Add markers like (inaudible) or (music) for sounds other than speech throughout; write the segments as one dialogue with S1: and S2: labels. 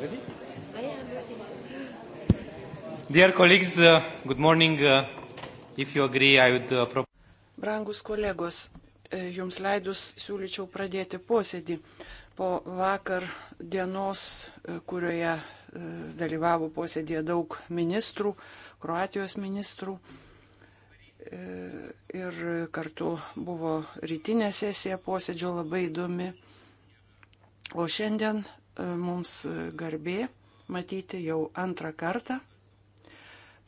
S1: Ready? I
S2: am ready.
S3: Dear colleagues, uh, good morning. Uh, if you agree, I would uh, propose.
S1: Brangus kolegos, e, jums leidus siūlyčiau pradėti posėdį. Po vakar dienos, e, kurioje e, dalyvavo posėdėje daug ministrų, Kroatijos ministrų, ir kartu buvo rytinė sesija posėdžio labai įdomi. O šiandien mums garbė matyti jau antrą kartą.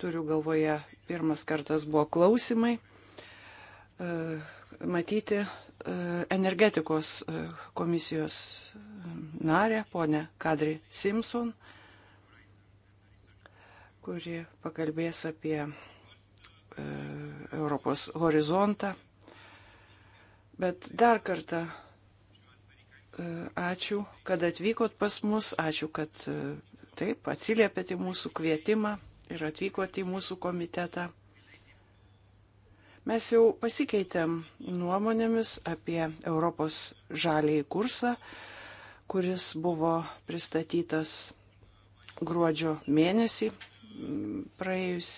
S1: Turiu galvoje, pirmas kartas buvo klausimai. E, matyti e, energetikos e, komisijos narę, ponę Kadri Simpson, kuri pakalbės apie Europos horizontą. Bet dar kartą ačiū, kad atvykot pas mus, ačiū, kad e, taip atsiliepėt į mūsų kvietimą ir atvykot į mūsų komitetą. Mes jau pasikeitėm nuomonėmis apie Europos žaliai kursą, kuris buvo pristatytas gruodžio mėnesį praėjus,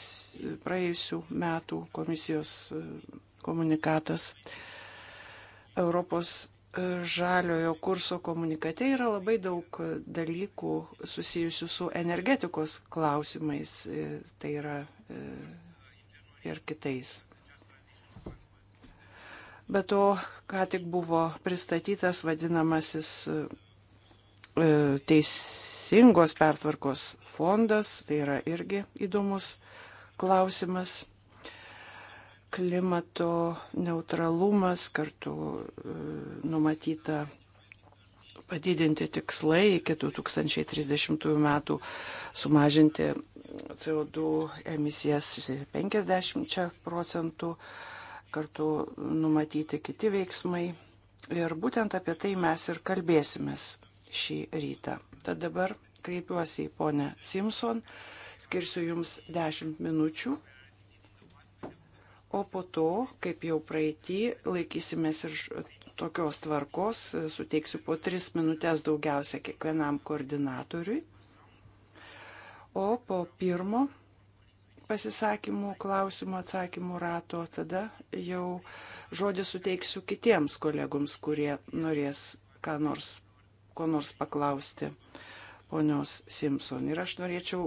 S1: praėjusių metų komisijos e, komunikatas Europos žaliojo kurso komunikate yra labai daug dalykų susijusių su energetikos klausimais, e, tai yra e, ir kitais. Be to, ką tik buvo pristatytas vadinamasis e, teisingos pertvarkos fondas, tai yra irgi įdomus klausimas klimato neutralumas, kartu e, numatyta padidinti tikslai iki 2030 metų, sumažinti CO2 emisijas 50 procentų, kartu numatyti kiti veiksmai. Ir būtent apie tai mes ir kalbėsimės šį rytą. Tad dabar kreipiuosi į ponę Simpson, skirsiu jums 10 minučių O po to, kaip jau praeitį, laikysimės ir tokios tvarkos, suteiksiu po tris minutės daugiausia kiekvienam koordinatoriui. O po pirmo pasisakymų, klausimų, atsakymų rato, tada jau žodį suteiksiu kitiems kolegoms, kurie norės ką nors, ko nors paklausti ponios Simpson. Ir aš norėčiau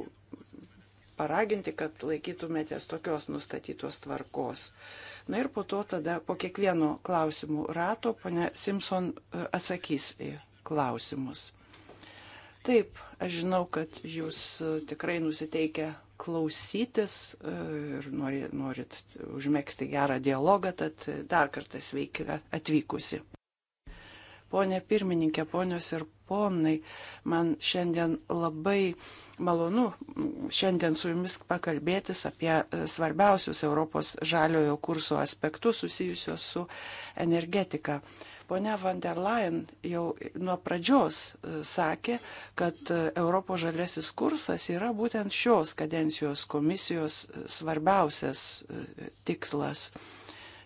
S1: paraginti, kad laikytumėtės tokios nustatytos tvarkos. Na ir po to tada po kiekvieno klausimų rato ponia Simpson e, atsakys į klausimus. Taip, aš žinau, kad jūs e, tikrai nusiteikę klausytis e, ir norit, norit užmėgsti gerą dialogą, tad dar kartą sveiki atvykusi. Pone pirmininkė, ponios ir ponai, man šiandien labai malonu šiandien su jumis pakalbėtis apie e, svarbiausius Europos žaliojo kurso aspektus susijusios su energetika. Pone van der Leyen jau nuo pradžios e, sakė, kad e, Europos žalėsis kursas yra būtent šios kadencijos komisijos svarbiausias tikslas.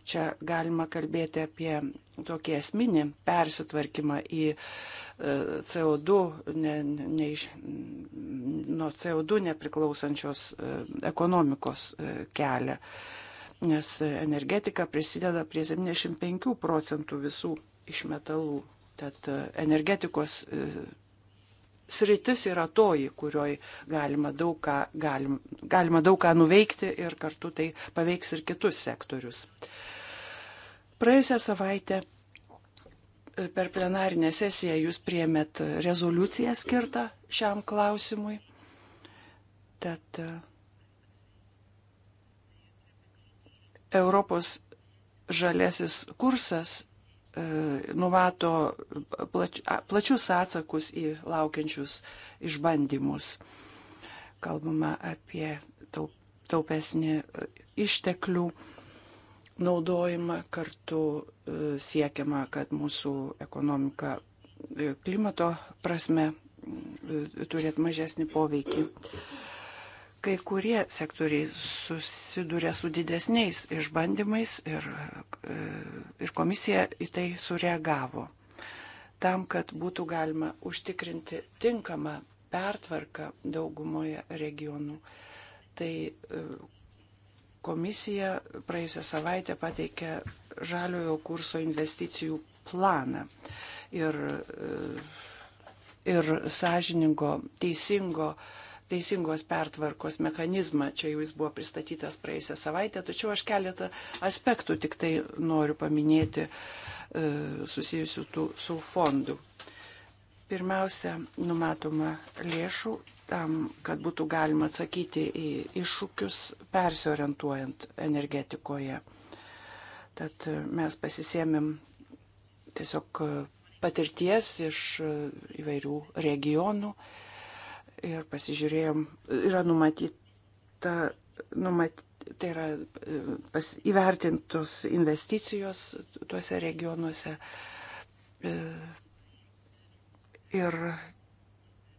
S1: Čia galima kalbėti apie tokį esminį persitvarkymą į e, CO2, ne, ne, nuo CO2 nepriklausančios e, ekonomikos e, kelią, nes energetika prisideda prie 75 procentų visų išmetalų. Tad energetikos sritis yra toji, kurioj galima daug, ką, galim, galima daug ką nuveikti ir kartu tai paveiks ir kitus sektorius. Uh, Praėjusią savaitę e, per plenarinę sesiją jūs priemėt rezoliuciją skirtą šiam klausimui. Tad e, Europos žalesis kursas e, numato plačius atsakus į laukiančius išbandymus. Kalbama apie taupesnį išteklių naudojimą, kartu e, siekiama, kad mūsų ekonomika e, klimato prasme e, turėtų mažesnį poveikį. Kai kurie sektoriai susiduria su didesniais išbandymais ir, ir komisija į tai sureagavo. Tam, kad būtų galima užtikrinti tinkamą pertvarką daugumoje regionų, tai Komisija praėjusią savaitę pateikė žaliojo kurso investicijų planą ir, e, ir sąžiningo, teisingo, teisingos pertvarkos mechanizmą. Čia jau jis buvo pristatytas praėjusią savaitę, tačiau aš keletą aspektų tik tai noriu paminėti e, susijusių tų, su fondu. Pirmiausia, numatoma lėšų tam, kad būtų galima atsakyti į iššūkius persiorientuojant energetikoje. Tad e, mes pasisėmėm tiesiog e, patirties iš e, įvairių regionų ir pasižiūrėjom, yra numatyta, numat, tai yra pas, įvertintos investicijos tuose regionuose. Ir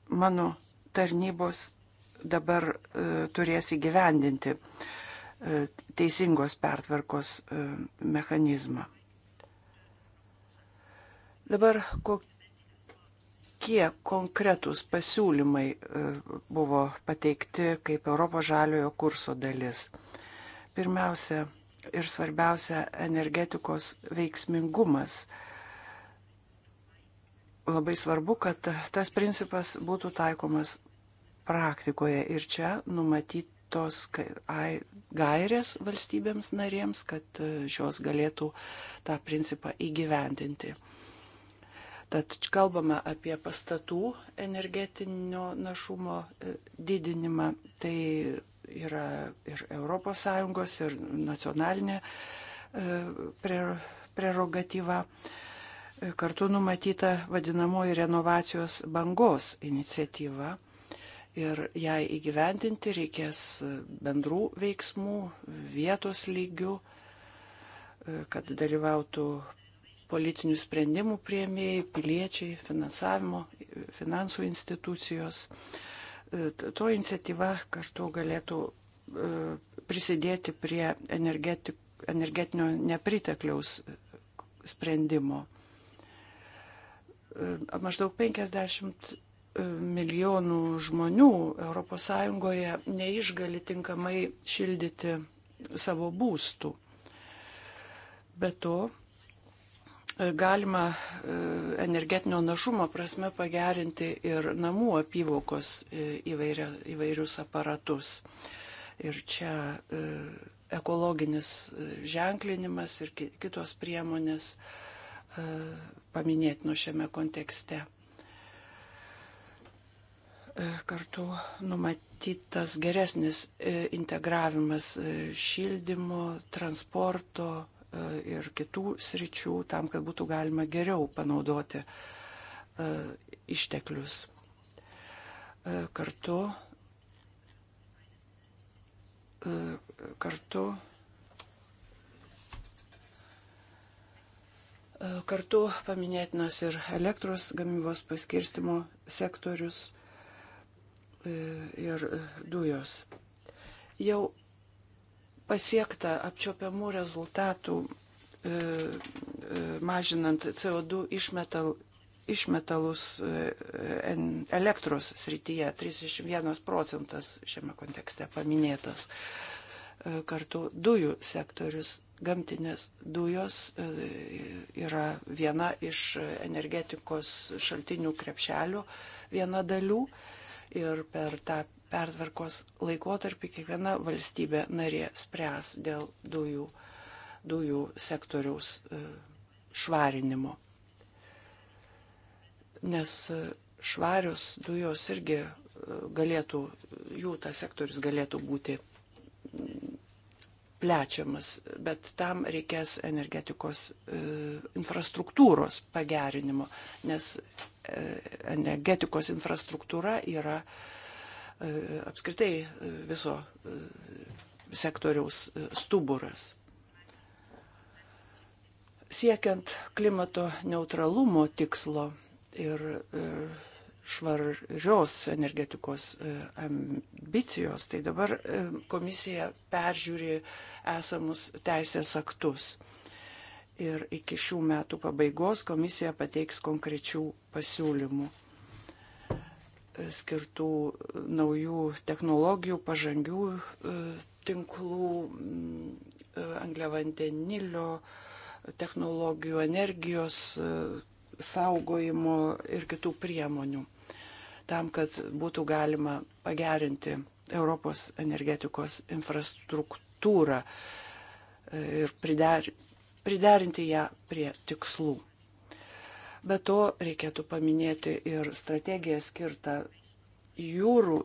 S1: mano tarnybos dabar e, turės įgyvendinti e, teisingos pertvarkos e, mechanizmą. Dabar kokie konkretūs pasiūlymai buvo pateikti kaip Europos žaliojo kurso dalis? Pirmiausia ir svarbiausia - energetikos veiksmingumas labai svarbu, kad tas principas būtų taikomas praktikoje ir čia numatytos gairės valstybėms narėms, kad e, šios galėtų tą principą įgyvendinti. Tad kalbame apie pastatų energetinio našumo e, didinimą. Tai yra ir ES, ir nacionalinė e, prerogatyva. Prer kartu numatyta vadinamoji renovacijos bangos iniciatyva. Ir jai įgyvendinti reikės bendrų veiksmų vietos lygių, kad dalyvautų politinių sprendimų prieimėjai, piliečiai, finansavimo, finansų institucijos. To iniciatyva kartu galėtų e, prisidėti prie energetinio nepritekliaus sprendimo. E, maždaug 50 e, milijonų žmonių ES neišgali tinkamai šildyti savo būstų. Be to, e, galima energetinio našumo prasme pagerinti ir namų apyvokos įvairia, įvairius aparatus. Ir čia ekologinis ženklinimas ir kitos priemonės paminėtino nu šiame kontekste. E, kartu numatytas geresnis e, integravimas e, šildymo, transporto ir kitų sričių tam, kad būtų galima geriau panaudoti išteklius. Kartu, kartu E, kartu paminėtinas ir elektros gamybos paskirstimo sektorius e, ir e, dujos. Jau pasiekta apčiopiamų rezultatų mažinant CO2 išmetal, išmetalus elektros srityje 31 procentas šiame kontekste paminėtas. E, kartu dujų sektorius. Gamtinės dujos e, yra viena iš energetikos šaltinių krepšelių, viena dalių ir per tą pertvarkos laikotarpį kiekviena valstybė narė spręs dėl dujų, dujų sektoriaus e, švarinimo. Nes švarios dujos irgi galėtų, jų tas sektorius galėtų būti plečiamas, bet tam reikės energetikos e, infrastruktūros pagerinimo, nes e, energetikos infrastruktūra yra e, apskritai viso sektoriaus stuburas. Siekiant klimato neutralumo tikslo ir, ir švarios energetikos e, ambicijos, tai dabar e, komisija peržiūri esamus teisės aktus. Ir iki šių metų pabaigos komisija pateiks konkrečių pasiūlymų e, skirtų naujų technologijų, pažangių tinklų, angliavandenilio technologijų, energijos saugojimo ir kitų priemonių tam, kad būtų galima pagerinti Europos energetikos infrastruktūrą e, ir prider, priderinti ją prie tikslų. Be to reikėtų paminėti ir strategiją skirtą jūrų,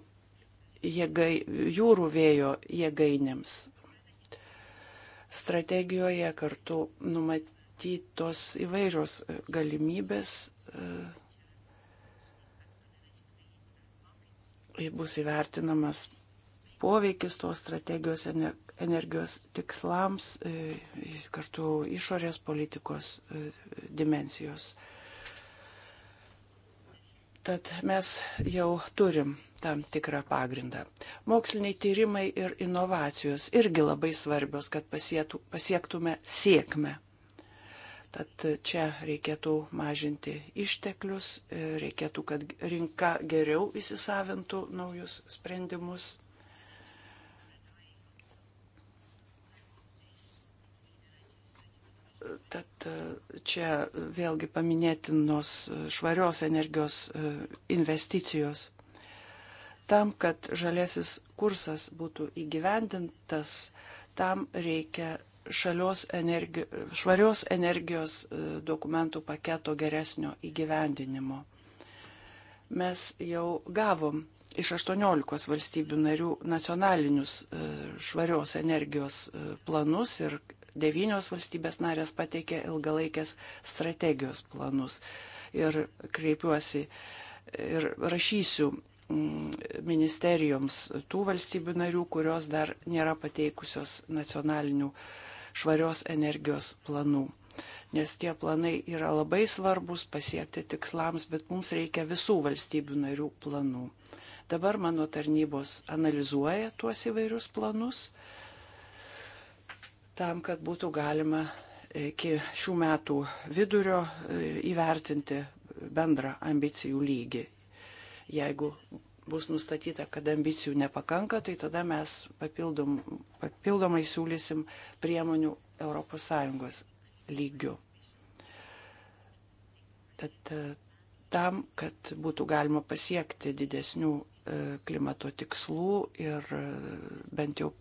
S1: jėgai, jūrų vėjo jėgainėms. Strategijoje kartu numatyti numatytos įvairios galimybės e, bus įvertinamas poveikis tos strategijos energijos tikslams, e, kartu išorės politikos e, dimensijos. Tad mes jau turim tam tikrą pagrindą. Moksliniai tyrimai ir inovacijos irgi labai svarbios, kad pasiektume sėkmę Tad čia reikėtų mažinti išteklius, reikėtų, kad rinka geriau įsisavintų naujus sprendimus. Tad e, čia vėlgi paminėtinos švarios energijos e, investicijos. Tam, kad žalėsis kursas būtų įgyvendintas, tam reikia energi švarios energijos e, dokumentų paketo geresnio įgyvendinimo. Mes jau gavom iš 18 valstybių narių nacionalinius e, švarios energijos e, planus ir devynios valstybės narės pateikė ilgalaikės strategijos planus. Ir kreipiuosi ir rašysiu mm, ministerijoms tų valstybių narių, kurios dar nėra pateikusios nacionalinių švarios energijos planų. Nes tie planai yra labai svarbus pasiekti tikslams, bet mums reikia visų valstybių narių planų. Dabar mano tarnybos analizuoja tuos įvairius planus tam, kad būtų galima iki šių metų vidurio e, įvertinti bendrą ambicijų lygį. Jeigu bus nustatyta, kad ambicijų nepakanka, tai tada mes papildom, papildomai siūlysim priemonių ES lygių. Tad e, tam, kad būtų galima pasiekti didesnių e, klimato tikslų ir e, bent jau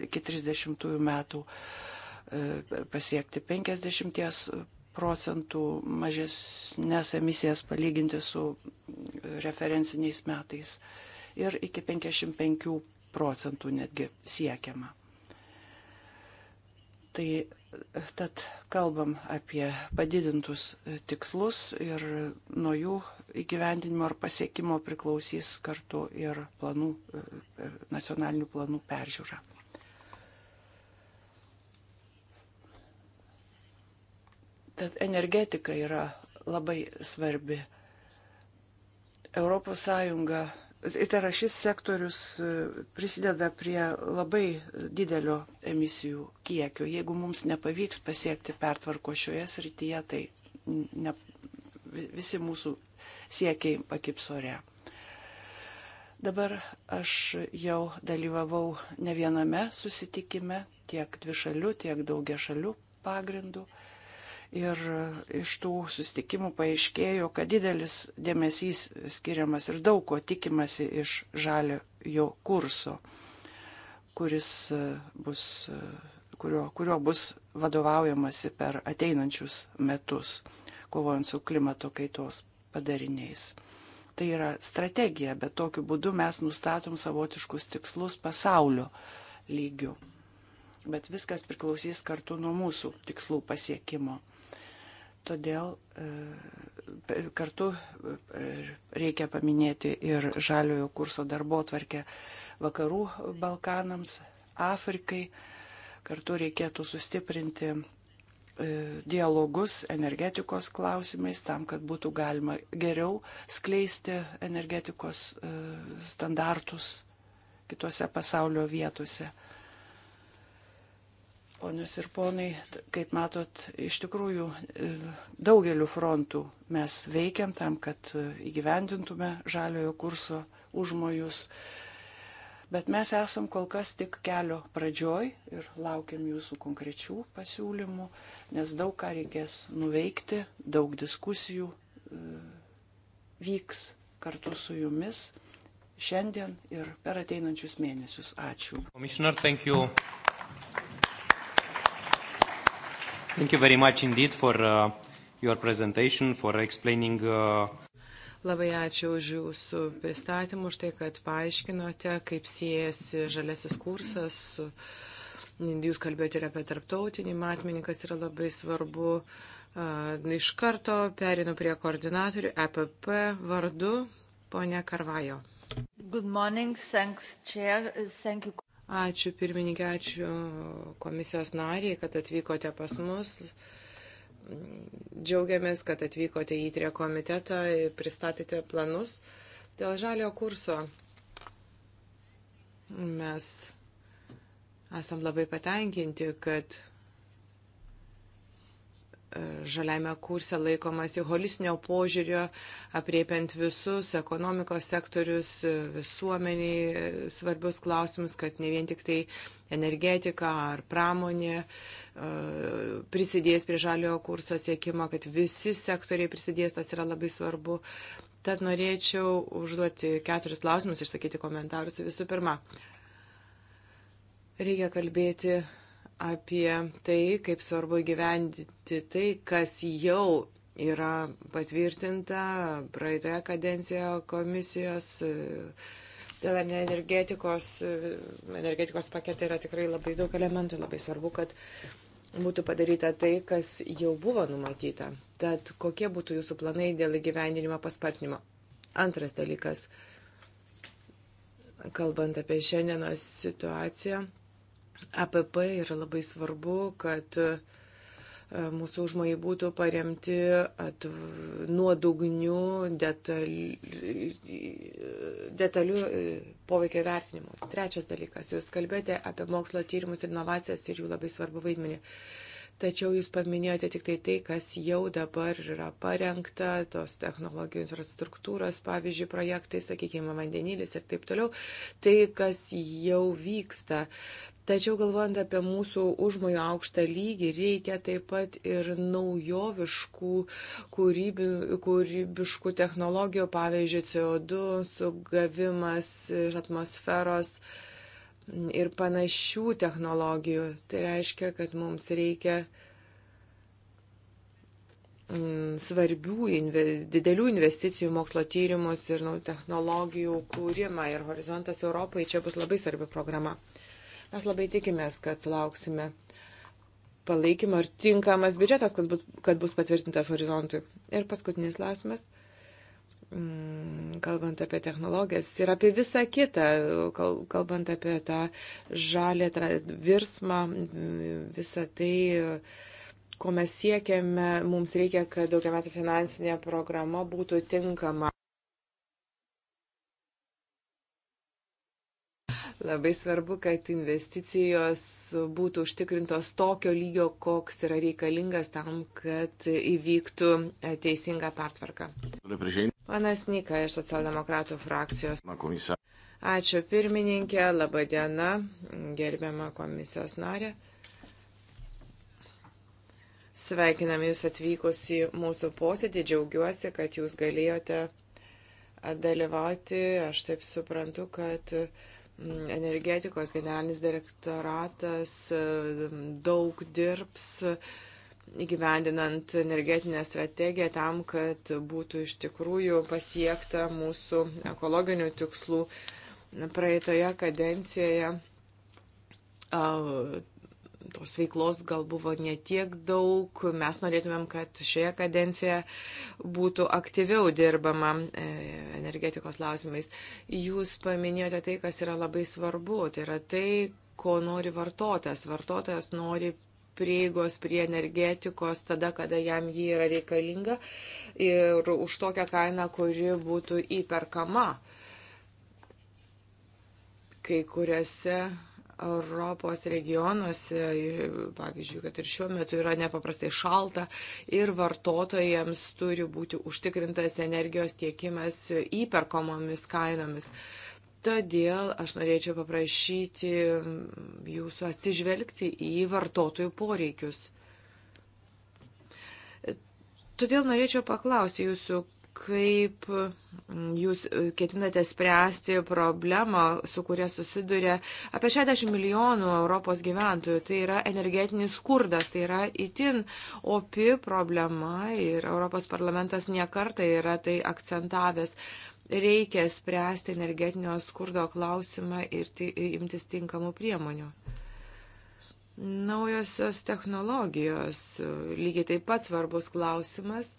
S1: iki 30 metų pasiekti 50 procentų mažesnės emisijas palyginti su referenciniais metais ir iki 55 procentų netgi siekiama. Tai tad kalbam apie padidintus tikslus ir nuo jų įgyvendinimo ar pasiekimo priklausys kartu ir planų, nacionalinių planų peržiūra. Tad energetika yra labai svarbi. Europos Sąjunga, tai yra šis sektorius e, prisideda prie labai didelio emisijų kiekio. Jeigu mums nepavyks pasiekti pertvarko šioje srityje, tai ne, visi mūsų siekiai pakips ore. Dabar aš jau dalyvavau ne viename susitikime, tiek dvišalių, tiek daugia šalių pagrindų. Ir iš tų susitikimų paaiškėjo, kad didelis dėmesys skiriamas ir daug ko tikimasi iš žalio jo kurso, kuris e, bus, e, kurio, kurio bus vadovaujamasi per ateinančius metus, kovojant su klimato kaitos padariniais. Tai yra strategija, bet tokiu būdu mes nustatom savotiškus tikslus pasaulio lygių. Bet viskas priklausys kartu nuo mūsų tikslų pasiekimo Todėl e, kartu e, reikia paminėti ir žaliojo kurso darbo tvarkę vakarų Balkanams, Afrikai. Kartu reikėtų sustiprinti e, dialogus energetikos klausimais, tam, kad būtų galima geriau skleisti energetikos standartus kitose pasaulio vietose ponios ir ponai, kaip matot, iš tikrųjų e, daugeliu frontų mes veikiam tam, kad e, įgyvendintume žaliojo kurso užmojus. Bet mes esam kol kas tik kelio pradžioj ir laukiam jūsų konkrečių pasiūlymų, nes daug ką reikės nuveikti, daug diskusijų e, vyks kartu su jumis šiandien ir per ateinančius mėnesius. Ačiū.
S3: Thank you very much indeed for uh, your presentation, for explaining. Uh...
S4: Labai ačiū už jūsų pristatymą, už tai, kad paaiškinote, kaip siejasi žalesis kursas. Su... Jūs kalbėjote ir apie tarptautinį matmenį, kas yra labai svarbu. Uh, iš karto perinu prie koordinatorių EPP vardu, ponia Karvajo. Good morning, thanks, chair, thank you. Ačiū pirmininkė, ačiū komisijos nariai, kad atvykote pas mus. Džiaugiamės, kad atvykote į trie komitetą, pristatėte planus. Dėl žalio kurso mes esam labai patenkinti, kad žaliame kurse laikomasi holistinio požiūrio, apriepiant visus ekonomikos sektorius, visuomeniai e, svarbius klausimus, kad ne vien tik tai energetika ar pramonė e, prisidės prie žaliojo kurso siekimo, kad visi sektoriai prisidės, tas yra labai svarbu. Tad norėčiau užduoti keturis klausimus, išsakyti komentarus. Visų pirma, reikia kalbėti apie tai, kaip svarbu gyventi tai, kas jau yra patvirtinta praeitoje kadencijoje komisijos e, dėl energetikos, e, energetikos paketai yra tikrai labai daug elementų, labai svarbu, kad būtų padaryta tai, kas jau buvo numatyta. Tad kokie būtų jūsų planai dėl įgyvendinimo paspartinimo? Antras dalykas, kalbant apie šiandienos situaciją APP yra labai svarbu, kad e, mūsų užmojai būtų paremti nuodugniu detaliu, detaliu poveikio vertinimu. Trečias dalykas, jūs kalbėjote apie mokslo tyrimus ir inovacijas ir jų labai svarbu vaidmenį. Tačiau jūs paminėjote tik tai tai, kas jau dabar yra parengta, tos technologijų infrastruktūros, pavyzdžiui, projektai, sakykime, vandenilis ir taip toliau. Tai, kas jau vyksta, Tačiau galvojant apie mūsų užmojo aukštą lygį, reikia taip pat ir naujoviškų, kūrybi, kūrybiškų technologijų, pavyzdžiui, CO2 sugavimas ir atmosferos ir panašių technologijų. Tai reiškia, kad mums reikia mm, svarbių, inve, didelių investicijų mokslo tyrimus ir nu, technologijų kūrimą ir Horizontas Europai čia bus labai svarbi programa. Mes labai tikimės, kad sulauksime palaikymo ir tinkamas biudžetas, kad, būt, kad bus patvirtintas horizontui. Ir paskutinis klausimas, mm, kalbant apie technologijas ir apie visą kitą, kalbant apie tą žalę virsmą, visą tai ko mes siekiame, mums reikia, kad daugiametė finansinė programa būtų tinkama. Labai svarbu, kad investicijos būtų užtikrintos tokio lygio, koks yra reikalingas tam, kad įvyktų teisinga pertvarka. Panas Nika iš socialdemokratų frakcijos. Ačiū pirmininkė, laba diena, gerbiama komisijos narė. Sveikinam Jūs atvykus į mūsų posėdį, džiaugiuosi, kad Jūs galėjote dalyvauti. Aš taip suprantu, kad uh, energetikos generalinis direktoratas e, daug dirbs įgyvendinant energetinę strategiją tam, kad būtų iš tikrųjų pasiekta mūsų ekologinių tikslų. Praeitoje kadencijoje tos veiklos gal buvo netiek daug. Mes norėtumėm, kad šioje kadencijoje būtų aktyviau dirbama e, energetikos klausimais. Jūs paminėjote tai, kas yra labai svarbu. Tai yra tai, ko nori vartotojas. Vartotojas nori prieigos prie energetikos tada, kada jam ji yra reikalinga ir už tokią kainą, kuri būtų įperkama. Kai kuriuose Europos regionuose, pavyzdžiui, kad ir šiuo metu yra nepaprastai šalta ir vartotojams turi būti užtikrintas energijos tiekimas įperkomomis kainomis. Todėl aš norėčiau paprašyti jūsų atsižvelgti į vartotojų poreikius. Todėl norėčiau paklausti jūsų, kaip mm, jūs e, ketinate spręsti problemą, su kuria susiduria apie 60 milijonų Europos gyventojų. Tai yra energetinis skurdas, tai yra itin opi problema ir Europos parlamentas niekarta yra tai akcentavęs. Reikia spręsti energetinio skurdo klausimą ir imtis tinkamų priemonių. Naujosios technologijos e, lygiai taip pat svarbus klausimas.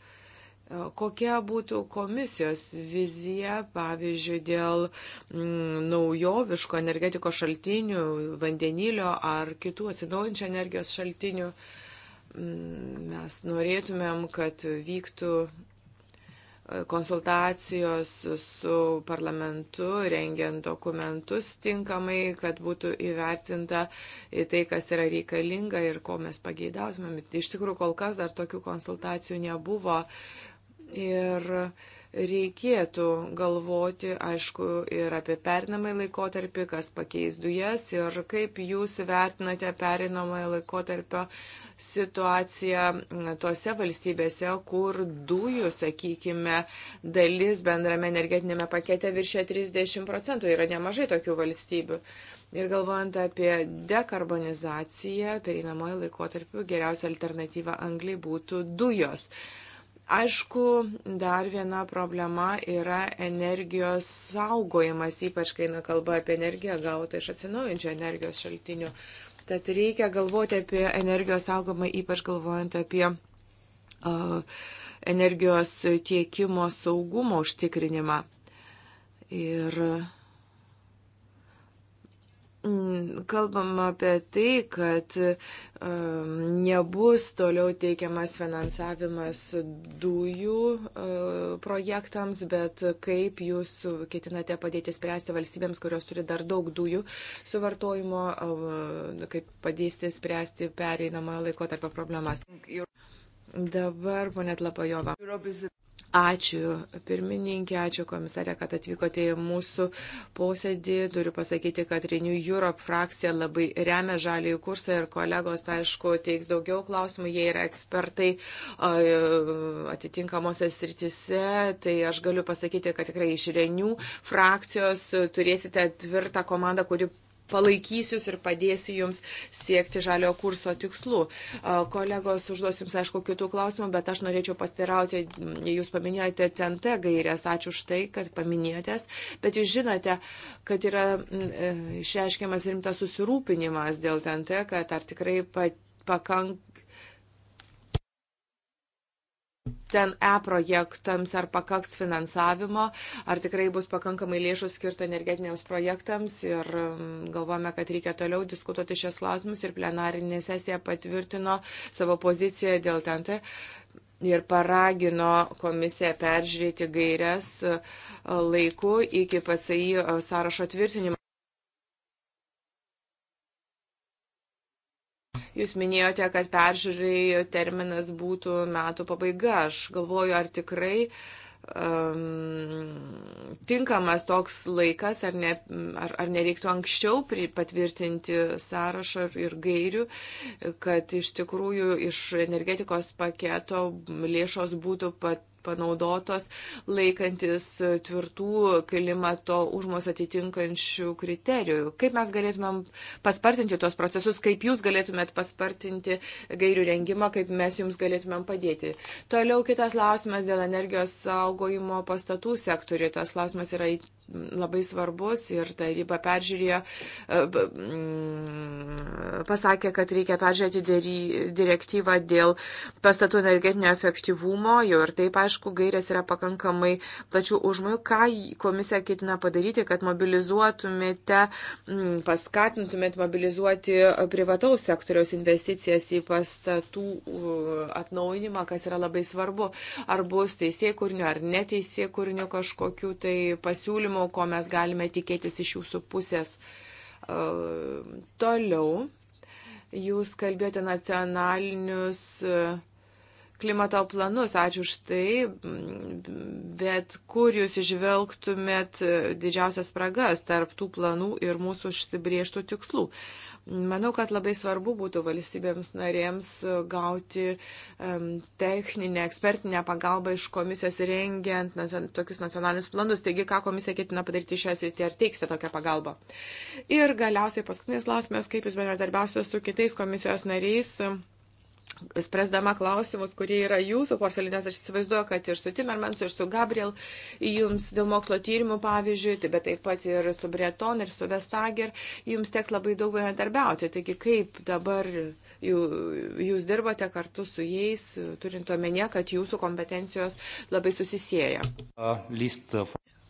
S4: E, kokia būtų komisijos vizija, pavyzdžiui, dėl mm, naujoviško energetikos šaltinių, vandenilio ar kitų atsinaujančių energijos šaltinių? Mm, mes norėtumėm, kad vyktų e, konsultacijos su parlamentu, rengiant dokumentus tinkamai, kad būtų įvertinta į tai, kas yra reikalinga ir ko mes pageidautumėm. Iš tikrųjų, kol kas dar tokių konsultacijų nebuvo. Uh, Ir reikėtų galvoti, aišku, ir apie perinamą laikotarpį, kas pakeis dujas ir kaip jūs vertinate perinamą laikotarpio situaciją tose valstybėse, kur dujų, sakykime, dalis bendrame energetinėme pakete viršė 30 procentų. Yra nemažai tokių valstybių. Ir galvojant apie dekarbonizaciją, perinamojo laikotarpiu geriausia alternatyva Angliai būtų dujos. Uh, Aišku, dar viena problema yra energijos saugojimas, ypač kai na, kalba apie energiją gautą iš atsinaujančio energijos šaltinių. Tad reikia galvoti apie energijos saugomą, ypač galvojant apie uh, energijos tiekimo saugumo užtikrinimą. Ir uh, Mm, kalbam apie tai, kad um, nebus toliau teikiamas finansavimas dujų uh, projektams, bet kaip jūs ketinate padėti spręsti valstybėms, kurios turi dar daug dujų suvartojimo, uh, kaip padėsite spręsti pereinamą laikotarpio problemas. Dabar, ponė Tlapajova. Ačiū pirmininkė, ačiū komisarė, kad atvykote į mūsų posėdį. Turiu pasakyti, kad Renew Europe frakcija labai remia žalį kursą ir kolegos, aišku, teiks daugiau klausimų. Jie yra ekspertai atitinkamosios sritise. Tai aš galiu pasakyti, kad tikrai iš Renew frakcijos turėsite tvirtą komandą, kuri palaikysiu ir padėsiu jums siekti žalio kurso tikslų. Kolegos užduos jums, aišku, kitų klausimų, bet aš norėčiau pastirauti, jūs paminėjote TNT gairės, ačiū už tai, kad paminėjotės, bet jūs žinote, kad yra e, išreiškiamas rimtas susirūpinimas dėl TNT, kad ar tikrai pat pakank, ten e-projektams, ar pakaks finansavimo, ar tikrai bus pakankamai lėšų skirta energetiniams projektams ir um, galvojame, kad reikia toliau diskutuoti šias klausimus ir plenarinė sesija patvirtino savo poziciją dėl ten. Ir paragino komisiją peržiūrėti gairias uh, laiku iki PCI uh, sąrašo tvirtinimo. Jūs minėjote, kad peržiūrai terminas būtų metų pabaiga. Aš galvoju, ar tikrai um, tinkamas toks laikas, ar, ne, ar, ar nereiktų anksčiau patvirtinti sąrašą ir, ir gairių, kad iš tikrųjų iš energetikos paketo lėšos būtų pat panaudotos laikantis tvirtų klimato užmos atitinkančių kriterijų. Kaip mes galėtumėm paspartinti tuos procesus, kaip jūs galėtumėt paspartinti gairių rengimą, kaip mes jums galėtumėm padėti. Toliau kitas klausimas dėl energijos saugojimo pastatų sektorių. Tas klausimas yra labai svarbus ir taryba peržiūrėjo, e, mm, pasakė, kad reikia peržiūrėti direktyvą dėl pastatų energetinio efektyvumo, jau ir taip, aišku, gairės yra pakankamai plačių užmojų, ką komisija ketina padaryti, kad mobilizuotumėte, mm, paskatintumėte mobilizuoti privataus sektoriaus investicijas į pastatų atnaujinimą, kas yra labai svarbu, ar bus teisėkurnių ar neteisėkurnių kažkokių tai pasiūlymų pasiūlymų, ko mes galime tikėtis iš jūsų pusės. E, toliau, jūs kalbėjote nacionalinius e, klimato planus, ačiū už tai, bet kur jūs išvelgtumėt didžiausias spragas tarp tų planų ir mūsų užsibrieštų tikslų? Manau, kad labai svarbu būtų valstybėms narėms gauti um, techninę, ekspertinę pagalbą iš komisijos rengiant nacion, tokius nacionalinius planus. Taigi, ką komisija ketina padaryti šioje srityje, ar teiksite tokią pagalbą. Ir galiausiai paskutinis klausimas, kaip jūs bendradarbiausite su kitais komisijos nariais. Um, spręsdama klausimus, kurie yra jūsų portfelį, nes aš įsivaizduoju, kad ir su Timmermansu, ir su Gabriel jums dėl mokslo tyrimų, pavyzdžiui, tai- bet taip pat ir su Breton, ir su Vestager, jums teks labai daug bendradarbiauti. Taigi kaip dabar jūs dirbate kartu su jais, turint
S2: omenyje, kad jūsų kompetencijos labai susisieja? Uh,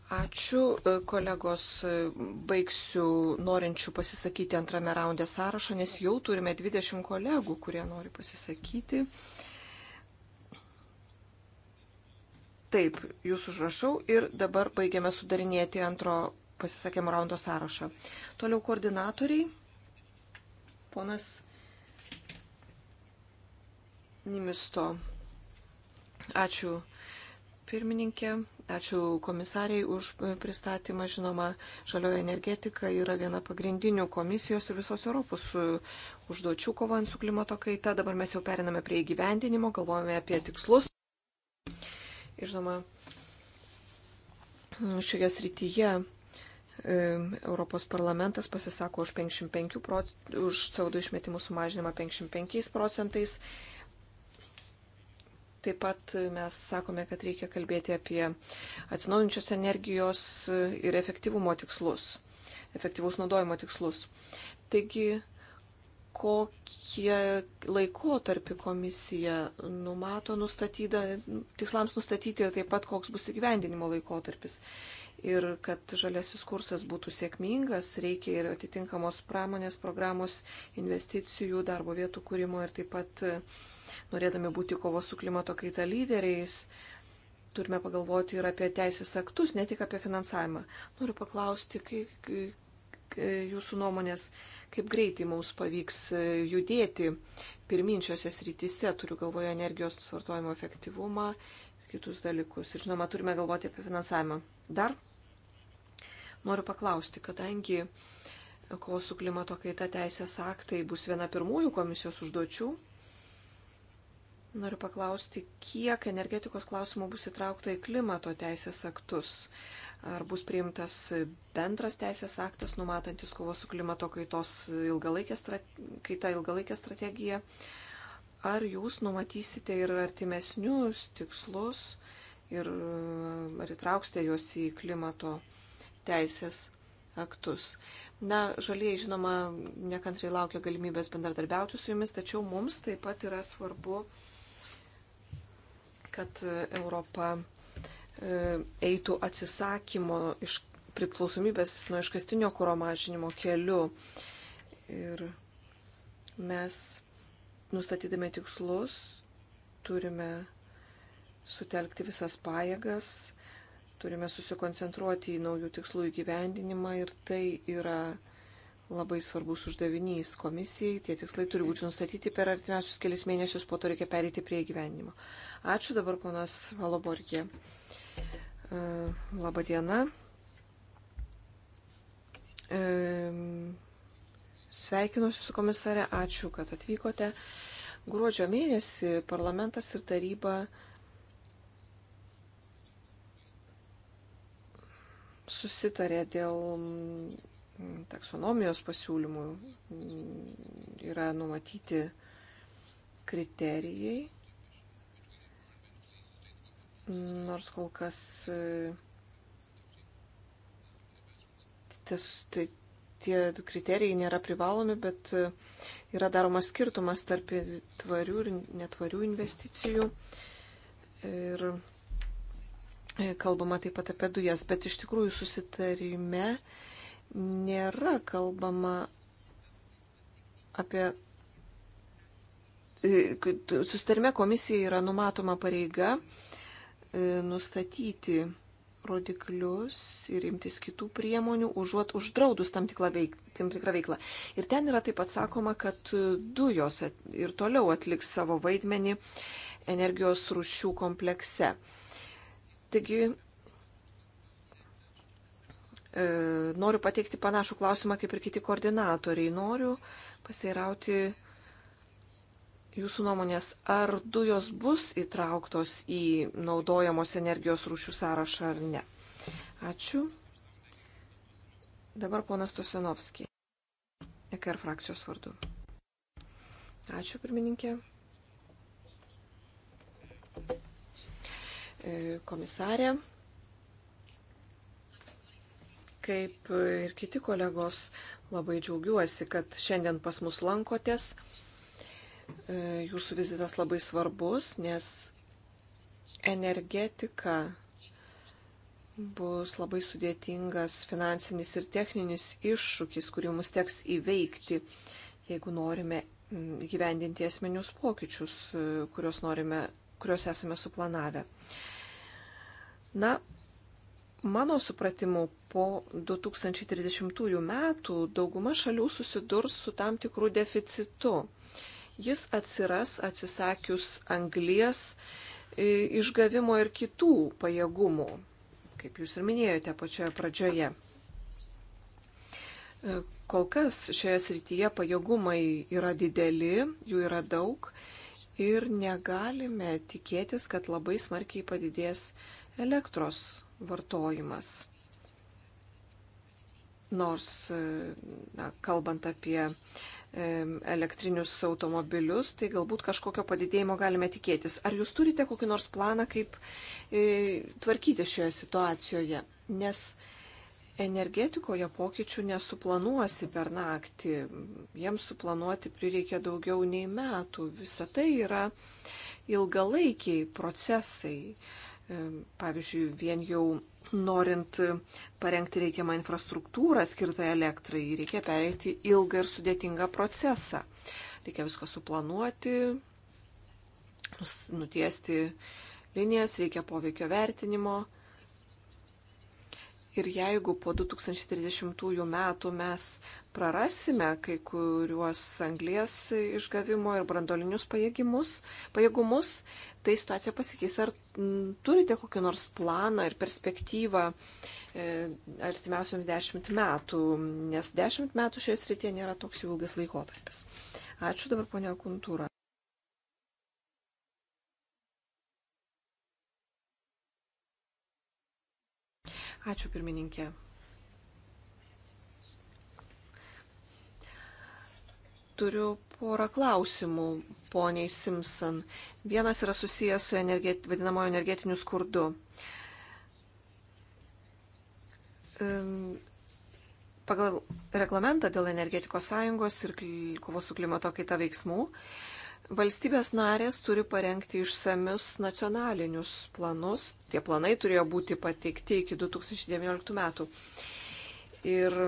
S2: Ačiū, e, kolegos. E, baigsiu norinčių pasisakyti antrame raunde sąrašą, nes jau turime 20 kolegų, kurie nori pasisakyti. Taip, jūs užrašau ir dabar baigiame sudarinėti antro pasisakymo raundo sąrašą. Toliau koordinatoriai. Ponas Nimisto. Ačiū, pirmininkė. Ačiū komisariai už pristatymą. Žinoma, žalioji energetika yra viena pagrindinių komisijos ir visos Europos e, užduočių kovojant su klimato kaita. Dabar mes jau periname prie įgyvendinimo, galvojame apie tikslus. Ir žinoma, šioje srityje e, Europos parlamentas pasisako už, 55 proc... už CO2 išmetimų sumažinimą 55 procentais Taip pat mes sakome, kad reikia kalbėti apie atsinaujančios energijos ir efektyvumo tikslus, efektyvaus naudojimo tikslus. Taigi, kokie laikotarpį komisija numato nustatyda, tikslams nustatyti ir taip pat koks bus įgyvendinimo laikotarpis. Ir kad žaliasis kursas būtų sėkmingas, reikia ir atitinkamos pramonės programos, investicijų, darbo vietų kūrimo ir taip pat uh, norėdami būti kovos su klimato kaita lyderiais, turime pagalvoti ir apie teisės aktus, ne tik apie finansavimą. Noriu paklausti, kaip jūsų nuomonės, kaip greitai mums pavyks judėti pirminčiose srityse, turiu galvoje energijos vartojimo efektyvumą, kitus dalykus. Ir žinoma, turime galvoti apie finansavimą. Dar noriu paklausti, kadangi kovos su klimato kaita teisės aktai bus viena pirmųjų komisijos užduočių, Noriu paklausti, kiek energetikos klausimų bus įtraukta į klimato teisės aktus? Ar bus priimtas bendras teisės aktas, numatantis kovos su klimato kaitos ilgalaikė strate... kaita ilgalaikė strategija? Ar jūs numatysite ir artimesnius tikslus ir ar įtrauksite juos į klimato teisės aktus? Na, žalieji, žinoma, nekantrai laukia galimybės bendradarbiauti su jumis, tačiau mums taip pat yra svarbu uh, kad e, Europa e, eitų atsisakymo iš priklausomybės nuo iškastinio kūro mažinimo keliu. Ir mes, nustatydami tikslus, turime sutelkti visas pajėgas, turime susikoncentruoti į naujų tikslų įgyvendinimą ir tai yra labai svarbus uždavinys komisijai. Tie tikslai turi būti nustatyti per artimiausius kelias mėnesius, po to reikia perėti prie įgyvendinimo. Ačiū dabar ponas Valoborgė. E, Labą dieną. E, sveikinuosi su komisarė, ačiū, kad atvykote. Gruodžio mėnesį parlamentas ir taryba susitarė dėl taksonomijos pasiūlymų yra numatyti kriterijai Nors kol kas e, tas, tai, tie kriterijai nėra privalomi, bet e, yra daromas skirtumas tarp tvarių ir netvarių investicijų. Ir e, kalbama taip pat apie dujas, bet iš tikrųjų susitarime nėra kalbama apie. Susitarime komisija yra numatoma pareiga E, nustatyti rodiklius ir imtis kitų priemonių, užuot uždraudus tam tikrą, veik, tam tikrą veiklą. Ir ten yra taip pat sakoma, kad dujos ir toliau atliks savo vaidmenį energijos rūšių komplekse. Taigi, e, noriu pateikti panašų klausimą kaip ir kiti koordinatoriai. Noriu pasirauti jūsų nuomonės, ar dujos bus įtrauktos į naudojamos energijos rūšių sąrašą ar ne? Ačiū. Dabar ponas Tosenovski, EKR frakcijos vardu. Ačiū, pirmininkė. E, komisarė, kaip ir kiti kolegos, labai džiaugiuosi, kad šiandien pas mus lankotės. E, jūsų vizitas labai svarbus, nes energetika bus labai sudėtingas finansinis ir techninis iššūkis, kurį mums teks įveikti, jeigu norime mm, gyvendinti esminius pokyčius, e, kuriuos, norime, kuriuos esame suplanavę. Na, mano supratimu, po 2030 metų dauguma šalių susidurs su tam tikrų deficitu. Jis atsiras atsisakius anglies e, išgavimo ir kitų pajėgumų, kaip jūs ir minėjote pačioje pradžioje. E, kol kas šioje srityje pajėgumai yra dideli, jų yra daug ir negalime tikėtis, kad labai smarkiai padidės elektros vartojimas. Nors, e, na, kalbant apie uh, elektrinius automobilius, tai galbūt kažkokio padidėjimo galime tikėtis. Ar jūs turite kokį nors planą, kaip e, tvarkyti šioje situacijoje? Nes energetikoje pokyčių nesuplanuosi per naktį, jiems suplanuoti prireikia daugiau nei metų. Visa tai yra ilgalaikiai procesai. Pavyzdžiui, vien jau norint parengti reikiamą infrastruktūrą skirtą elektrai, reikia pereiti ilgą ir sudėtingą procesą. Reikia viską suplanuoti, nutiesti linijas, reikia poveikio vertinimo. Ir jeigu po 2030 metų mes prarasime kai kuriuos anglės išgavimo ir brandolinius pajėgumus, tai situacija pasikeis. Ar mm, turite kokį nors planą ir perspektyvą e, artimiausiams dešimt metų, nes dešimt metų šioje srityje nėra toks jau ilgas laikotarpis. Ačiū dabar, ponia Kuntūra. Ačiū pirmininkė. Turiu porą klausimų poniai Simpson. Vienas yra susijęs su energet, vadinamojo energetiniu skurdu. Pagal reglamentą dėl energetikos sąjungos ir kovos su klimato kaita veiksmų, valstybės narės turi parengti išsamius nacionalinius planus. Tie planai turėjo būti pateikti iki 2019 metų. Ir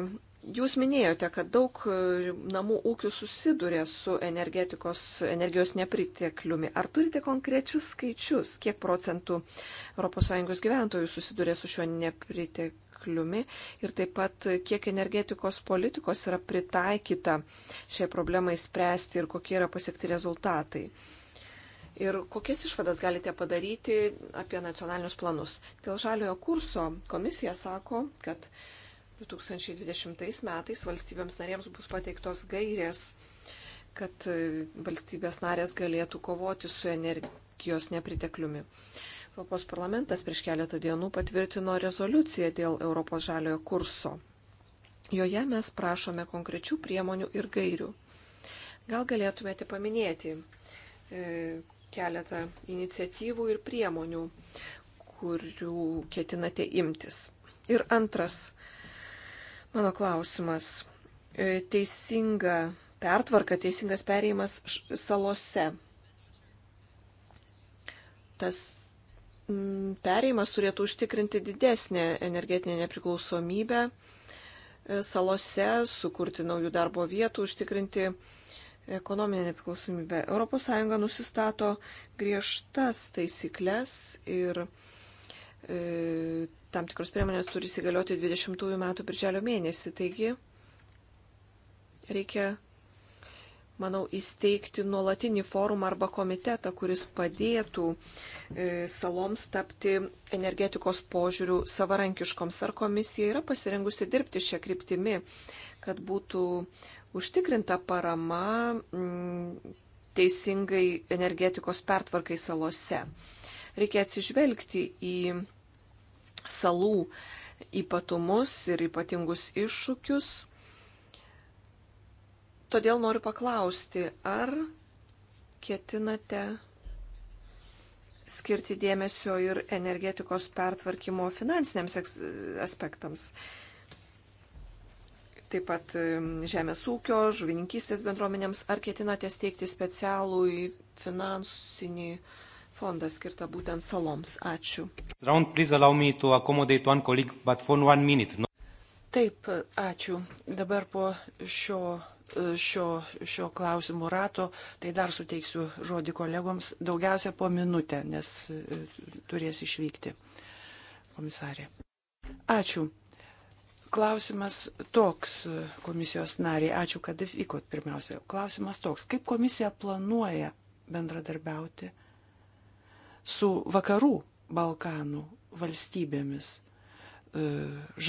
S2: Jūs minėjote, kad daug e, namų ūkių susiduria su energijos nepritekliumi. Ar turite konkrečius skaičius, kiek procentų ES gyventojų susiduria su šiuo nepritekliumi ir taip pat kiek energetikos politikos yra pritaikyta šiai problemai spręsti ir kokie yra pasiekti rezultatai? Ir kokias išvadas galite padaryti apie nacionalinius planus? Dėl žaliojo kurso komisija sako, kad 2020 metais valstybėms narėms bus pateiktos gairės, kad e, valstybės narės galėtų kovoti su energijos nepritekliumi. Europos parlamentas prieš keletą dienų patvirtino rezoliuciją dėl Europos žaliojo kurso. Joje mes prašome konkrečių priemonių ir gairių. Gal galėtumėte paminėti e, keletą iniciatyvų ir priemonių, kurių ketinate imtis. Ir antras Mano klausimas. E, teisinga pertvarka, teisingas perėjimas salose. Tas perėjimas turėtų užtikrinti didesnę energetinę nepriklausomybę e, salose, sukurti naujų darbo vietų, užtikrinti ekonominę nepriklausomybę. ES nusistato griežtas taisyklės ir e, tam tikrus priemonės turi įsigalioti 20 metų birželio mėnesį. Taigi reikia, manau, įsteigti nuolatinį forumą arba komitetą, kuris padėtų e, saloms tapti energetikos požiūrių savarankiškoms. Ar komisija yra pasirengusi dirbti šią kryptimį, kad būtų užtikrinta parama mm, teisingai energetikos pertvarkai salose. Reikia atsižvelgti į salų ypatumus ir ypatingus iššūkius. Todėl noriu paklausti, ar ketinate skirti dėmesio ir energetikos pertvarkymo finansiniams aspektams. Taip pat žemės ūkio, žuvininkystės bendruomenėms, ar ketinate steigti specialų finansinį uh, fondą skirtą būtent saloms. Ačiū.
S3: Round, please allow me to accommodate one colleague, but for one minute. No?
S2: Taip, ačiū. Dabar po šio, šio,
S1: šio klausimų rato, tai dar suteiksiu žodį kolegoms daugiausia po minutę, nes e, turės išvykti komisarė. Ačiū. Klausimas toks, komisijos nariai, ačiū, kad atvykot pirmiausia. Klausimas toks, kaip komisija planuoja bendradarbiauti su vakarų Balkanų valstybėmis e,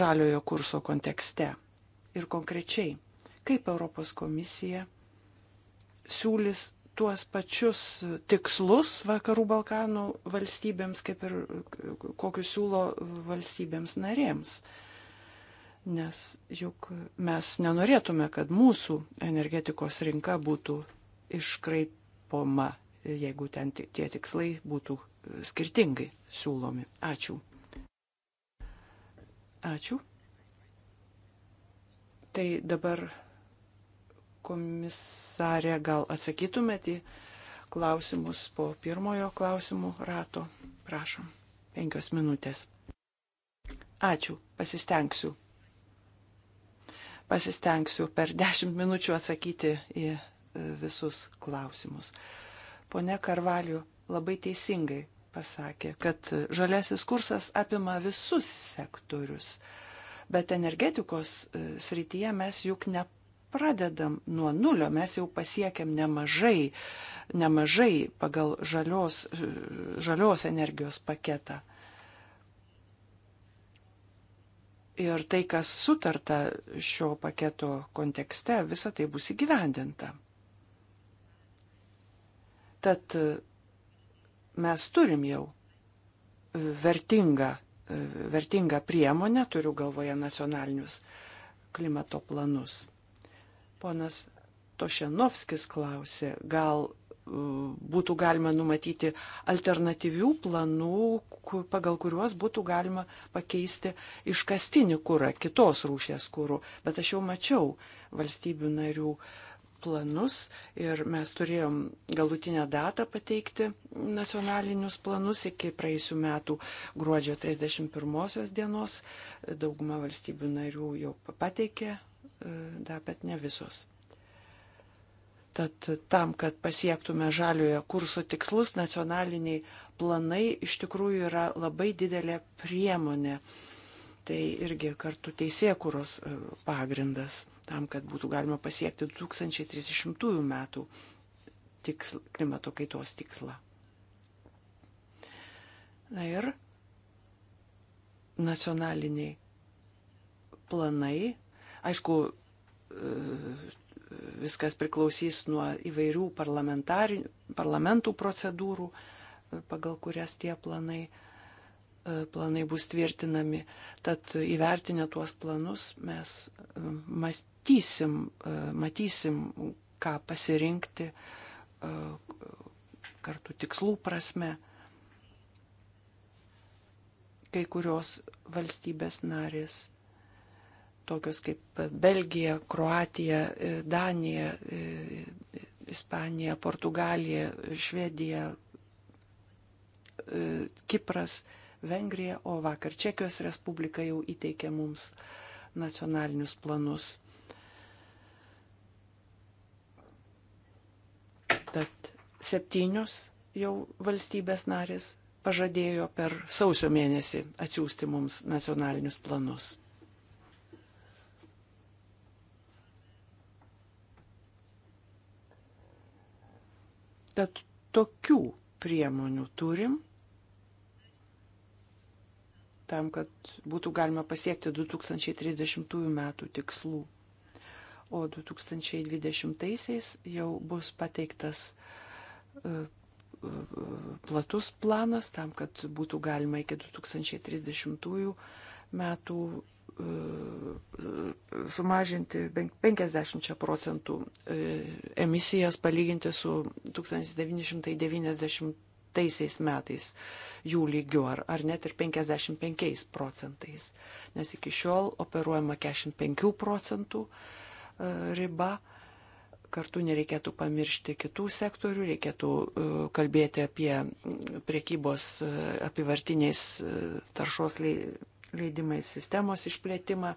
S1: žaliojo kurso kontekste ir konkrečiai, kaip Europos komisija siūlys tuos pačius tikslus vakarų Balkanų valstybėms, kaip ir e, kokius siūlo valstybėms narėms. Nes juk mes nenorėtume, kad mūsų energetikos rinka būtų iškraipoma jeigu ten tie tikslai būtų e, skirtingai siūlomi. Ačiū. Ačiū. Tai dabar komisarė, gal atsakytumėte į klausimus po pirmojo klausimų rato? Prašom, penkios minutės. Ačiū, pasistengsiu. Pasistengsiu per dešimt minučių atsakyti į e, visus klausimus. Uh, Pone Karvaliu labai teisingai pasakė, kad žaliasis kursas apima visus sektorius, bet energetikos e, srityje mes juk ne pradedam nuo nulio, mes jau pasiekėm nemažai, nemažai pagal žalios, e, žalios energijos paketą. Ir tai, kas sutarta šio paketo kontekste, visa tai bus įgyvendinta. Tad mes turim jau vertingą, vertingą priemonę, turiu galvoje nacionalinius klimato planus. Ponas Tošenovskis klausė, gal būtų galima numatyti alternatyvių planų, pagal kuriuos būtų galima pakeisti iškastinį kūrą, kitos rūšės kūrų. Bet aš jau mačiau valstybių narių uh, planus ir mes turėjom galutinę datą pateikti nacionalinius planus iki praėjusių metų gruodžio 31 dienos. Dauguma valstybių narių jau pateikė, e, dar bet ne visos. Tad tam, kad pasiektume žaliojo kurso tikslus, nacionaliniai planai iš tikrųjų yra labai didelė priemonė. Tai irgi kartu teisėkuros e, pagrindas tam, kad būtų galima pasiekti 2030 metų tiksl, klimato kaitos tikslą. Na ir nacionaliniai planai, aišku, e, viskas priklausys nuo įvairių parlamentų procedūrų, e, pagal kurias tie planai, e, planai bus tvirtinami. Tad įvertinę tuos planus mes mąstysime matysim, e, matysim, ką pasirinkti e, kartu tikslų prasme. Kai kurios valstybės narės, tokios kaip Belgija, Kroatija, e, Danija, Ispanija, Portugalija, Švedija, Kipras, Vengrija, o vakar Čekijos Respublika jau įteikė mums nacionalinius planus. septynios jau valstybės narės pažadėjo per sausio mėnesį atsiųsti mums nacionalinius planus. Tad tokių priemonių turim tam, kad būtų galima pasiekti 2030 metų tikslų. O 2020 jau bus pateiktas uh, platus planas tam, kad būtų galima iki 2030 metų e, sumažinti 50 procentų e, emisijas palyginti su 1990 metais jų lygiu ar, ar net ir 55 procentais, nes iki šiol operuojama 45 procentų e, riba Kartu nereikėtų pamiršti kitų sektorių, reikėtų e, kalbėti apie priekybos e, apivartiniais e, taršos leidimais sistemos išplėtimą,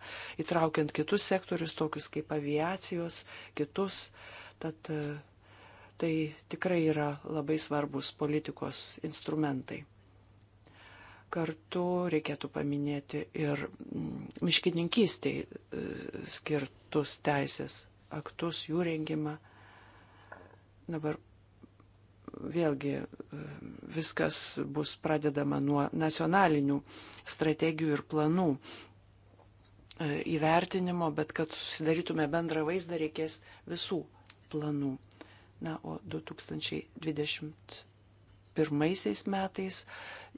S1: įtraukiant kitus sektorius, tokius kaip aviacijos, kitus. Tad tai tikrai yra labai svarbus politikos instrumentai. Kartu reikėtų paminėti ir miškininkystėj skirtus teisės aktus, jų rengimą. Dabar vėlgi e, viskas bus pradedama nuo nacionalinių strategijų ir planų e, įvertinimo, bet kad susidarytume bendrą vaizdą, reikės visų planų. Na, o 2021 metais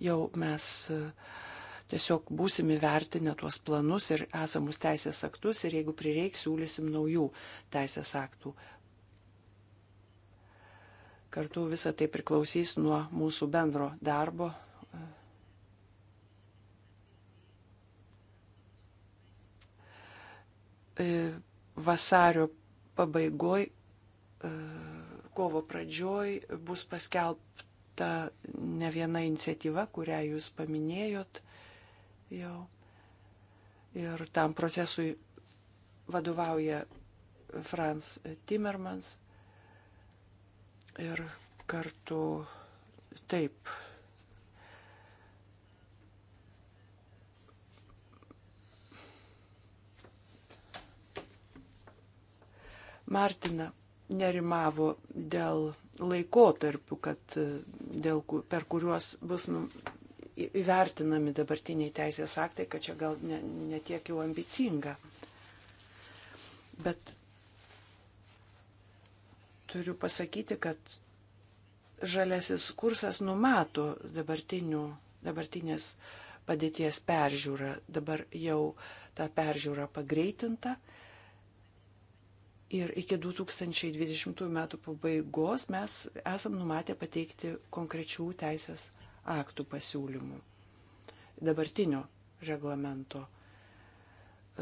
S1: jau mes uh, tiesiog būsim įvertinę tuos planus ir esamus teisės aktus ir jeigu prireiks, siūlysim naujų teisės aktų. Kartu visa tai priklausys nuo mūsų bendro darbo. E, vasario pabaigoj, e, kovo pradžioj bus paskelbta ne viena iniciatyva, kurią jūs paminėjot jau. Ir tam procesui vadovauja Franz Timmermans. Ir kartu taip. Martina nerimavo dėl laikotarpių, kad dėl, per kuriuos bus nu, įvertinami dabartiniai teisės aktai, kad čia gal netiek ne jau ambicinga. Bet turiu pasakyti, kad žalesis kursas numato dabartinės padėties peržiūrą. Dabar jau ta peržiūra pagreitinta. Ir iki 2020 metų pabaigos mes esam numatę pateikti konkrečių teisės aktų aktų pasiūlymų, dabartinio reglamento e,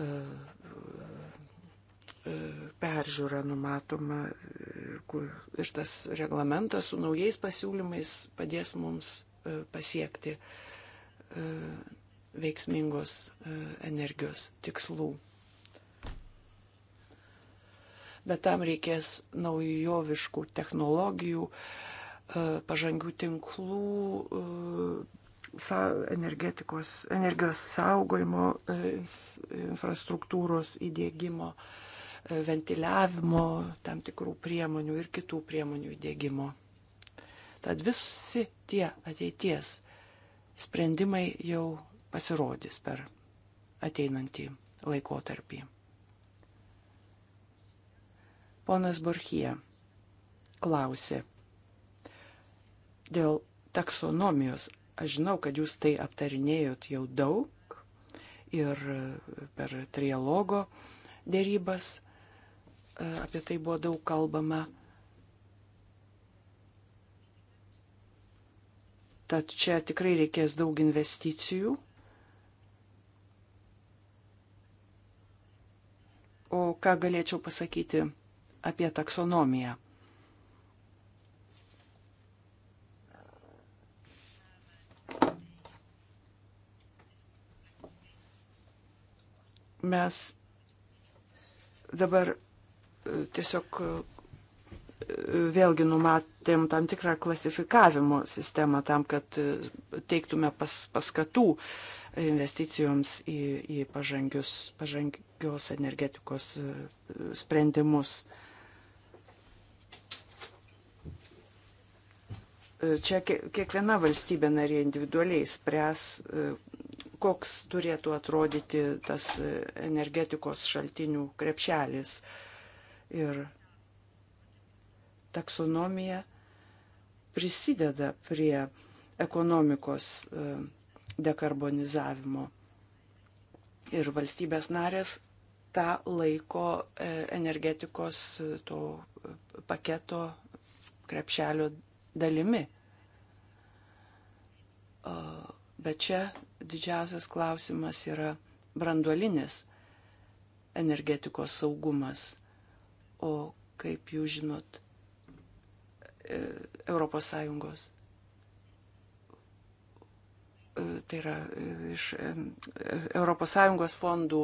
S1: e, peržiūra numatoma ir tas reglamentas su naujais pasiūlymais padės mums e, pasiekti veiksmingos energijos tikslų. Bet tam reikės naujoviškų technologijų, uh, E, pažangių tinklų, e, energijos saugojimo e, infrastruktūros įdėgymo, ventiliavimo tam tikrų priemonių ir kitų priemonių įdėgymo. Tad visi tie ateities sprendimai jau pasirodys per ateinantį laikotarpį. Ponas Borchie klausė, Dėl taksonomijos aš žinau, kad jūs tai aptarinėjot jau daug ir per trialogo dėrybas e, apie tai buvo daug kalbama. Tad čia tikrai reikės daug investicijų. O ką galėčiau pasakyti apie taksonomiją? mes dabar e, tiesiog e, vėlgi numatėm tam tikrą klasifikavimo sistemą tam, kad e, teiktume pas, paskatų investicijoms į, į pažangius, pažangios energetikos sprendimus. Čia kiekviena valstybė narė individualiai spręs, koks turėtų atrodyti tas energetikos šaltinių krepšelis. Ir taksonomija prisideda prie ekonomikos e, dekarbonizavimo. Ir valstybės narės tą laiko e, energetikos e, to paketo krepšelio dalimi. Bet čia didžiausias klausimas yra branduolinis energetikos saugumas. O kaip jūs žinot, ES. E, tai yra e, iš ES fondų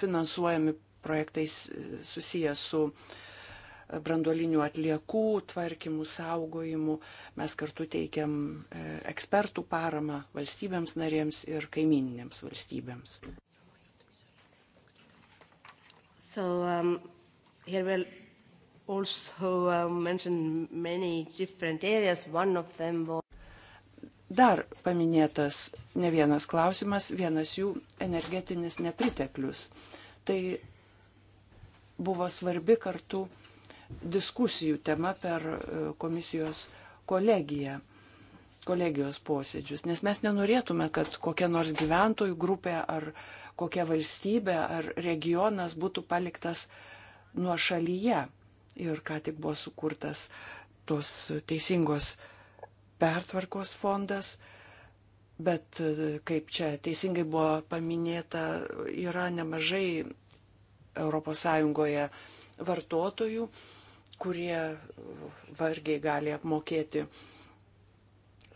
S1: finansuojami projektais e, susijęs su uh, branduolinių atliekų tvarkymų, saugojimų. Mes kartu teikiam e, ekspertų paramą valstybėms narėms ir kaimininėms valstybėms.
S2: So, um, here will also uh, mention many different areas. One of them was
S1: Dar paminėtas ne vienas klausimas, vienas jų energetinis nepriteklius. Tai buvo svarbi kartu diskusijų tema per e, komisijos kolegiją, kolegijos posėdžius, nes mes nenorėtume, kad kokia nors gyventojų grupė ar kokia valstybė ar regionas būtų paliktas nuo šalyje. Ir ką tik buvo sukurtas tos teisingos pertvarkos fondas, bet e, kaip čia teisingai buvo paminėta, yra nemažai ES vartotojų, kurie uh, vargiai gali apmokėti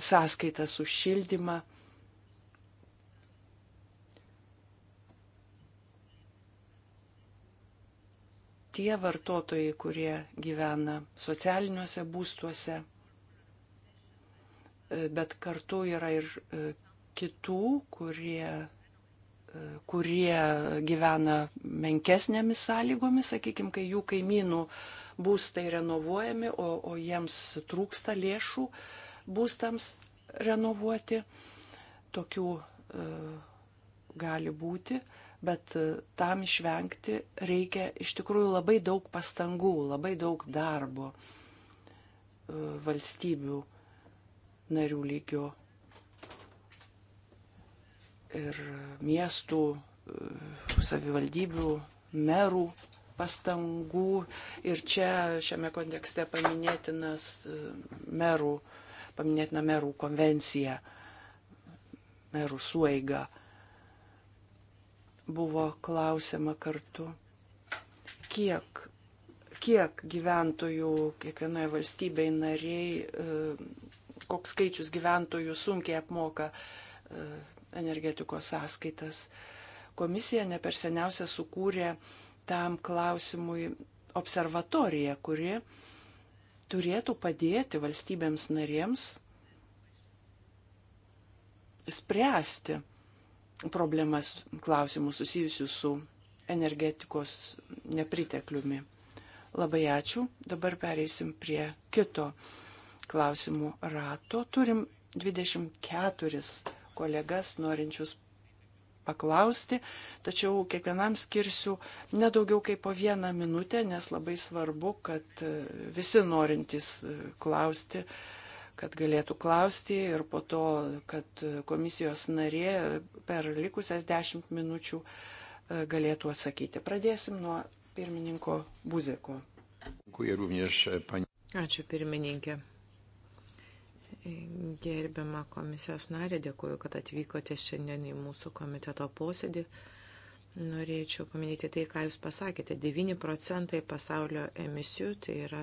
S1: sąskaitas už šildymą. Tie vartotojai, kurie gyvena socialiniuose būstuose, uh, bet kartu yra ir uh, kitų, kurie kurie gyvena menkesnėmis sąlygomis, sakykime, kai jų kaimynų būstai renovuojami, o, o jiems trūksta lėšų būstams renovuoti. Tokių e, gali būti, bet e, tam išvengti reikia iš tikrųjų labai daug pastangų, labai daug darbo e, valstybių narių lygio ir miestų, e, savivaldybių, merų pastangų ir čia šiame kontekste paminėtinas e, merų, paminėtina merų konvencija, merų sueiga. Buvo klausima kartu, kiek, kiek gyventojų kiekvienoje valstybei nariai, e, koks skaičius gyventojų sunkiai apmoka e, energetikos sąskaitas. Komisija neperseniausia sukūrė uh, tam klausimui observatoriją, kuri turėtų padėti valstybėms narėms spręsti problemas, klausimus susijusius su energetikos nepritekliumi. Labai ačiū. Dabar pereisim prie kito klausimų rato. Turim 24 kolegas norinčius paklausti, tačiau kiekvienam skirsiu nedaugiau kaip po vieną minutę, nes labai svarbu, kad e, visi norintys e, klausti, kad galėtų klausti ir po to, kad e, komisijos narė per likusias dešimt minučių galėtų atsakyti. Pradėsim nuo pirmininko Buzeko. Ačiū pirmininkė. Gerbiama
S4: komisijos narė, dėkuoju, kad atvykote šiandien į mūsų komiteto posėdį. Norėčiau paminėti tai, ką Jūs pasakėte. 9 procentai pasaulio emisijų tai yra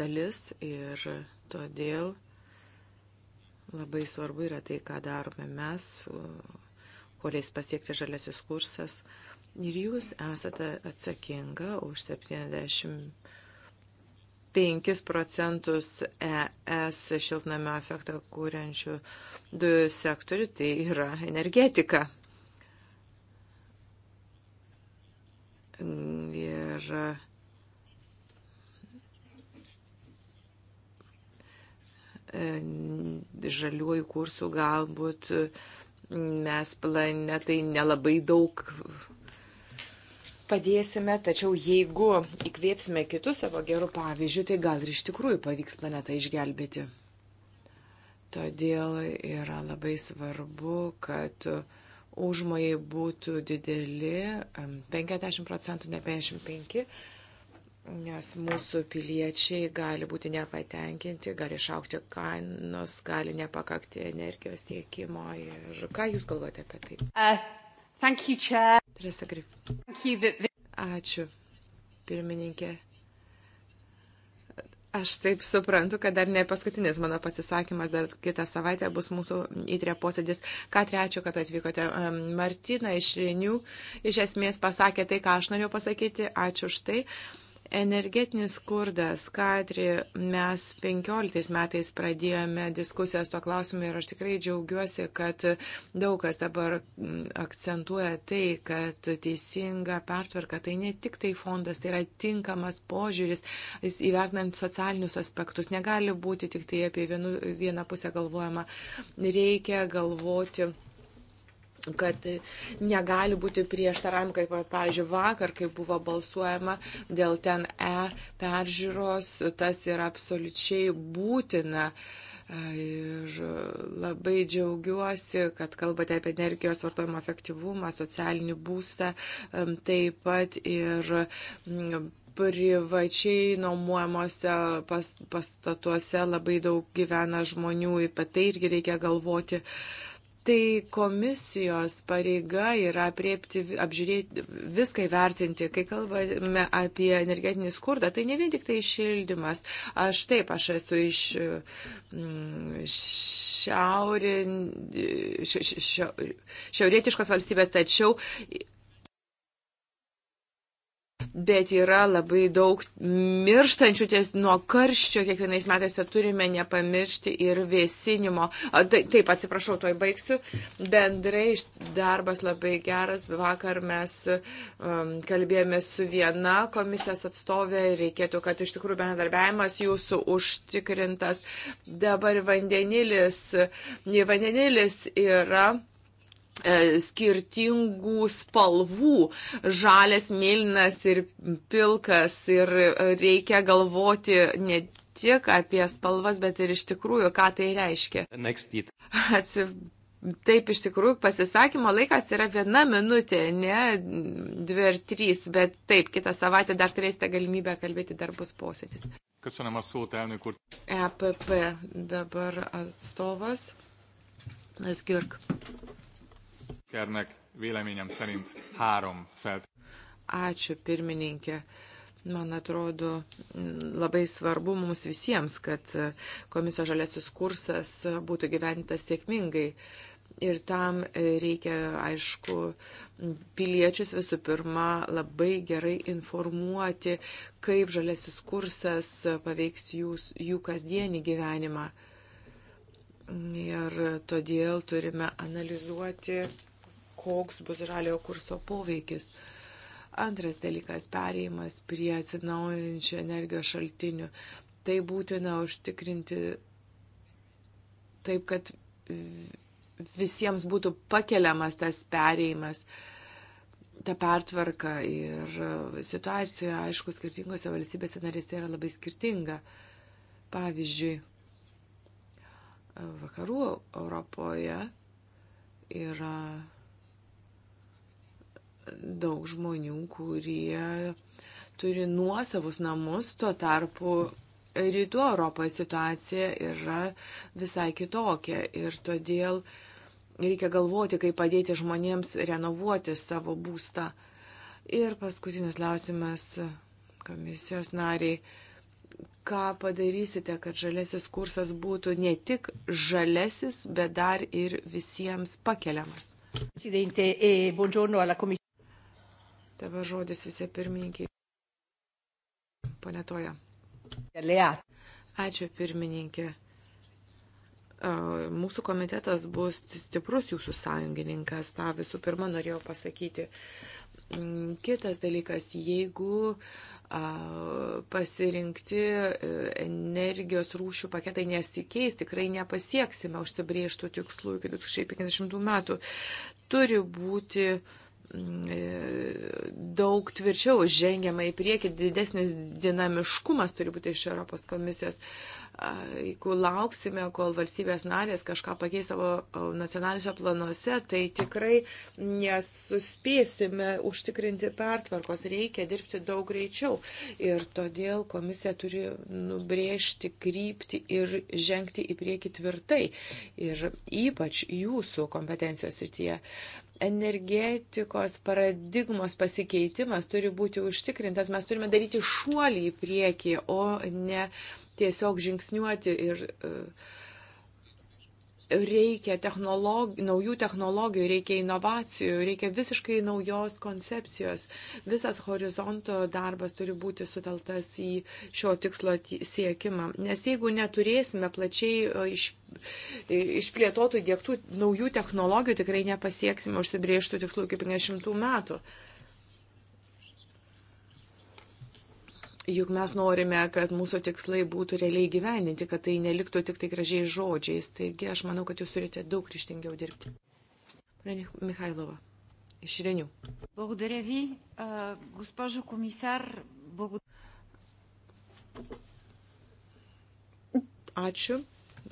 S4: dalis ir todėl labai svarbu yra tai, ką darome mes, kuriais pasiekti žaliasis kursas. Ir Jūs esate atsakinga už 70 5 procentus ES šiltnamio efektą kūrenčių dujų sektorių, tai yra energetika.
S1: Ir
S4: žaliuoju kursu galbūt mes planetai nelabai daug padėsime, tačiau jeigu įkvėpsime kitus savo gerų pavyzdžių, tai gal ir iš tikrųjų pavyks planetą išgelbėti. Todėl yra labai svarbu, kad užmojai būtų dideli, 50 procentų, ne 55, nes mūsų piliečiai gali būti nepatenkinti, gali išaukti kainos, gali nepakakti energijos tiekimo. Ir ką Jūs galvote apie tai? Uh, you, Teresa Grif. Ačiū, pirmininkė. Aš taip suprantu, kad dar ne paskutinis mano pasisakymas, dar kitą savaitę bus mūsų įtrė posėdis. Ką trečiu, kad atvykote. Martina iš Renių iš esmės pasakė tai, ką aš norėjau pasakyti. Ačiū už tai. Um, Energetinis skurdas, kadri, mes 15 metais pradėjome diskusijas to klausimu ir aš tikrai džiaugiuosi, kad daug kas dabar akcentuoja tai, kad teisinga pertvarka tai ne tik tai fondas, tai yra tinkamas požiūris, įvertinant socialinius aspektus. Negali būti tik tai apie vienu, vieną pusę galvojama. Reikia galvoti kad negali būti prieštaravimų, kaip, pavyzdžiui, vakar, kai buvo balsuojama dėl ten E peržiūros, tas yra absoliučiai būtina. Ir labai džiaugiuosi, kad kalbate apie energijos vartojimo efektyvumą, socialinį būstą, taip pat ir privačiai nuomuojamuose pas, pastatuose labai daug gyvena žmonių, apie tai irgi reikia galvoti. Uh, Tai komisijos pareiga yra apriepti, apžiūrėti, viską įvertinti, kai kalbame apie energetinį skurdą. Tai ne vien tik tai šildymas. Aš taip, aš esu iš mm, šiaurin, šiaurietiškos valstybės, tačiau Bet yra labai daug mirštančių ties nuo karščio, kiekvienais metais turime nepamiršti ir vėsinimo. Tai, taip, atsiprašau, toj baigsiu. Bendrai darbas labai geras. Vakar mes um, kalbėjome su viena komisijos atstovė. Reikėtų, kad iš tikrųjų bendradarbiavimas jūsų užtikrintas. Dabar vandenilis, vandenilis yra E, skirtingų spalvų - žalias, mėlynas ir pilkas. Ir e, reikia galvoti ne tik apie spalvas, bet ir iš tikrųjų, ką tai reiškia. Atsip... Taip, iš tikrųjų, pasisakymo laikas yra viena minutė, ne dvi ar trys, bet taip, kitą savaitę dar turėsite galimybę kalbėti, dar bus posėdis.
S5: Köszönöm a szót, elnök úr.
S4: EPP dabar atstovas. Eskirk.
S5: Kernek véleményem szerint három felt.
S4: Ačiū, pirmininkė. Man atrodo, labai svarbu mums visiems, kad komisijos žalėsis kursas būtų gyventas sėkmingai. Ir tam reikia, aišku, piliečius visų pirma labai gerai informuoti, kaip žalėsis kursas paveiks jūs, jų kasdienį gyvenimą. Ir todėl turime analizuoti koks bus žaliojo kurso poveikis. Antras dalykas - perėjimas prie atsinaujančio energijos šaltinių. Tai būtina užtikrinti taip, kad visiems būtų pakeliamas tas perėjimas, ta pertvarka ir situacija, aišku, skirtingose valstybėse narėse yra labai skirtinga. Pavyzdžiui, vakarų Europoje yra daug žmonių, kurie turi nuosavus namus, tuo tarpu rytų Europoje situacija yra visai kitokia ir todėl reikia galvoti, kaip padėti žmonėms renovuoti savo būstą. Ir paskutinis klausimas komisijos nariai. Ką padarysite, kad žalesis kursas būtų ne tik žalesis, bet dar ir visiems pakeliamas? Presidente, e buongiorno alla Commissione. Tave žodis visi pirmininkiai. Pane Toja. Ačiū pirmininkė. Mūsų komitetas bus stiprus jūsų sąjungininkas, tą visų pirma norėjau pasakyti. Kitas dalykas, jeigu pasirinkti e, energijos rūšių paketai nesikeis, tikrai nepasieksime užsibrieštų tikslų iki 2050 metų. Turi būti uh, Mm, e, daug tvirčiau žengiama į priekį, didesnis dinamiškumas turi būti iš Europos komisijos. Jeigu lauksime, kol valstybės narės kažką pakeis savo nacionaliniuose planuose, tai tikrai nesuspėsime užtikrinti pertvarkos. Reikia dirbti daug greičiau. Ir todėl komisija turi nubrėžti krypti ir žengti į priekį tvirtai. Ir ypač jūsų kompetencijos rytyje energetikos paradigmos pasikeitimas turi būti užtikrintas. Mes turime daryti šuolį į priekį, o ne tiesiog žingsniuoti ir uh, reikia technolog, naujų technologijų, reikia inovacijų, reikia visiškai naujos koncepcijos. Visas horizonto darbas turi būti suteltas į šio tikslo siekimą. Nes jeigu neturėsime plačiai iš, išplėtotų dėktų naujų technologijų, tikrai nepasieksime užsibriežtų tikslų iki 50 metų. Juk mes norime, kad mūsų tikslai būtų realiai gyveninti, kad tai neliktų tik tai gražiai žodžiais. Taigi aš manau, kad jūs turite daug ryštingiau dirbti. Pane Mikhailova, iš Renių. Ačiū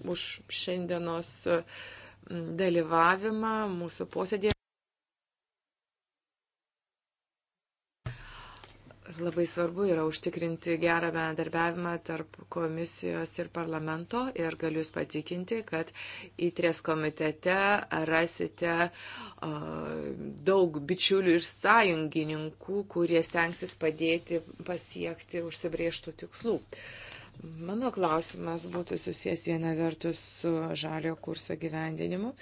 S4: už šiandienos dalyvavimą mūsų posėdėje. Labai svarbu yra užtikrinti gerą bendarbiavimą tarp komisijos ir parlamento ir galiu jūs patikinti, kad įtrės komitete rasite uh, daug bičiulių ir sąjungininkų, kurie stengsis padėti pasiekti užsibrieštų tikslų. Mano klausimas būtų susijęs viena vertus su žalio kurso gyvendinimu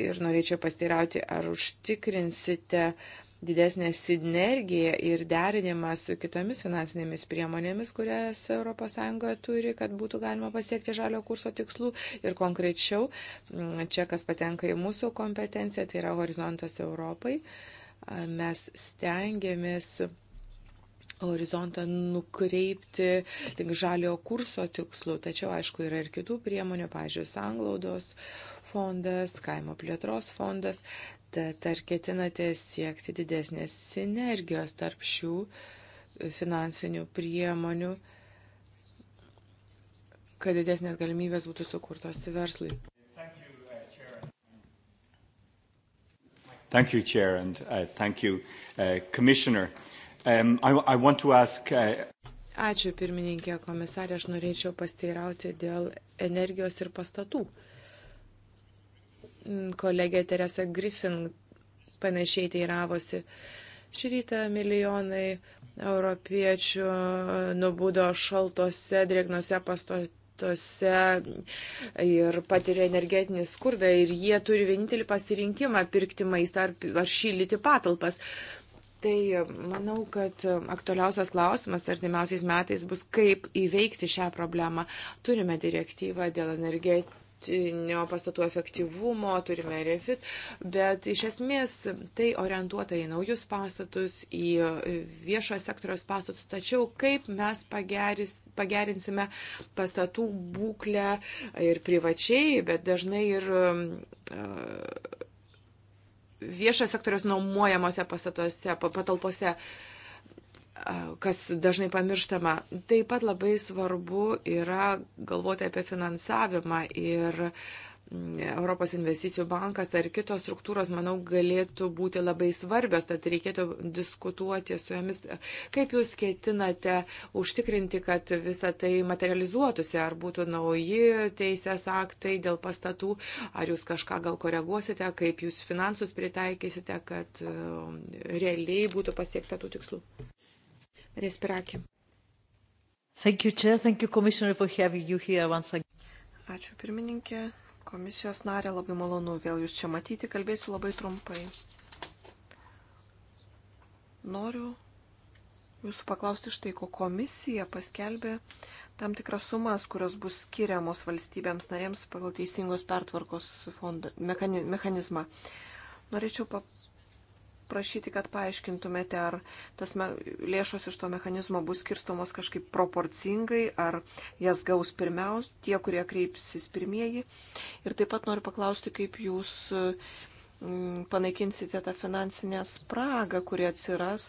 S4: ir norėčiau pasteirauti, ar užtikrinsite uh, didesnė sinergija ir derinimas su kitomis finansinėmis priemonėmis, kurias ES turi, kad būtų galima pasiekti žalio kurso tikslų ir konkrečiau, mm, čia kas patenka į mūsų kompetenciją, tai yra horizontas Europai, mes stengiamės horizontą nukreipti link žalio kurso tikslų, tačiau aišku yra ir kitų priemonių, pažiūrėjus, anglaudos fondas, kaimo plėtros fondas. Tad ar ketinate siekti didesnės sinergijos tarp šių finansinių priemonių, kad didesnės galimybės būtų sukurtos verslui? Uh,
S6: thank you, Chair, and uh, thank you, uh, Commissioner. Um, I, I want to ask. Uh...
S4: Ačiū, pirmininkė komisarė, aš norėčiau pasteirauti dėl energijos ir pastatų. Uh, kolegė Teresa Griffin panašiai teiravosi. Šį rytą milijonai europiečių nubudo šaltose, drėgnose pastotose ir patiria energetinį skurdą ir jie turi vienintelį pasirinkimą pirkti maistą ar, ar šildyti patalpas. Tai manau, kad aktualiausias klausimas artimiausiais metais bus, kaip įveikti šią problemą. Turime direktyvą dėl energetikos dabartinio pastatų efektyvumo, turime refit, bet iš esmės tai orientuota į naujus pastatus, į viešo sektoriaus pastatus, tačiau kaip mes pageris, pagerinsime pastatų būklę ir privačiai, bet dažnai ir. Uh, e, viešo sektoriaus nuomuojamose pastatuose, patalpose. Uh, kas dažnai pamirštama. Taip pat labai svarbu yra galvoti apie finansavimą ir mm, Europos investicijų bankas ar kitos struktūros, manau, galėtų būti labai svarbios, tad reikėtų diskutuoti su jomis. Kaip jūs ketinate užtikrinti, kad visa tai materializuotųsi, ar būtų nauji teisės aktai dėl pastatų, ar jūs kažką gal koreguosite, kaip jūs finansus pritaikysite, kad mm, realiai būtų pasiekta tų tikslų?
S2: Respiraki.
S6: Thank you, Chair. Thank you, Commissioner, for having you here once
S2: again. Ačiū pirmininkė, komisijos narė, labai malonu vėl jūs čia matyti, kalbėsiu labai trumpai. Noriu jūsų paklausti štai, ko komisija paskelbė tam tikras sumas, kurios bus skiriamos valstybėms narėms pagal teisingos pertvarkos fond, mechanizmą. Norėčiau prašyti, kad paaiškintumėte, ar tas lėšos iš to mechanizmo bus skirstomos kažkaip proporcingai, ar jas gaus pirmiaus tie, kurie kreipsis pirmieji. Ir taip pat noriu paklausti, kaip jūs mm, panaikinsite tą finansinę spragą, kuri atsiras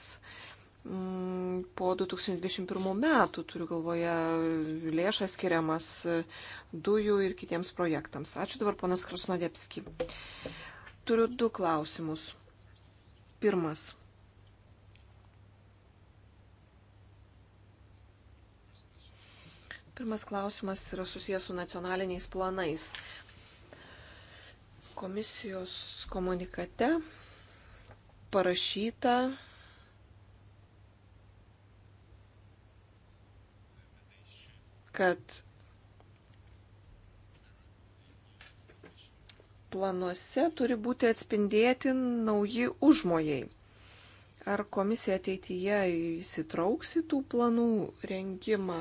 S2: mm, po 2021 metų, turiu galvoje, lėšas skiriamas dujų ir kitiems projektams. Ačiū dabar, ponas Krasnodėpski. Turiu du klausimus. 1. Pirmas klausimas yra susijęs su nacionaliniais planais. Komisijos komunikate parašyta, kad planuose turi būti atspindėti nauji užmojai. Ar komisija ateityje įsitrauks į tų planų rengimą?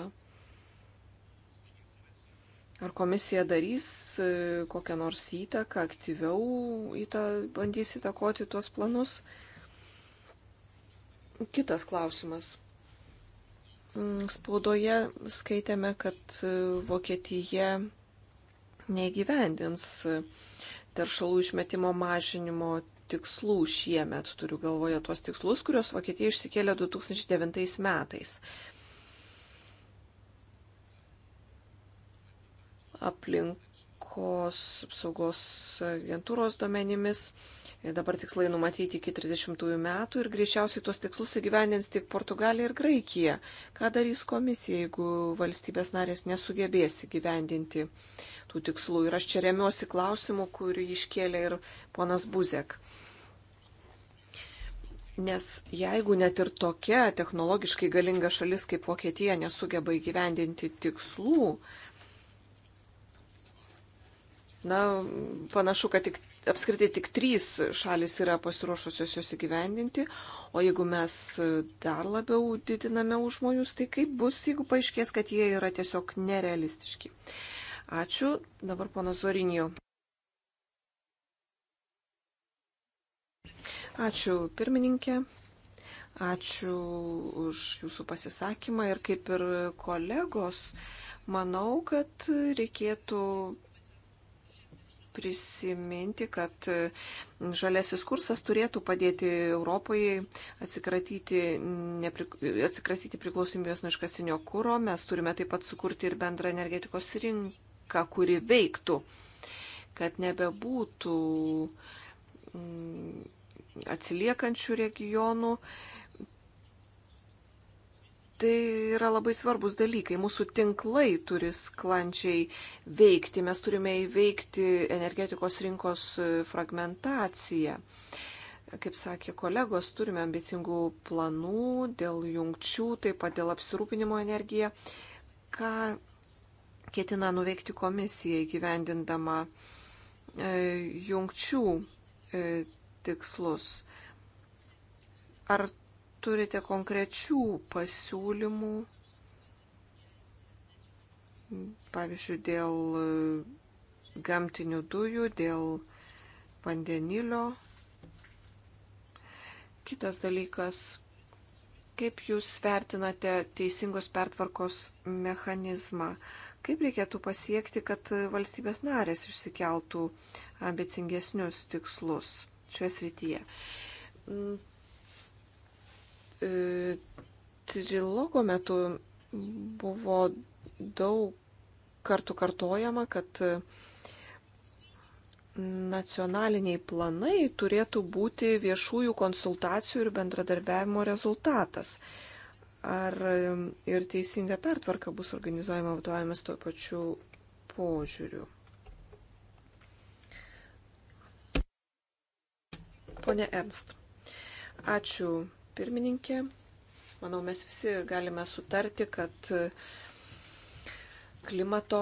S2: Ar komisija darys e, kokią nors įtaką, aktyviau įta, bandys įtakoti tuos planus? Kitas klausimas. Mm, spaudoje skaitėme, kad e, Vokietija neįgyvendins teršalų išmetimo mažinimo tikslų šiemet. Turiu galvoje tuos tikslus, kuriuos Vokietija išsikėlė 2009 metais. Aplink aplinkos apsaugos agentūros duomenimis. Dabar tikslai numatyti iki 30 metų ir greičiausiai tuos tikslus įgyvendins tik Portugalija ir Graikija. Ką darys komisija, jeigu valstybės narės nesugebės įgyvendinti tų tikslų? Ir aš čia remiuosi klausimu, kurį iškėlė ir ponas Buzek. Nes jeigu net ir tokia technologiškai galinga šalis kaip Vokietija nesugeba įgyvendinti tikslų, Na, panašu, kad tik, apskritai tik trys šalis yra pasiruošusios jos įgyvendinti, o jeigu mes dar labiau didiname užmojus, tai kaip bus, jeigu paaiškės, kad jie yra tiesiog nerealistiški. Ačiū, dabar ponas Zorinijo. Ačiū pirmininkė, ačiū už jūsų pasisakymą ir kaip ir kolegos, manau, kad reikėtų prisiminti, kad e, žalesis kursas turėtų padėti Europoje atsikratyti, neprik... atsikratyti priklausomybės nuo iškastinio kūro. Mes turime taip pat sukurti ir bendrą energetikos rinką, kuri veiktų, kad nebebūtų mm, atsiliekančių regionų. Uh, Tai yra labai svarbus dalykai. Mūsų tinklai turi sklančiai veikti. Mes turime įveikti energetikos rinkos fragmentaciją. Kaip sakė kolegos, turime ambicingų planų dėl jungčių, taip pat dėl apsirūpinimo energiją. Ką ketina nuveikti komisija įgyvendindama e, jungčių e, tikslus? Ar turite konkrečių pasiūlymų, pavyzdžiui, dėl e, gamtinių dujų, dėl vandenilio. Kitas dalykas, kaip jūs vertinate teisingos pertvarkos mechanizmą? Kaip reikėtų pasiekti, kad valstybės narės išsikeltų ambicingesnius tikslus šioje srityje? E, trilogo metu buvo daug kartų kartojama, kad e, nacionaliniai planai turėtų būti viešųjų konsultacijų ir bendradarbiavimo rezultatas. Ar e, ir teisinga pertvarka bus organizuojama vadovavimas tuo pačiu požiūriu? Pone Ernst, ačiū pirmininkė. Manau, mes visi galime sutarti, kad klimato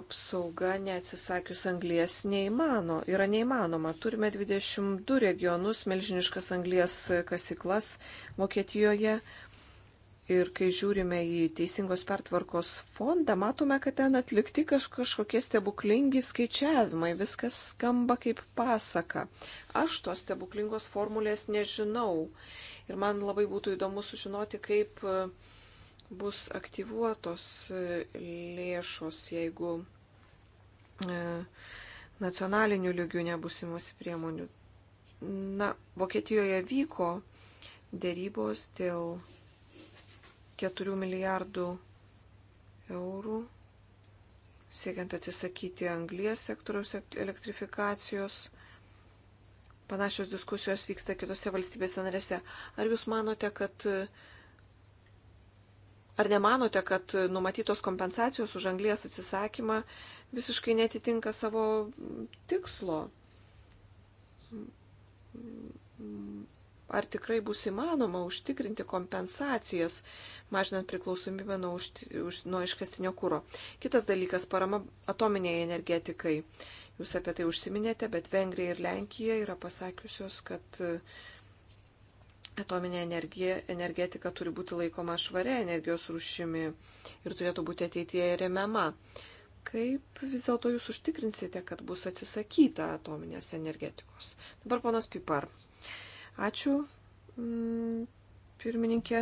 S2: apsauga neatsisakius anglies neįmano, yra neįmanoma. Turime 22 regionus, milžiniškas anglies kasiklas Vokietijoje, Ir kai žiūrime į teisingos pertvarkos fondą, matome, kad ten atlikti kaž, kažkokie stebuklingi skaičiavimai, viskas skamba kaip pasaka. Aš tos stebuklingos formulės nežinau. Ir man labai būtų įdomu sužinoti, kaip e, bus aktyvuotos e, lėšos, jeigu e, nacionaliniu lygiu nebus imasi priemonių. Na, Vokietijoje vyko dėrybos dėl 4 milijardų eurų siekiant atsisakyti anglies sektoriaus elektrifikacijos. Panašios diskusijos vyksta kitose valstybėse narėse. Ar jūs manote, kad Ar nemanote, kad numatytos kompensacijos už anglės atsisakymą visiškai netitinka savo tikslo? ar tikrai bus įmanoma užtikrinti kompensacijas, mažinant priklausomybę nuo, už, už, nuo iškastinio kūro. Kitas dalykas - parama atominiai energetikai. Jūs apie tai užsiminėte, bet Vengrija ir Lenkija yra pasakiusios, kad e, atominė energija, energetika turi būti laikoma švaria energijos rūšimi ir turėtų būti ateityje remiama. Kaip vis dėlto jūs užtikrinsite, kad bus atsisakyta atominės energetikos? Dabar ponas Pipar. Ačiū, mm, pirmininkė.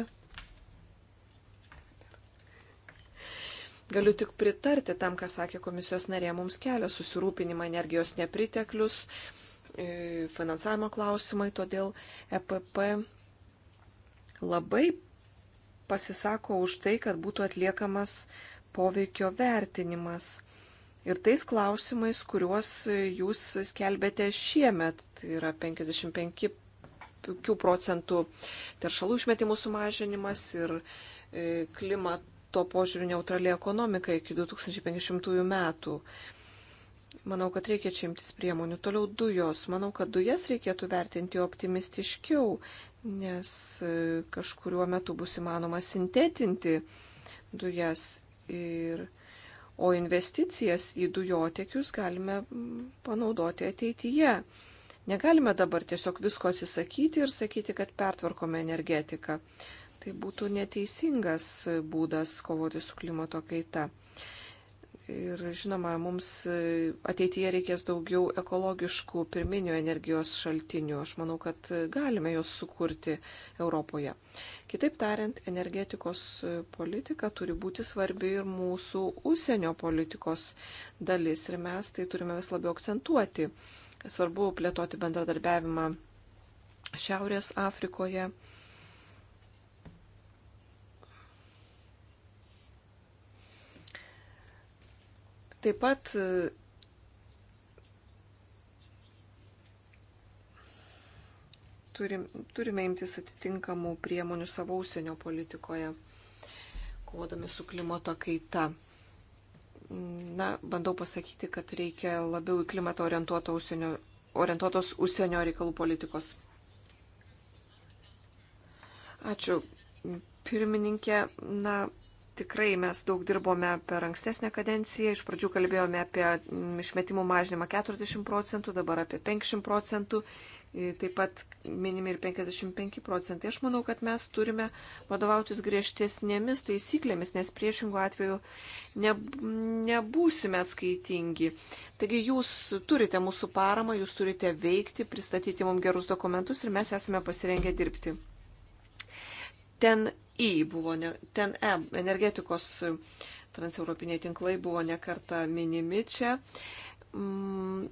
S2: Galiu tik pritarti tam, ką sakė komisijos narė, mums kelia susirūpinimą energijos nepriteklius, e, finansavimo klausimai, todėl EPP labai pasisako už tai, kad būtų atliekamas poveikio vertinimas. Ir tais klausimais, kuriuos jūs skelbėte šiemet, tai yra 55 kokių procentų teršalų išmetimų sumažinimas ir e, klimato požiūrių neutrali ekonomika iki 2050 metų. Manau, kad reikia čia imtis priemonių. Toliau dujos. Manau, kad dujas reikėtų vertinti optimistiškiau, nes e, kažkuriuo metu bus įmanoma sintetinti dujas. Ir, o investicijas į dujotiekius galime panaudoti ateityje. Negalime dabar tiesiog visko atsisakyti ir sakyti, kad pertvarkome energetiką. Tai būtų neteisingas būdas kovoti su klimato kaita. Ir žinoma, mums ateityje reikės daugiau ekologiškų pirminių energijos šaltinių. Aš manau, kad galime juos sukurti Europoje. Kitaip tariant, energetikos politika turi būti svarbi ir mūsų užsienio politikos dalis. Ir mes tai turime vis labiau akcentuoti. Svarbu plėtoti bendradarbiavimą Šiaurės Afrikoje. Taip pat turim, turime imtis atitinkamų priemonių savo užsienio politikoje, kovodami su klimato kaita na, bandau pasakyti, kad reikia labiau į klimatą orientuoto užsienio, orientuotos užsienio reikalų politikos. Ačiū. Pirmininkė, na, tikrai mes daug dirbome per ankstesnę kadenciją. Iš pradžių kalbėjome apie išmetimų mažinimą 40 procentų, dabar apie 50 procentų. E, taip pat minimi ir 55 procentai. Aš manau, kad mes turime vadovautis griežtesnėmis taisyklėmis, nes priešingų atveju ne, nebūsime skaitingi. Taigi jūs turite mūsų paramą, jūs turite veikti, pristatyti mums gerus dokumentus ir mes esame pasirengę dirbti. Ten į buvo, ne, ten e, energetikos e, transeuropiniai tinklai buvo nekarta minimi čia, mm,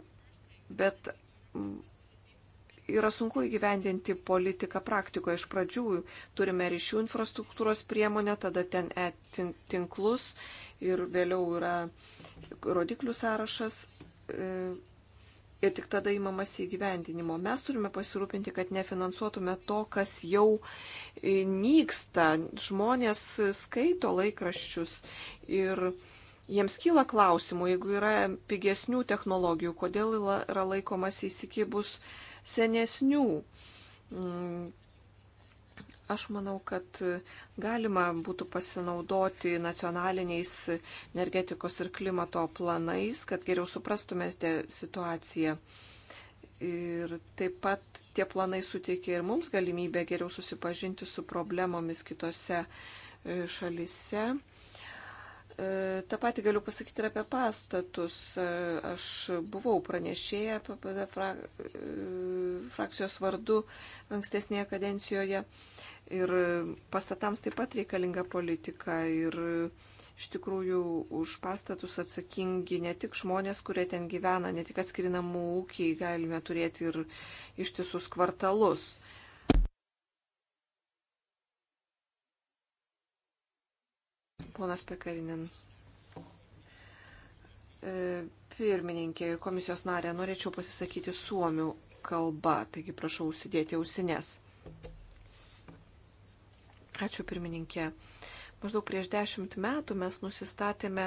S2: bet mm, yra sunku įgyvendinti politiką praktikoje. Iš pradžių turime ryšių infrastruktūros priemonę, tada ten e tinklus ir vėliau yra rodiklių sąrašas e, ir tik tada įmamas įgyvendinimo. Mes turime pasirūpinti, kad nefinansuotume to, kas jau e, nyksta. Žmonės skaito laikraščius ir jiems kyla klausimų, jeigu yra pigesnių technologijų, kodėl yra laikomas įsikibus uh, senesnių. Mm. Aš manau, kad galima būtų pasinaudoti nacionaliniais energetikos ir klimato planais, kad geriau suprastumėte situaciją. Ir taip pat tie planai suteikia ir mums galimybę geriau susipažinti su problemomis kitose e, šalise. E, Ta pati galiu pasakyti ir apie pastatus. E, aš buvau pranešėję PPD frak, e, frakcijos vardu ankstesnėje kadencijoje ir pastatams taip pat reikalinga politika ir iš tikrųjų už pastatus atsakingi ne tik žmonės, kurie ten gyvena, ne tik atskiri namų ūkiai, galime turėti ir ištisus kvartalus. Ponas Pekarinin. E, pirmininkė ir komisijos narė, norėčiau pasisakyti suomių kalba, taigi prašau užsidėti ausines. Ačiū pirmininkė. Uh, Maždaug prieš dešimt metų mes nusistatėme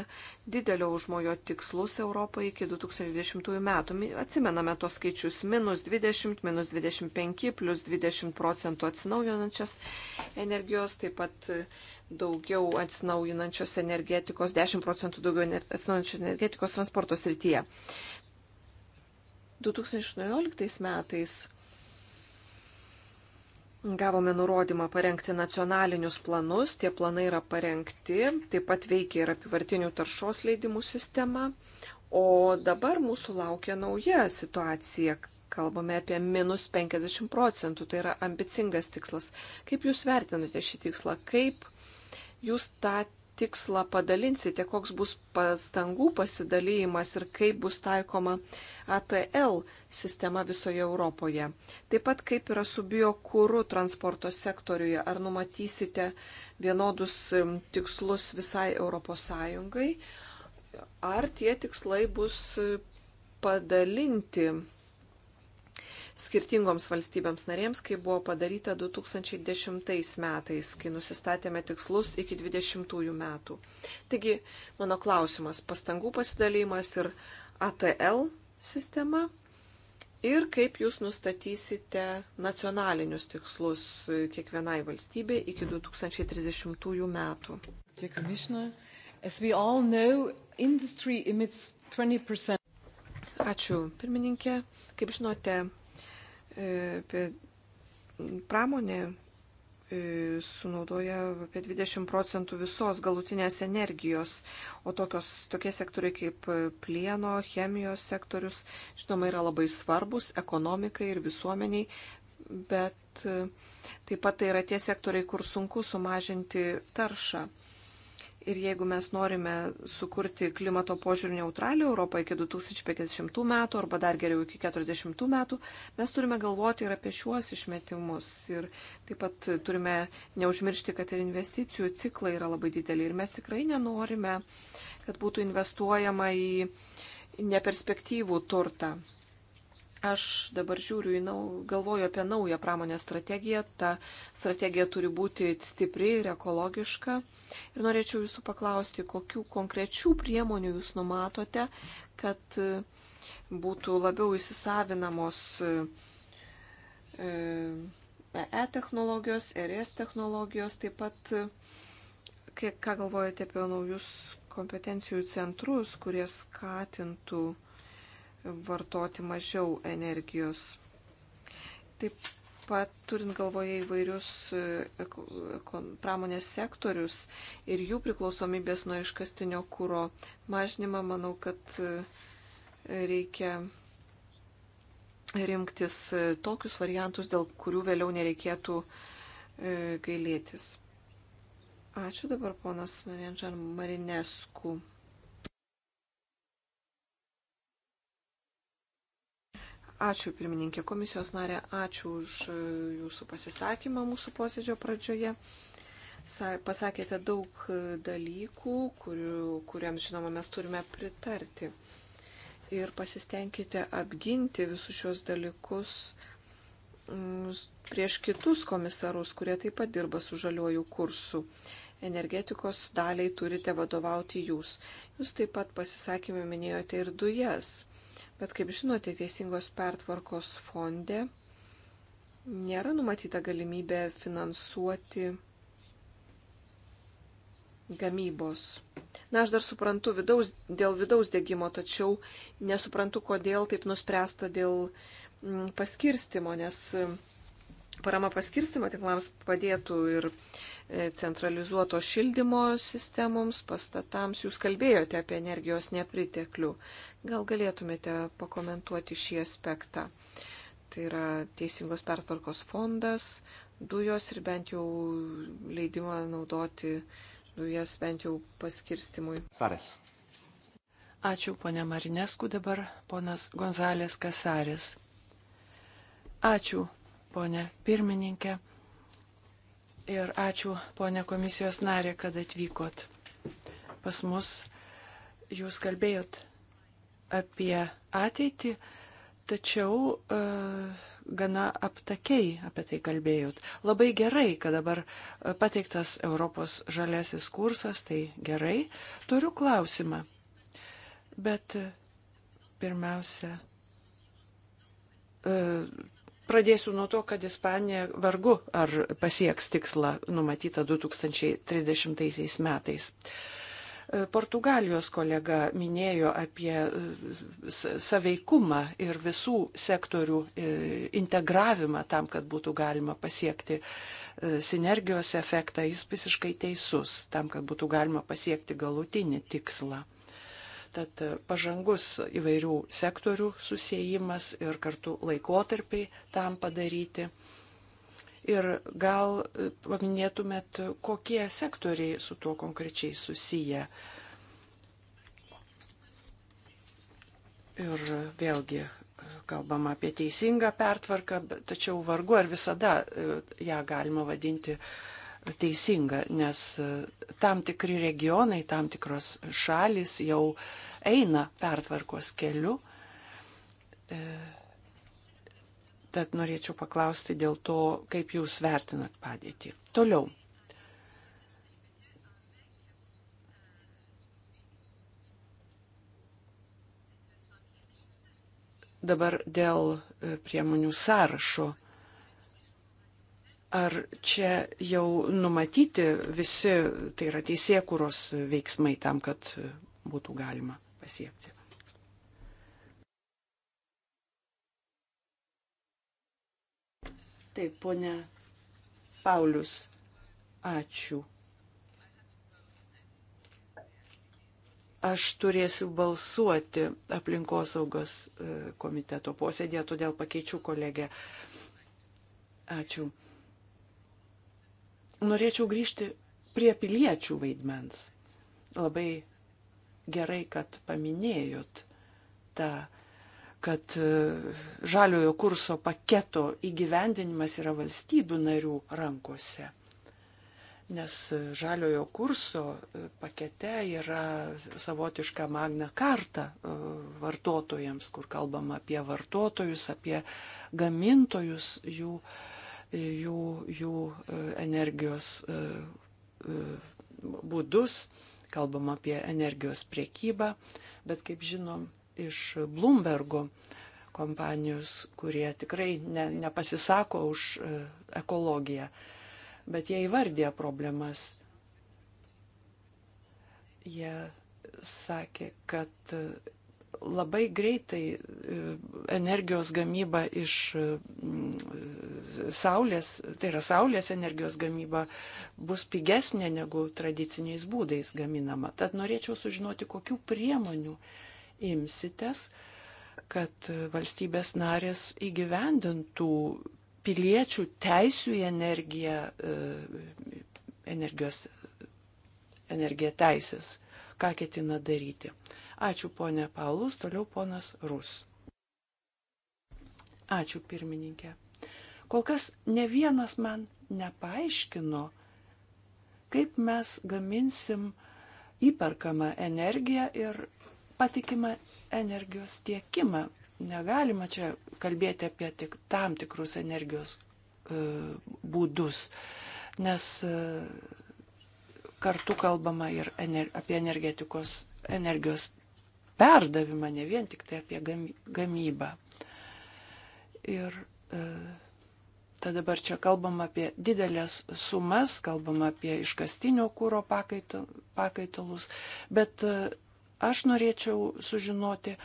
S2: didelio užmojo tikslus Europoje iki 2020 metų. Atsimename tos skaičius - minus 20, minus 25, plus 20 procentų atsinaujinančios energijos, taip pat daugiau atsinaujinančios energetikos, 10 procentų daugiau atsinaujinančios energetikos transporto srityje. 2018 metais Gavome nurodymą parengti nacionalinius planus, tie planai yra parengti, taip pat veikia ir apivartinių taršos leidimų sistema. O dabar mūsų laukia nauja situacija, kalbame apie minus 50 procentų, tai yra ambicingas tikslas. Kaip Jūs vertinate šį tikslą, kaip Jūs tą tikslą padalinsite, koks bus pastangų pasidalymas ir kaip bus taikoma ATL sistema visoje Europoje. Taip pat kaip yra su biokūru transporto sektoriuje, ar numatysite vienodus tikslus visai ES, ar tie tikslai bus padalinti skirtingoms valstybėms narėms, kai buvo padaryta 2010 metais, kai nusistatėme tikslus iki 20 metų. Taigi, mano klausimas - pastangų pasidalymas ir ATL sistema ir kaip jūs nustatysite nacionalinius tikslus kiekvienai valstybei iki 2030 metų. Ačiū, pirmininkė. Kaip žinote, E, apie pramonė e, sunaudoja apie 20 procentų visos galutinės energijos, o tokios, tokie sektoriai kaip e, plieno, chemijos sektorius, žinoma, yra labai svarbus ekonomikai ir visuomeniai, bet taip pat tai yra tie sektoriai, kur sunku sumažinti taršą. Ir jeigu mes norime sukurti klimato požiūrį neutralią Europą iki 2050 metų arba dar geriau iki 40 metų, mes turime galvoti ir apie šiuos išmetimus. Ir taip pat turime neužmiršti, kad ir investicijų ciklai yra labai dideli. Ir mes tikrai nenorime, kad būtų investuojama į neperspektyvų turtą. Aš dabar žiūriu į nau, galvoju apie naują pramonės strategiją. Ta strategija turi būti stipri ir ekologiška. Ir norėčiau jūsų paklausti, kokių konkrečių priemonių jūs numatote, kad e, būtų labiau įsisavinamos EE e, e technologijos, RS technologijos, taip pat, ką galvojate apie naujus kompetencijų centrus, kurie skatintų vartoti mažiau energijos. Taip pat turint galvoje įvairius e, pramonės sektorius ir jų priklausomybės nuo iškastinio kūro mažinimą, manau, kad e, reikia rinktis e, tokius variantus, dėl kurių vėliau nereikėtų gailėtis. Ačiū dabar ponas Marinčan Marinesku. Ačiū pirmininkė komisijos narė, ačiū už e, jūsų pasisakymą mūsų posėdžio pradžioje. Pasakėte daug e, dalykų, kuriu, kuriems žinoma mes turime pritarti. Ir pasistengkite apginti visus šios dalykus mm, prieš kitus komisarus, kurie taip pat dirba su žaliuoju kursu energetikos daliai turite vadovauti jūs. Jūs taip pat pasisakymė minėjote ir dujas. Bet kaip žinote, Teisingos pertvarkos fonde nėra numatyta galimybė finansuoti gamybos. Na, aš dar suprantu vidaus, dėl vidaus dėgymo, tačiau nesuprantu, kodėl taip nuspręsta dėl mm, paskirstimo, nes mm, parama paskirstimo tinklams padėtų ir centralizuoto šildymo sistemoms, pastatams. Jūs kalbėjote apie energijos nepriteklių. Gal galėtumėte pakomentuoti šį aspektą? Tai yra Teisingos pertvarkos fondas, dujos ir bent jau leidimą naudoti dujas bent jau paskirstimui.
S3: Sarės.
S1: Ačiū, ponė Marinesku, dabar ponas Gonzalės Kasarės. Ačiū, ponė pirmininkė ir ačiū ponė komisijos narė, kad atvykot pas mus. Jūs kalbėjot apie ateitį, tačiau e, gana aptakiai apie tai kalbėjot. Labai gerai, kad dabar e, pateiktas Europos žalesis kursas, tai gerai. Turiu klausimą. Bet e, pirmiausia, e, Pradėsiu nuo to, kad Ispanija vargu ar pasieks tikslą numatytą 2030 metais. E, Portugalijos kolega minėjo apie e, saveikumą ir visų sektorių e, integravimą tam, kad būtų galima pasiekti sinergijos efektą. Jis visiškai teisus tam, kad būtų galima pasiekti galutinį tikslą. Tad e, pažangus įvairių sektorių susijimas ir kartu laikotarpiai tam padaryti. Ir gal e, paminėtumėt, kokie sektoriai su tuo konkrečiai susiję. Ir vėlgi e, kalbama apie teisingą pertvarką, tačiau vargu ar visada ją galima vadinti uh, teisinga, nes e, tam tikri regionai, tam tikros šalis jau eina pertvarkos keliu. E, tad norėčiau paklausti dėl to, kaip jūs vertinat padėtį. Toliau. Dabar dėl e, priemonių sąrašo Ar čia jau numatyti visi, tai yra teisėkuros veiksmai tam, kad būtų galima pasiekti? Taip, ponia Paulius, ačiū. aš turėsiu balsuoti aplinkosaugos e, komiteto posėdėje, todėl pakeičiu kolegę. Ačiū. Norėčiau grįžti prie piliečių vaidmens. Labai gerai, kad paminėjot tą, kad e, žaliojo kurso paketo įgyvendinimas yra valstybių narių rankose nes e, žaliojo kurso e, pakete yra savotiška magna karta vartotojams, kur kalbama apie vartotojus, apie gamintojus, jų jų, jų e, energijos e, e, būdus, kalbam apie energijos priekybą, bet kaip žinom iš Bloombergo kompanijos, kurie tikrai ne, nepasisako už ekologiją, bet jie įvardė problemas. Jie sakė, kad labai greitai e, energijos gamyba iš e, saulės, tai yra saulės energijos gamyba, bus pigesnė negu tradiciniais būdais gaminama. Tad norėčiau sužinoti, kokių priemonių imsitės, kad valstybės narės įgyvendintų piliečių teisų į energiją, e, energijos, energiją teisės, ką ketina daryti. Ačiū ponė Paulus, toliau ponas Rus. Ačiū pirmininkė. Kol kas ne vienas man nepaaiškino, kaip mes gaminsim įperkamą energiją ir patikimą energijos tiekimą. Negalima čia kalbėti apie tik tam tikrus energijos e, būdus, nes e, kartu kalbama ir ener, apie energetikos energijos perdavimą, ne vien tik tai apie gamybą. Ir e, Ta dabar čia kalbam apie didelės sumas, kalbam apie iškastinio kūro pakaitalus, bet e, aš norėčiau sužinoti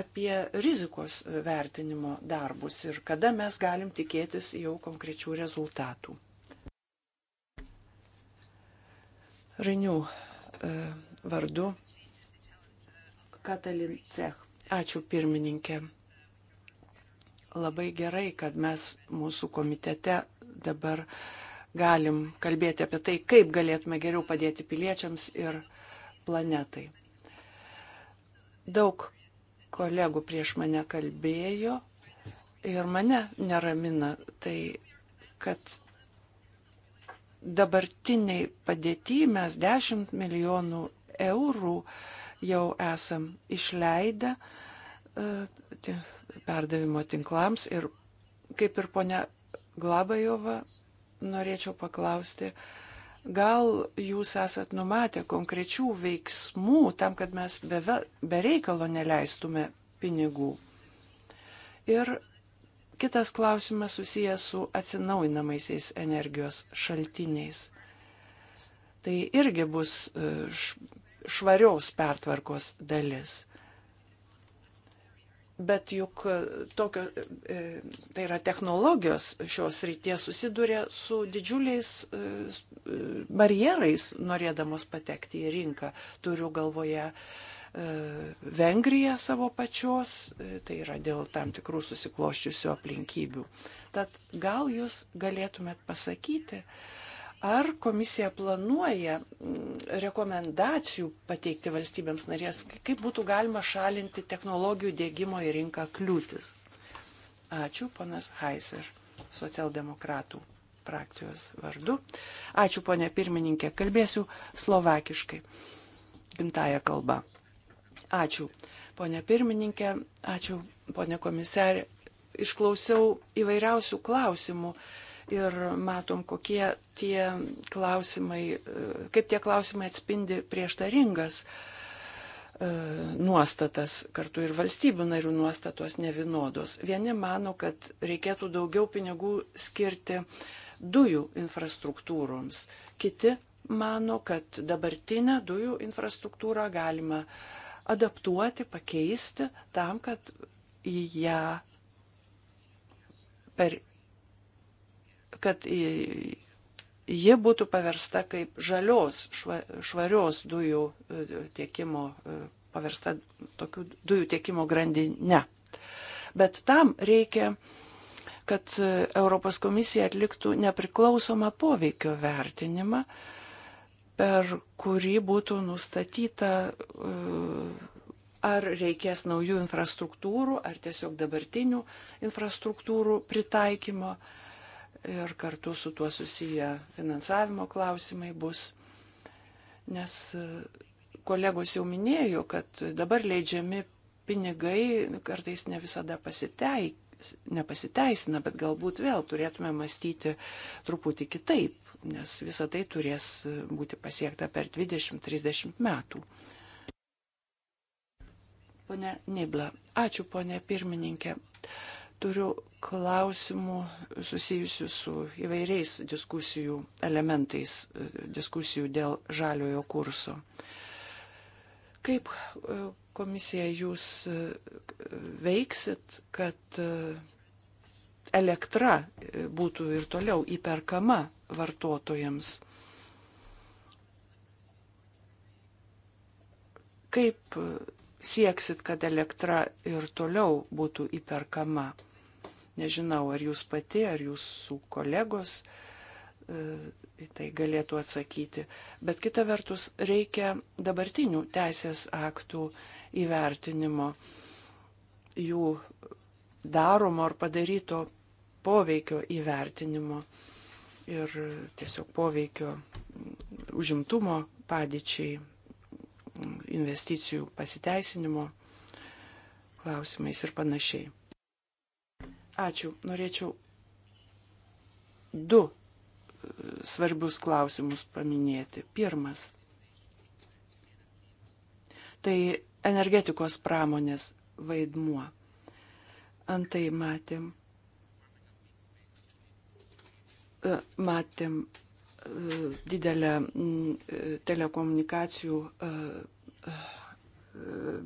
S1: apie rizikos vertinimo darbus ir kada mes galim tikėtis jau konkrečių rezultatų. Rainių e, vardu Katalin Cech. Ačiū pirmininkė. Labai gerai, kad mes mūsų komitete dabar galim kalbėti apie tai, kaip galėtume geriau padėti piliečiams ir planetai. Daug kolegų prieš mane kalbėjo ir mane neramina tai, kad dabartiniai padėty mes 10 milijonų eurų uh, jau esam išleidę e, perdavimo tinklams ir kaip ir ponia Glabajova, norėčiau paklausti, gal jūs esat numatę konkrečių veiksmų tam, kad mes be, be reikalo neleistume pinigų. Ir kitas klausimas susijęs su atsinaujinamaisiais energijos šaltiniais. Tai irgi bus e, švarios pertvarkos dalis. Bet juk e, tokio, e, tai yra technologijos šios ryties susiduria su didžiuliais e, barjerais, norėdamos patekti į rinką. Turiu galvoje Vengriją savo pačios, tai yra dėl tam tikrų susikloščiusių aplinkybių. Tad gal jūs galėtumėt pasakyti, Ar komisija planuoja mm, rekomendacijų pateikti valstybėms narės, kaip būtų galima šalinti technologijų dėgymo į rinką kliūtis? Ačiū, ponas Heiser, socialdemokratų frakcijos vardu. Ačiū, ponė pirmininkė, kalbėsiu slovakiškai, gimtaja kalba. Ačiū, ponė pirmininkė, ačiū, ponė komisarė. Išklausiau įvairiausių klausimų ir matom, kokie tie klausimai, kaip tie klausimai atspindi prieštaringas e, nuostatas, kartu ir valstybių narių nuostatos nevienodos. Vieni mano, kad reikėtų daugiau pinigų skirti dujų infrastruktūroms, kiti mano, kad dabartinę dujų infrastruktūrą galima adaptuoti, pakeisti tam, kad į ją per kad ji būtų paversta kaip žalios, švarios dujų e, tiekimo, e, paversta tokių dujų tiekimo grandinė. Bet tam reikia, kad e, Europos komisija atliktų nepriklausomą poveikio vertinimą, per kurį būtų nustatyta, ar reikės naujų infrastruktūrų, ar tiesiog dabartinių infrastruktūrų pritaikymo, uh, ir kartu su tuo susiję finansavimo klausimai bus. Nes e, kolegos jau minėjo, kad dabar leidžiami pinigai kartais ne visada pasiteik, nepasiteisina, bet galbūt vėl turėtume mąstyti truputį kitaip, nes visa tai turės e, būti pasiekta per 20-30 metų. Pone Nibla, ačiū pone pirmininkė. Uh, Turiu klausimų susijusių su įvairiais diskusijų elementais, diskusijų dėl žaliojo kurso. Kaip e, komisija jūs e, veiksit, kad e, elektra būtų ir toliau įperkama vartotojams? Kaip sieksit, kad elektra ir toliau būtų įperkama? Nežinau, ar jūs pati, ar jūsų kolegos e, į tai galėtų atsakyti. Bet kita vertus, reikia dabartinių teisės aktų įvertinimo, jų daromo ar padaryto poveikio įvertinimo ir tiesiog poveikio užimtumo padėčiai investicijų pasiteisinimo klausimais ir panašiai. Ačiū. Norėčiau du e, svarbius klausimus paminėti. Pirmas. Tai energetikos pramonės vaidmuo. Antai matėm, e, matėm e, didelę telekomunikacijų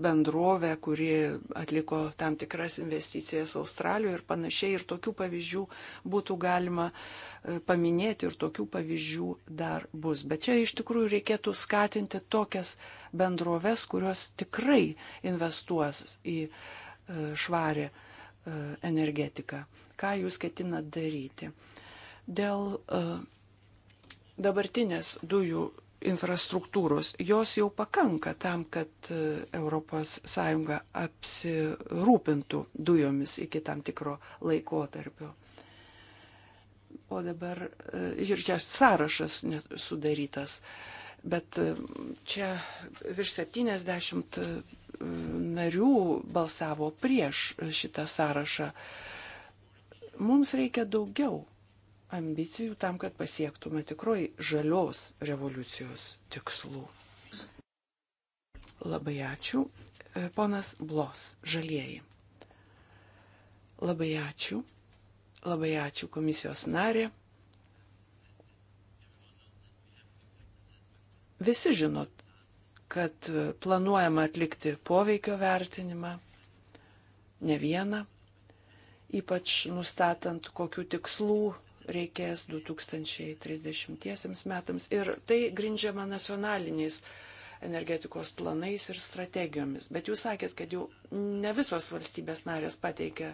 S1: bendrovę, kuri atliko tam tikras investicijas Australijoje ir panašiai. Ir tokių pavyzdžių būtų galima e, paminėti ir tokių pavyzdžių dar bus. Bet čia iš tikrųjų reikėtų skatinti tokias bendroves, kurios tikrai investuos į e, švarę e, energetiką. Ką jūs ketinat daryti? Dėl dabartinės dujų infrastruktūros, jos jau pakanka tam, kad ES apsirūpintų dujomis iki tam tikro laikotarpio. O dabar e, ir čia sąrašas sudarytas, bet e, čia virš 70 e, narių balsavo prieš šitą sąrašą. Mums reikia daugiau ambicijų tam, kad pasiektume tikroji žalios revoliucijos tikslų. Labai ačiū. E, ponas Blos, žalieji. Labai ačiū. Labai ačiū komisijos narė. Visi žinot, kad e, planuojama atlikti poveikio vertinimą, ne vieną, ypač nustatant, kokiu tikslu reikės 2030 metams. Ir tai grindžiama nacionaliniais energetikos planais ir strategijomis. Bet jūs sakėt, kad jau ne visos valstybės narės pateikė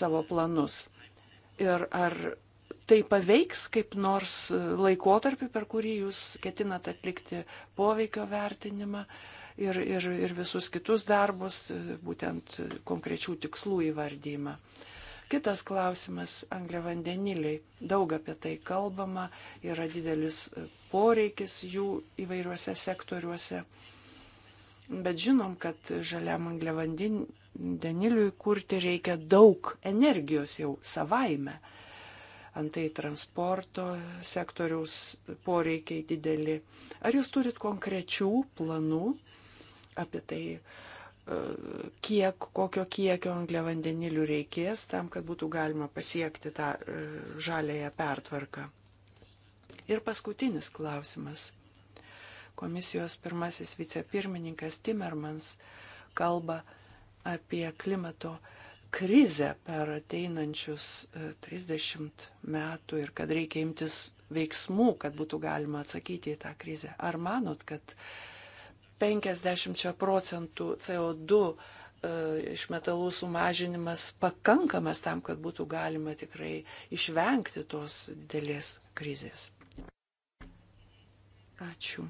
S1: savo planus. Ir ar tai paveiks kaip nors laikotarpį, per kurį jūs ketinat atlikti poveikio vertinimą ir, ir, ir visus kitus darbus, būtent konkrečių tikslų įvardymą. Uh, Kitas klausimas - angliavandeniliai. Daug apie tai kalbama, yra didelis e, poreikis jų įvairiuose sektoriuose. Bet žinom, kad žaliam angliavandeniliui kurti reikia daug energijos jau savaime. Antai transporto sektoriaus poreikiai dideli. Ar jūs turit konkrečių planų apie tai? Uh, kiek, kokio kiekio angliavandenilių reikės tam, kad būtų galima pasiekti tą e, žalėją pertvarką. Ir paskutinis klausimas. Komisijos pirmasis vicepirmininkas Timmermans kalba apie klimato krizę per ateinančius 30 e, metų ir kad reikia imtis veiksmų, kad būtų galima atsakyti į tą krizę. Ar manot, kad uh, 50 procentų CO2 e, iš metalų sumažinimas pakankamas tam, kad būtų galima tikrai išvengti tos didelės krizės. Ačiū.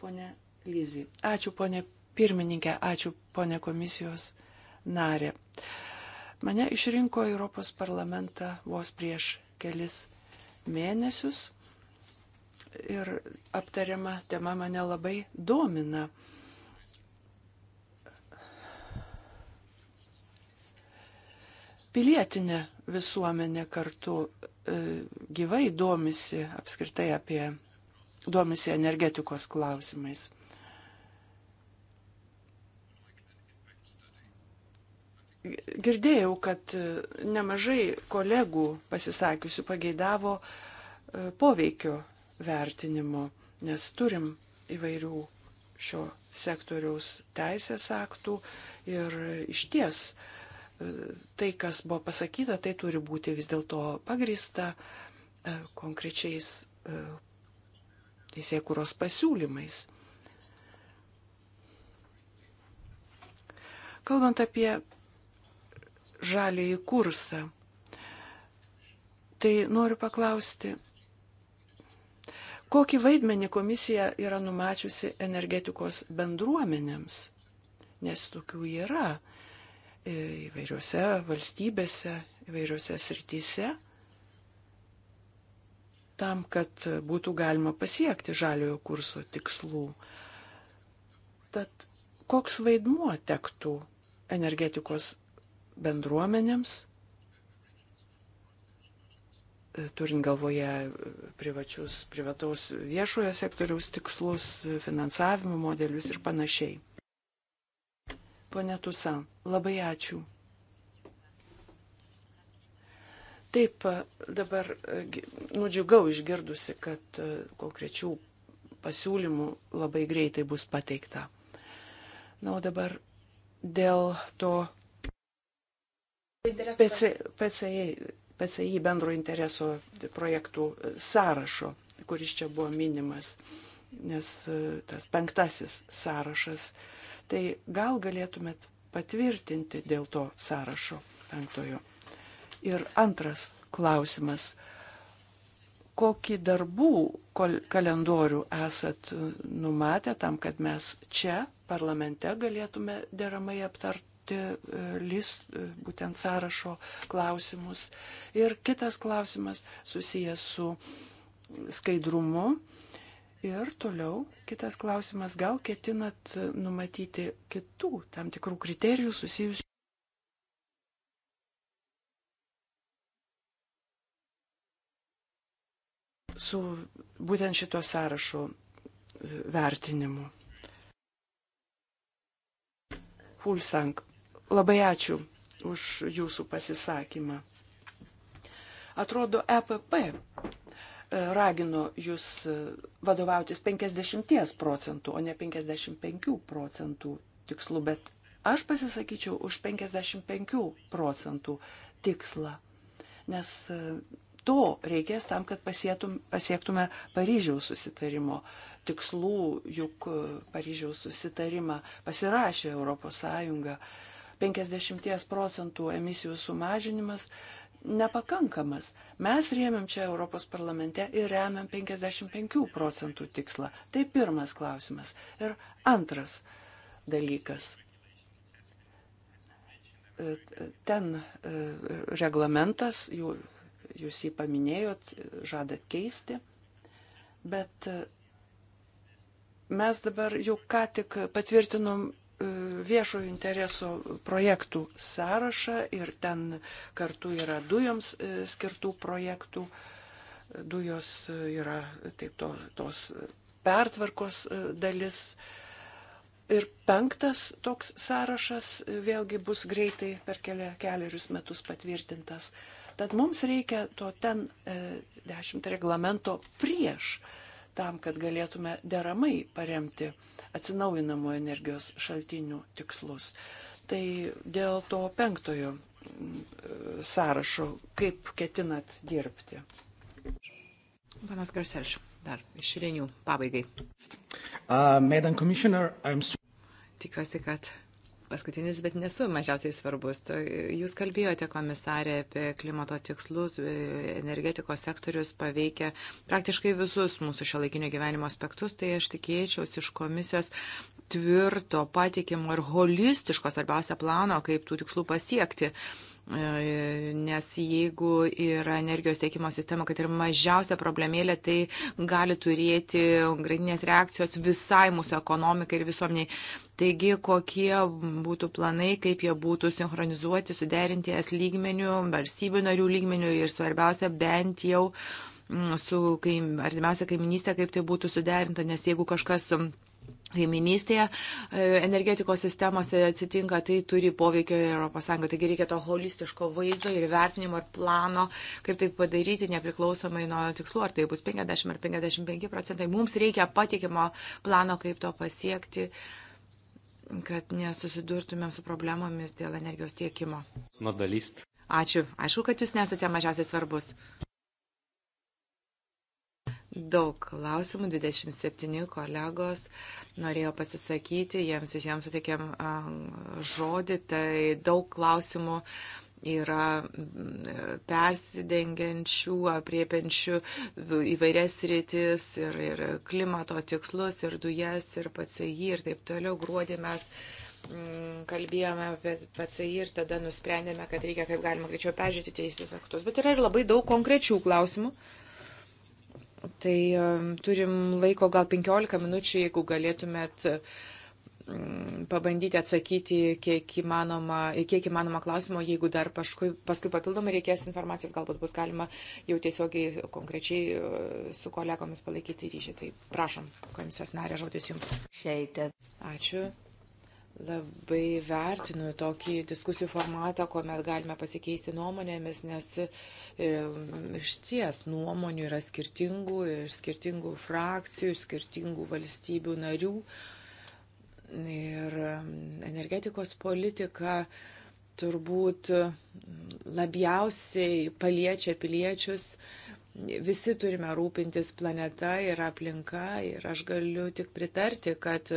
S1: Pone Lyzy. Ačiū, ponė pirmininkė. Ačiū, ponė komisijos narė. Mane išrinko Europos parlamentą vos prieš kelis mėnesius ir aptariama tema mane labai domina. Pilietinė visuomenė kartu e, gyvai domisi apskritai apie, domisi energetikos klausimais. Girdėjau, kad e, nemažai kolegų pasisakiusių pageidavo e, poveikio vertinimo, nes turim įvairių šio sektoriaus teisės aktų ir iš ties e, tai, kas buvo pasakyta, tai turi būti vis dėlto pagrįsta e, konkrečiais e, teisėkuros pasiūlymais. Kalbant apie žalį į kursą, tai noriu paklausti, Kokį vaidmenį komisija yra numačiusi energetikos bendruomenėms? Nes tokių yra e, įvairiuose valstybėse, įvairiuose srityse, tam, kad būtų galima pasiekti žaliojo kurso tikslų. Tad koks vaidmuo tektų energetikos bendruomenėms turint galvoje e, privačius, privataus viešojo sektoriaus tikslus, finansavimo modelius ir panašiai. Pone Tusa, labai ačiū. Taip, e, dabar e, nudžiugau išgirdusi, kad konkrečių pasiūlymų labai greitai bus pateikta. Na, o dabar dėl to PCI PCI bendro intereso projektų sąrašo, kuris čia buvo minimas, nes e, tas penktasis sąrašas. Tai gal galėtumėt patvirtinti dėl to sąrašo penktojo. Ir antras klausimas. Kokį darbų kalendorių esat numatę tam, kad mes čia parlamente galėtume deramai aptart, E, list, e, būtent sąrašo klausimus. Ir kitas klausimas susijęs su skaidrumu. Ir toliau kitas klausimas, gal ketinat numatyti kitų tam tikrų kriterijų susijusių. su būtent šito sąrašo e, vertinimu. Fulsank. Labai ačiū už jūsų pasisakymą. Atrodo, EPP e, ragino jūs e, vadovautis 50 procentų, o ne 55 procentų tikslu, bet aš pasisakyčiau už 55 procentų tikslą, nes e, to reikės tam, kad pasietum, pasiektume Paryžiaus susitarimo tikslų, juk Paryžiaus susitarimą pasirašė ES 50 procentų emisijų sumažinimas nepakankamas. Mes rėmėm čia Europos parlamente ir remiam 55 procentų tikslą. Tai pirmas klausimas. Ir antras dalykas. E, ten e, reglamentas, jūs jį paminėjot, žadat keisti, bet e, mes dabar jau ką tik patvirtinom viešojo intereso projektų sąrašą ir ten kartu yra dujoms e, skirtų projektų. Dujos yra taip to, tos pertvarkos e, dalis. Ir penktas toks sąrašas vėlgi bus greitai per keliarius metus patvirtintas. Tad mums reikia to ten e, dešimt reglamento prieš tam, kad galėtume deramai paremti uh, atsinaujinamų energijos šaltinių tikslus. Tai dėl to penktojo mm, sąrašo, kaip ketinat dirbti? Panas Garselš, dar iš Renių pabaigai.
S3: Uh,
S4: Tikiuosi, kad Paskutinis, bet nesu mažiausiai svarbus. Jūs kalbėjote, komisarė, apie klimato tikslus, e, energetikos sektorius paveikia praktiškai visus mūsų šio laikinio gyvenimo aspektus, tai aš tikėčiausi iš komisijos tvirto, patikimo ir holistiško, svarbiausia, plano, kaip tų tikslų pasiekti. Uh, nes jeigu yra energijos tiekimo sistema, kad ir mažiausia problemėlė, tai gali turėti grandinės reakcijos visai mūsų ekonomikai ir visuomeniai. Taigi, kokie būtų planai, kaip jie būtų sinchronizuoti, suderinti es lygmenių, valstybių narių lygmenių ir svarbiausia, bent jau mm, su kaim, artimiausia kaiminystė, kaip tai būtų suderinta, nes jeigu kažkas kaiminystėje, e, energetikos sistemose atsitinka, tai turi poveikio ES. Taigi reikia to holistiško vaizdo ir vertinimo ir plano, kaip tai padaryti, nepriklausomai nuo tikslų, ar tai bus 50 ar 55 procentai. Mums reikia patikimo plano, kaip to pasiekti kad nesusidurtumėm su problemomis dėl energijos tiekimo.
S3: Nodalist.
S4: Ačiū. Aišku, kad jūs nesate mažiausiai svarbus daug klausimų, 27 kolegos norėjo pasisakyti, jiems visiems sutikėm žodį, tai daug klausimų yra persidengiančių, apriepiančių įvairias rytis ir, ir klimato tikslus, ir dujas, ir PCI, ir taip toliau. Gruodį mes kalbėjome apie PCI ir tada nusprendėme, kad reikia kaip galima greičiau peržiūrėti teisės aktus. Bet yra ir labai daug konkrečių klausimų. Uh, Tai turim laiko gal 15 minučių, jeigu galėtumėt mm, pabandyti atsakyti kiek įmanoma, kiek įmanoma klausimo, jeigu dar paskui, paskui papildomai reikės informacijos, galbūt bus galima jau tiesiogiai konkrečiai e, su kolegomis palaikyti ryšį. Tai prašom, komisijos narė, žodis jums. Šeitė. Tai- Ačiū. Labai vertinu tokį diskusijų formatą, kuomet galime pasikeisti nuomonėmis, nes iš ties nuomonių yra skirtingų, iš skirtingų frakcijų, iš skirtingų valstybių narių. Ir energetikos politika turbūt labiausiai paliečia piliečius. Visi turime rūpintis planeta ir aplinka ir aš galiu tik pritarti, kad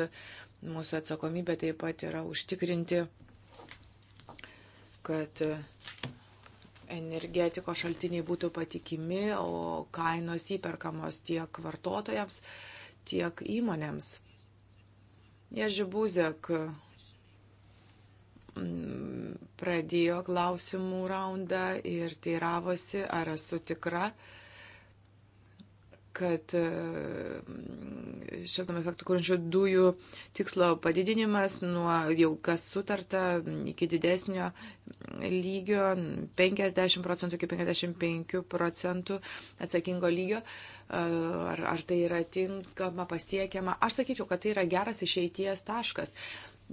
S4: Mūsų atsakomybė taip pat yra užtikrinti, kad energetikos šaltiniai būtų patikimi, o kainos įperkamos tiek vartotojams, tiek įmonėms. Ježi Buzek mm, pradėjo klausimų raundą ir teiravosi, ar esu tikra, kad e, mm, šiltnamio efektą kuriančių dujų tikslo padidinimas nuo jau kas sutarta mm, iki didesnio mm, lygio 50 procentų iki 55 procentų atsakingo lygio. E, ar, ar tai yra tinkama, pasiekiama? Aš sakyčiau, kad tai yra geras išeities taškas.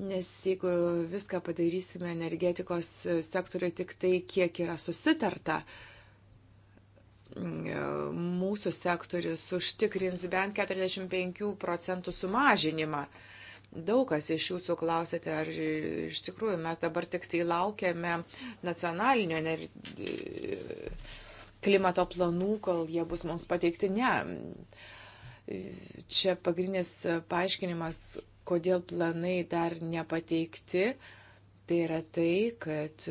S4: Nes jeigu viską padarysime energetikos e, sektoriu tik tai, kiek yra susitarta, uh, mūsų sektorius užtikrins bent 45 procentų sumažinimą. Daug kas iš jūsų klausėte, ar iš tikrųjų mes dabar tik tai laukiame nacionalinio klimato planų, kol jie bus mums pateikti. Ne. Čia pagrindinis paaiškinimas, kodėl planai dar nepateikti, tai yra tai, kad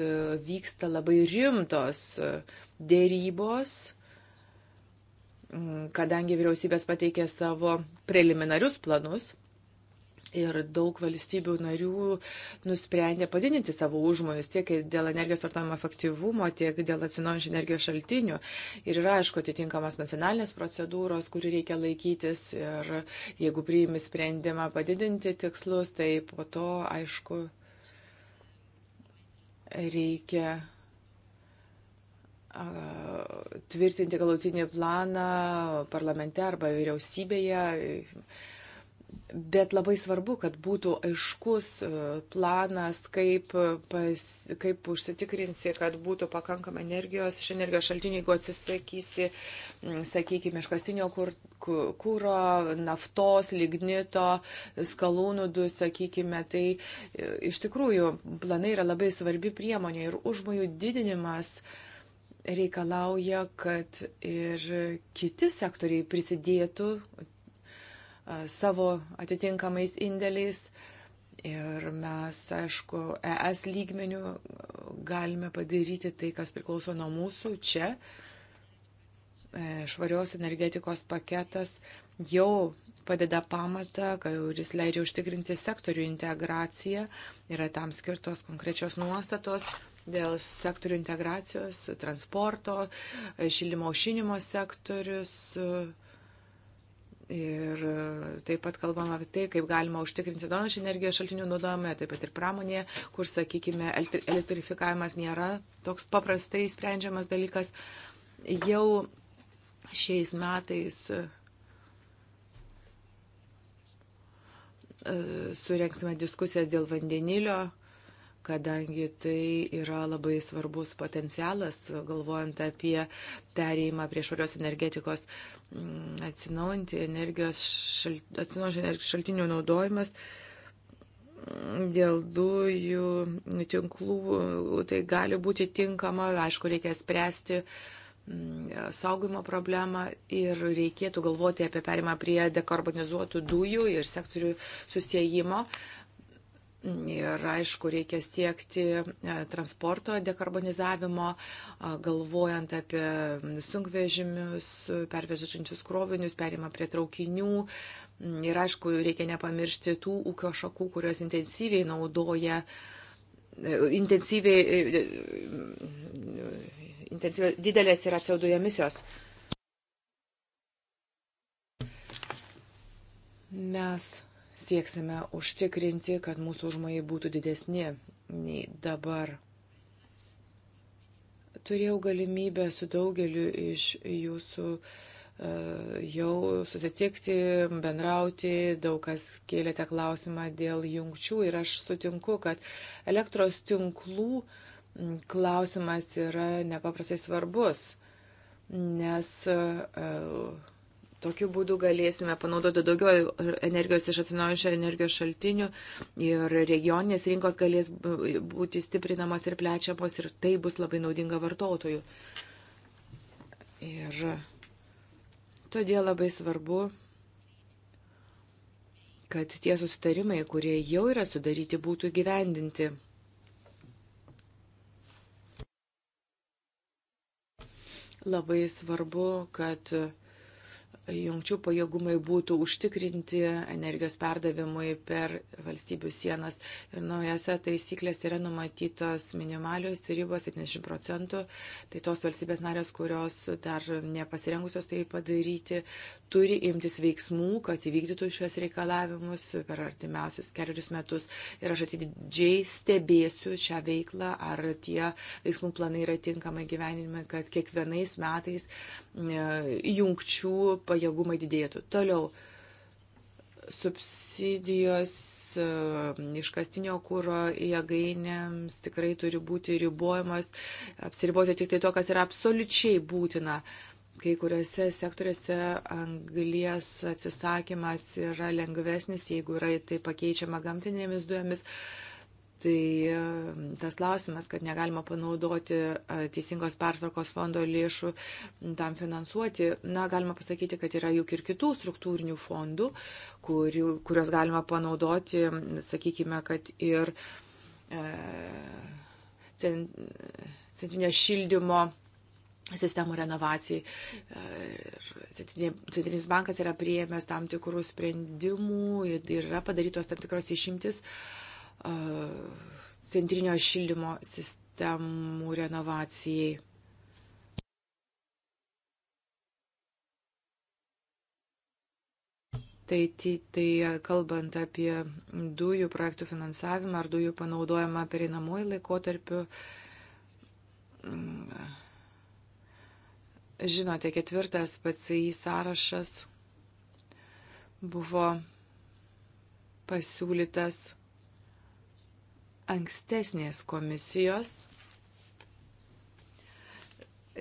S4: vyksta labai rimtos dėrybos kadangi vyriausybės pateikė savo preliminarius planus ir daug valstybių narių nusprendė padidinti savo užmojus tiek dėl energijos vartojimo efektyvumo, tiek dėl atsinaujančių energijos šaltinių. Ir yra, aišku, atitinkamas nacionalinės procedūros, kurių reikia laikytis ir jeigu priimi sprendimą padidinti tikslus, tai po to, aišku, reikia tvirtinti galutinį planą parlamente arba vyriausybėje. Bet labai svarbu, kad būtų aiškus planas, kaip, pas, kaip užsitikrinsi, kad būtų pakankama energijos iš energijos šaltinių, jeigu atsisakysi, sakykime, iškastinio kūro, naftos, lignito, skalūnų du, sakykime. Tai e, iš tikrųjų planai yra labai svarbi priemonė ir užmojų didinimas uh, reikalauja, kad ir kiti sektoriai prisidėtų savo atitinkamais indėliais. Ir mes, aišku, ES lygmenių galime padaryti tai, kas priklauso nuo mūsų čia. E, švarios energetikos paketas jau padeda pamatą, kuris leidžia užtikrinti sektorių integraciją. Yra tam skirtos konkrečios nuostatos dėl sektorių integracijos, transporto, šildymo aušinimo sektorius. Ir taip pat kalbama apie tai, kaip galima užtikrinti atsinaujinančių energijos šaltinių naudojimą, taip pat ir pramonėje, kur, sakykime, elektrifikavimas nėra toks paprastai sprendžiamas dalykas. Jau šiais metais e, surenksime diskusijas dėl vandenilio kadangi tai yra labai svarbus potencialas, galvojant apie perėjimą prie švarios energetikos mm, atsinaujantį energijos šalt, energijos šaltinių naudojimas mm, dėl dujų tinklų, tai gali būti tinkama, aišku, reikia spręsti mm, saugimo problemą ir reikėtų galvoti apie perimą prie dekarbonizuotų dujų ir sektorių susijimo. Uh, Ir aišku, reikia siekti e, transporto dekarbonizavimo, galvojant apie sunkvežimius, pervežančius krovinius, perimą prie traukinių. Ir aišku, reikia nepamiršti tų ūkio šakų, kurios intensyviai naudoja, e, intensyviai, e, intensyviai didelės yra CO2 emisijos. Mes Sieksime užtikrinti, kad mūsų užmojai būtų didesni nei dabar. Turėjau galimybę su daugeliu iš jūsų e, jau susitikti, bendrauti, daug kas kėlėte klausimą dėl jungčių ir aš sutinku, kad elektros tinklų klausimas yra nepaprastai svarbus, nes uh, Tokiu būdu galėsime panaudoti daugiau energijos iš atsinaujančio energijos šaltinių ir regioninės rinkos galės būti stiprinamos ir plečiamos ir tai bus labai naudinga vartotojų. Ir todėl labai svarbu, kad tie susitarimai, kurie jau yra sudaryti, būtų gyvendinti. Labai svarbu, kad jungčių pajėgumai būtų užtikrinti energijos perdavimui per valstybių sienas. Ir naujose taisyklės yra numatytos minimalios ribos 70 procentų. Tai tos valstybės narės, kurios dar nepasirengusios tai padaryti, turi imtis veiksmų, kad įvykdytų šios reikalavimus per artimiausius kelius metus. Ir aš atidžiai stebėsiu šią veiklą, ar tie veiksmų planai yra tinkamai gyvenime, kad kiekvienais metais e, jungčių pajėgumai didėtų. Toliau, subsidijos e, iškastinio kūro jėgainėms tikrai turi būti ribojamas, apsiriboti tik tai to, kas yra absoliučiai būtina. Uh, kai kuriuose sektoriuose anglies atsisakymas yra lengvesnis, jeigu yra tai pakeičiama gamtinėmis dujomis. Tai e, tas klausimas, kad negalima panaudoti e, teisingos pertvarkos fondo lėšų tam finansuoti, na, galima pasakyti, kad yra juk ir kitų struktūrinių fondų, kurių, kurios galima panaudoti, sakykime, kad ir e, centrinio šildymo sistemų renovacijai. Ir Centrinis bankas yra prieėmęs tam tikrų sprendimų ir yra padarytos tam tikros išimtis centrinio šildymo sistemų renovacijai. Tai, tai, tai kalbant apie dujų projektų finansavimą ar dujų panaudojimą pereinamojų laikotarpių, mm, Žinote, ketvirtas PCI sąrašas buvo pasiūlytas ankstesnės komisijos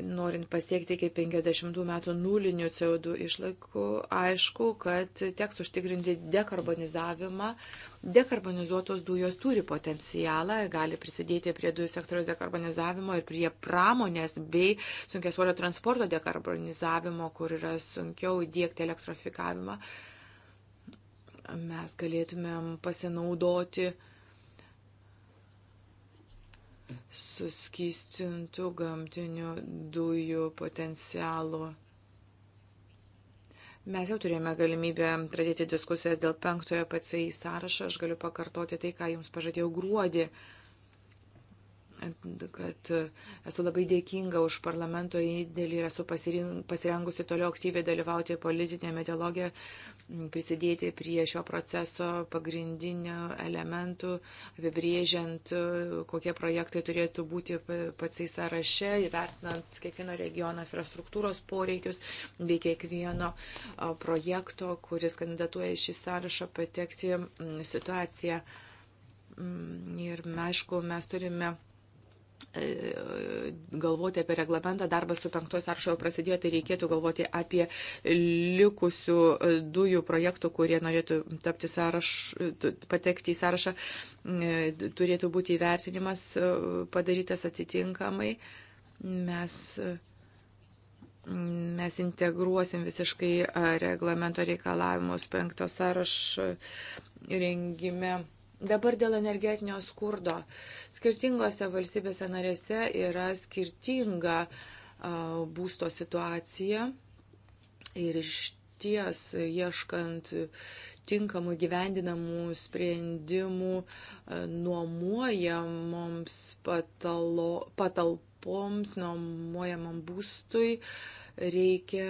S4: norint pasiekti iki 50 metų nulinių CO2 išlaikų, aišku, kad teks užtikrinti dekarbonizavimą. Dekarbonizuotos dujos turi potencialą, gali prisidėti prie dujų sektoriaus dekarbonizavimo ir prie pramonės bei sunkiasvorio transporto dekarbonizavimo, kur yra sunkiau įdėkti elektrofikavimą. Mes galėtumėm pasinaudoti uh, suskystintų gamtinių dujų potencialų. Mes jau turėjome galimybę pradėti diskusijas dėl penktojo PCI sąrašo. Aš galiu pakartoti tai, ką jums pažadėjau gruodį. Uh, kad esu labai dėkinga už parlamento įdėlį ir esu pasirengusi toliau aktyviai dalyvauti politinėme dialoge, prisidėti prie šio proceso pagrindinių elementų, apibrėžiant, kokie projektai turėtų būti patsai sąraše, įvertinant kiekvieno regiono infrastruktūros poreikius bei kiekvieno projekto, kuris kandidatuoja šį sąrašą, patekti situaciją. Ir aišku, mes turime E, galvoti apie reglamentą, darbas su penktojo sąrašo jau prasidėjo, tai reikėtų galvoti apie likusių e, dujų projektų, kurie norėtų tapti sąraš, patekti į sąrašą, e, turėtų būti įvertinimas padarytas atitinkamai. Mes mes integruosim visiškai reglamento reikalavimus penkto sąrašo rengime Dabar dėl energetinio skurdo. Skirtingose valstybėse narėse yra skirtinga būsto situacija ir iš ties ieškant tinkamų gyvendinamų sprendimų nuomojamoms patalo, patalpoms, nuomojamam būstui reikia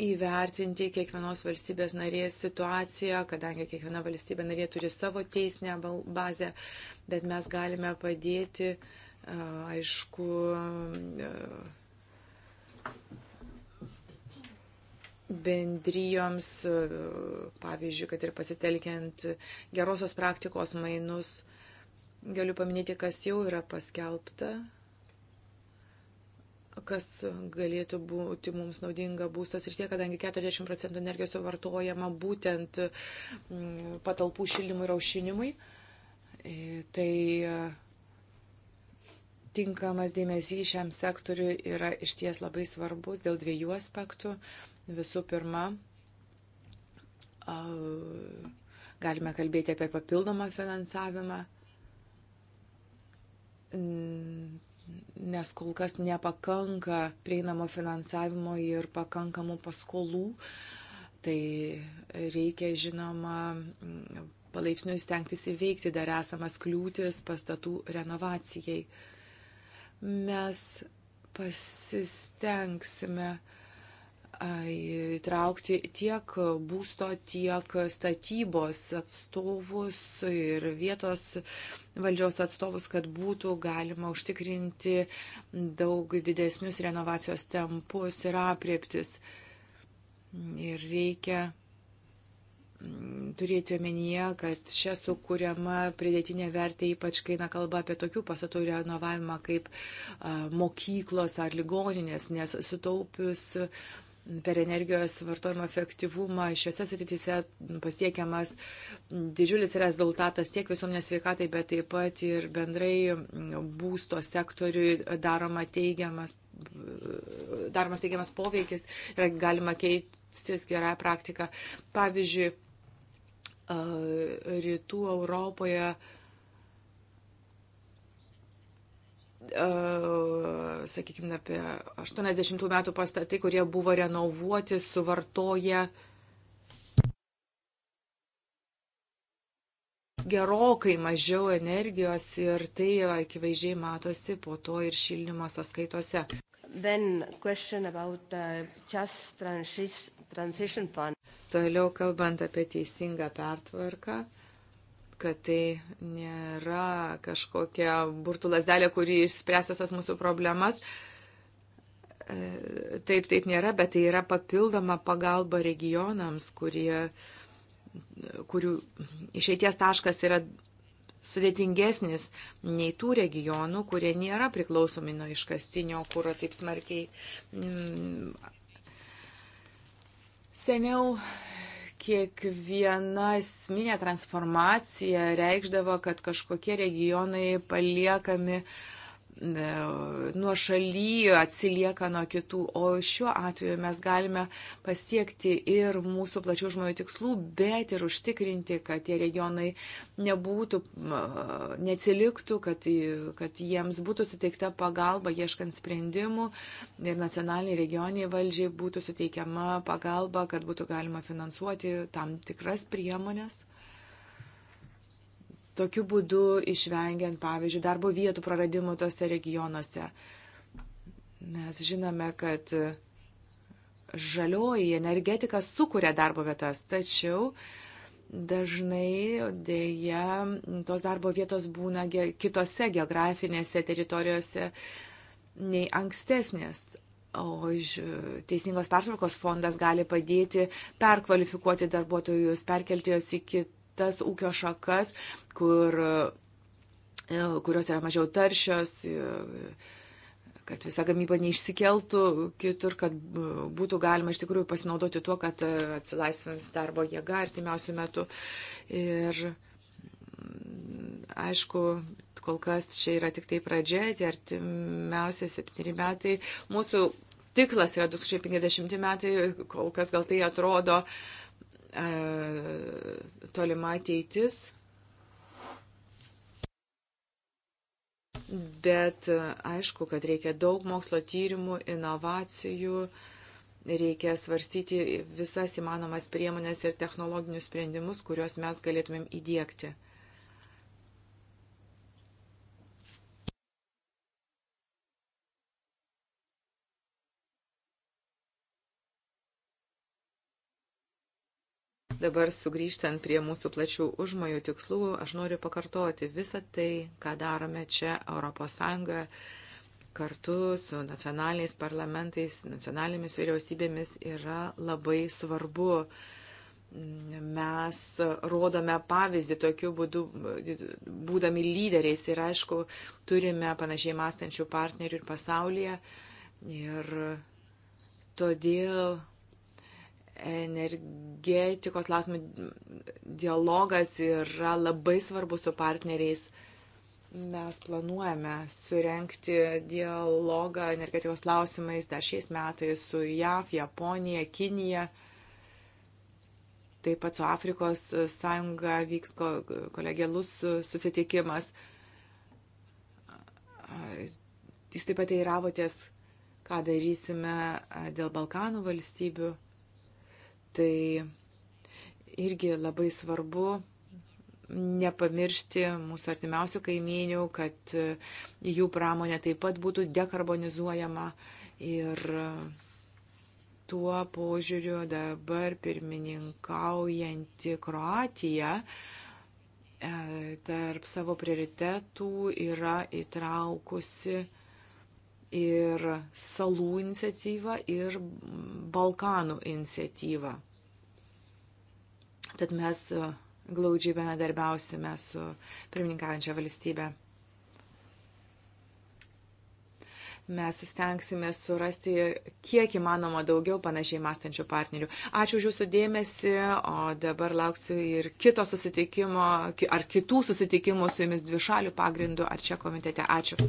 S4: įvertinti kiekvienos valstybės narės situaciją, kadangi kiekviena valstybė narė turi savo teisinę bazę, bet mes galime padėti, aišku, bendryjoms, pavyzdžiui, kad ir pasitelkiant gerosios praktikos mainus. Galiu paminėti, kas jau yra paskelbta kas galėtų būti mums naudinga būstos ir tie, kadangi 40 procentų energijos suvartojama būtent mm, patalpų šildymui ir aušinimui, e, tai e, tinkamas dėmesys šiam sektoriu yra išties labai svarbus dėl dviejų aspektų. Visų pirma, e, galime kalbėti apie papildomą finansavimą nes kol kas nepakanka prieinamo finansavimo ir pakankamų paskolų. Tai reikia, žinoma, palaipsniui stengtis įveikti dar esamas kliūtis pastatų renovacijai. Mes pasistengsime įtraukti tiek būsto, tiek statybos atstovus ir vietos valdžios atstovus, kad būtų galima užtikrinti daug didesnius renovacijos tempus ir apriektis. Ir reikia mm, turėti omenyje, kad čia sukūriama pridėtinė vertė, ypač kai na, kalba apie tokių pastatų renovavimą kaip a, mokyklos ar ligoninės, nes sutaupius per energijos vartojimo efektyvumą šiuose srityse pasiekiamas didžiulis rezultatas tiek visuomenės sveikatai, bet taip pat ir bendrai būsto sektoriui daroma teigiamas, daromas teigiamas poveikis ir galima keistis gerąją praktiką. Pavyzdžiui, rytų Europoje E, sakykime, apie 80 metų pastatai, kurie buvo renovuoti, suvartoja gerokai mažiau energijos ir tai akivaizdžiai matosi po to ir šildymo sąskaitose. About, uh, Toliau kalbant apie teisingą pertvarką kad tai nėra kažkokia burtų lasdelė, kuri išspręs visas mūsų problemas. E, taip, taip nėra, bet tai yra papildoma pagalba regionams, kurie, kurių išeities taškas yra sudėtingesnis nei tų regionų, kurie nėra priklausomi nuo iškastinio kūro taip smarkiai. Mm. Seniau kiekviena esminė transformacija reikšdavo, kad kažkokie regionai paliekami uh, E, nuo šaly atsilieka nuo kitų, o šiuo atveju mes galime pasiekti ir mūsų plačių žmonių tikslų, bet ir užtikrinti, kad tie regionai nebūtų, e, neatsiliktų, kad, kad jiems būtų suteikta pagalba ieškant sprendimų ir nacionaliniai regioniai valdžiai būtų suteikiama pagalba, kad būtų galima finansuoti tam tikras priemonės tokiu būdu išvengiant, pavyzdžiui, darbo vietų praradimų tose regionuose. Mes žinome, kad žalioji energetika sukuria darbo vietas, tačiau dažnai dėja tos darbo vietos būna kitose geografinėse teritorijose nei ankstesnės. O Teisingos pertvarkos fondas gali padėti perkvalifikuoti darbuotojus, perkelti juos į kitą tas ūkio šakas, kur, e, kurios yra mažiau taršios, e, kad visa gamyba neišsikeltų kitur, kad e, būtų galima iš tikrųjų pasinaudoti tuo, kad atsilaisvins darbo jėga artimiausių metų. Ir mm, aišku, kol kas čia yra tik tai pradžia, tie artimiausi septyni metai. Mūsų tikslas yra 2050 metai, kol kas gal tai atrodo uh, E, tolima ateitis. Bet e, aišku, kad reikia daug mokslo tyrimų, inovacijų, reikia svarstyti visas įmanomas priemonės ir technologinius sprendimus, kuriuos mes galėtumėm įdėkti. Dabar sugrįžtant prie mūsų plačių užmojų tikslų, aš noriu pakartoti visą tai, ką darome čia ES kartu su nacionaliniais parlamentais, nacionalinėmis vyriausybėmis yra labai svarbu mes rodome pavyzdį tokiu būdu, būdami lyderiais ir aišku, turime panašiai mąstančių partnerių ir pasaulyje. Ir todėl energetikos klausimų dialogas yra labai svarbus su partneriais. Mes planuojame surenkti dialogą energetikos klausimais dar šiais metais su JAV, Japonija, Kinija. Taip pat su Afrikos sąjunga vyks kolegialus susitikimas. Jūs taip pat eiravotės, ką darysime dėl Balkanų valstybių. Tai irgi labai svarbu nepamiršti mūsų artimiausių kaimynių, kad jų pramonė taip pat būtų dekarbonizuojama. Ir tuo požiūriu dabar pirmininkaujanti Kroatija e, tarp savo prioritetų yra įtraukusi ir salų iniciatyvą, ir Balkanų iniciatyvą. Tad mes e, glaudžiai bendradarbiausime su pirmininkaujančia valstybė. Mes stengsime surasti kiek įmanoma daugiau panašiai mąstančių partnerių. Ačiū už Jūsų dėmesį, o dabar lauksiu ir kito susitikimo, ar kitų susitikimų su Jumis dvišalių pagrindų, ar čia komitete. Ačiū.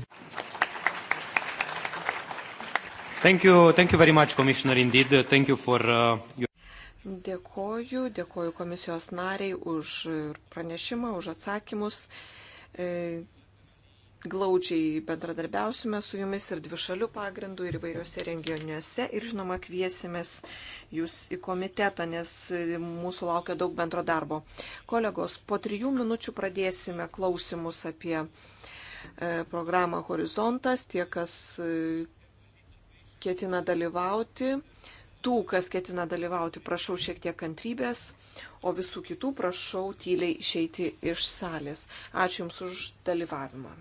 S3: Thank you, thank you very much, Commissioner, indeed. Thank you for uh, your...
S2: Dėkoju, dėkoju komisijos nariai už pranešimą, už atsakymus. E, glaudžiai bendradarbiausime su jumis ir dvišalių pagrindų, ir įvairiuose regioniuose. Ir žinoma, kviesimės jūs į komitetą, nes mūsų laukia daug bendro darbo. Kolegos, po trijų minučių pradėsime klausimus apie e, programą Horizontas. Tie, kas e, ketina dalyvauti. Tų, kas ketina dalyvauti, prašau šiek tiek kantrybės, o visų kitų prašau tyliai išeiti iš salės. Ačiū Jums už dalyvavimą.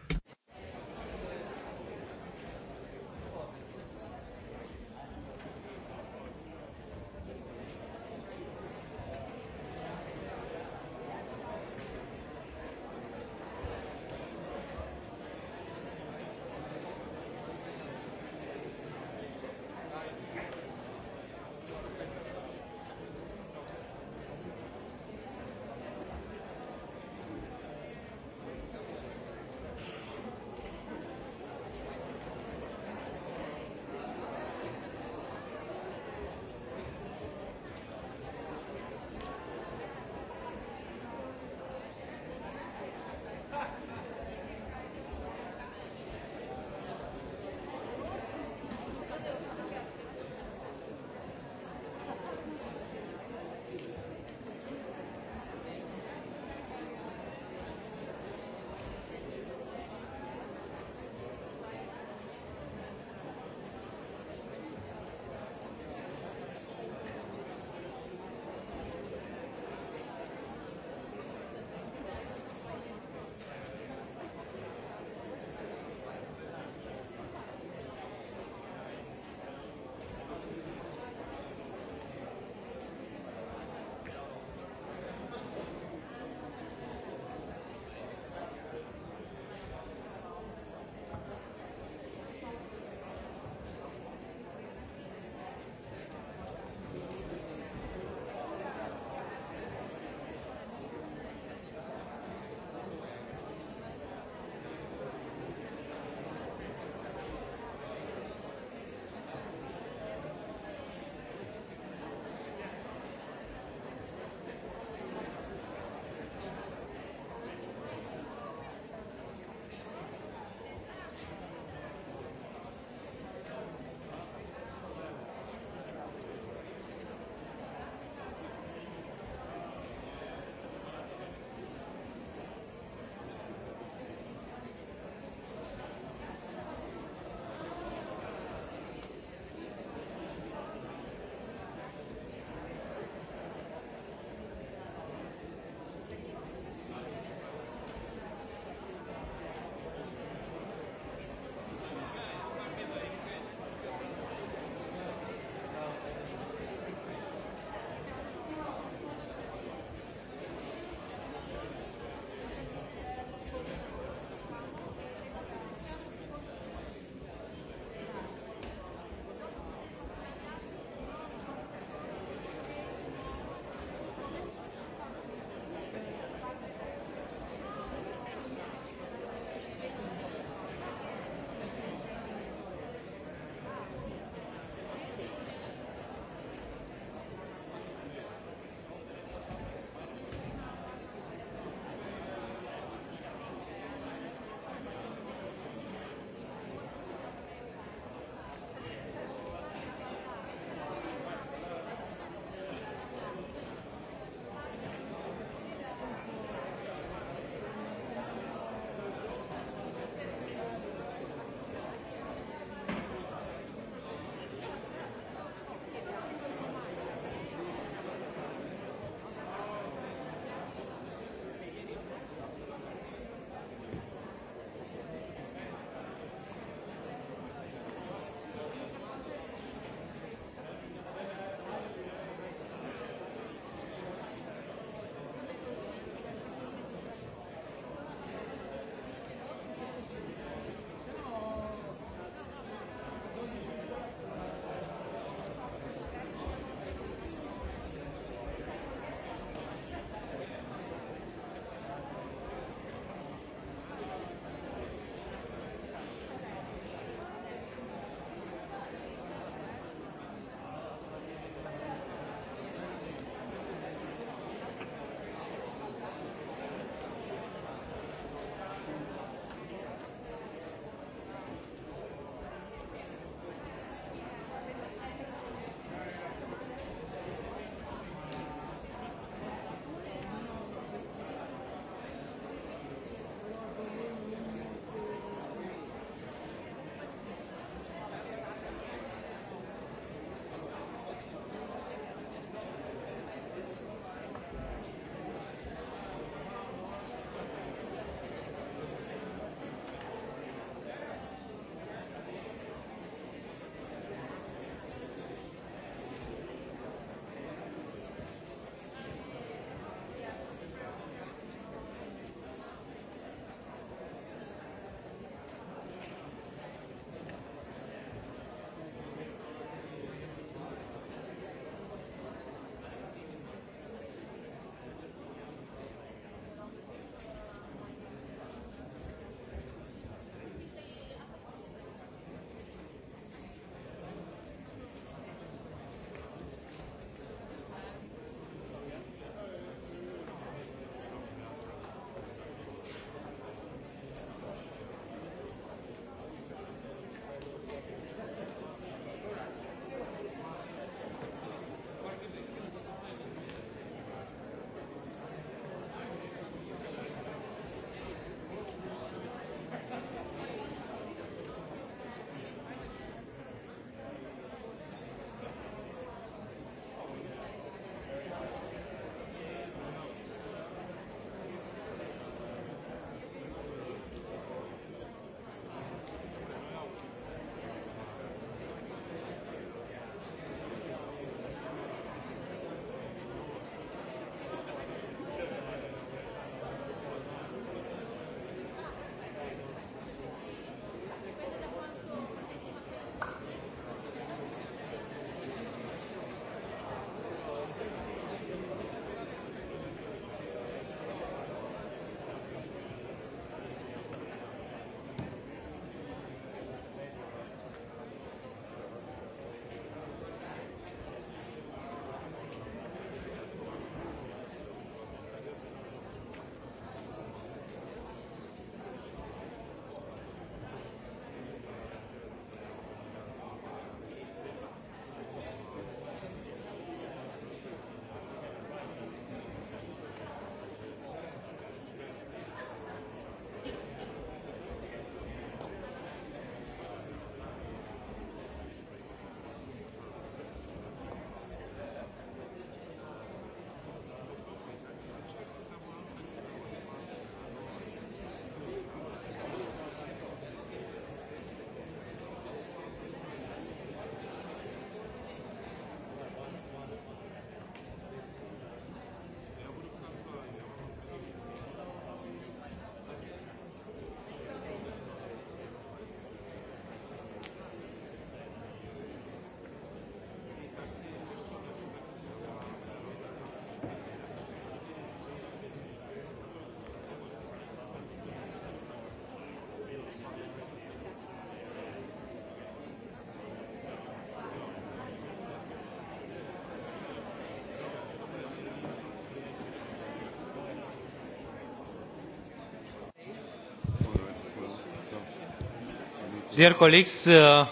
S3: Dear colleagues, uh,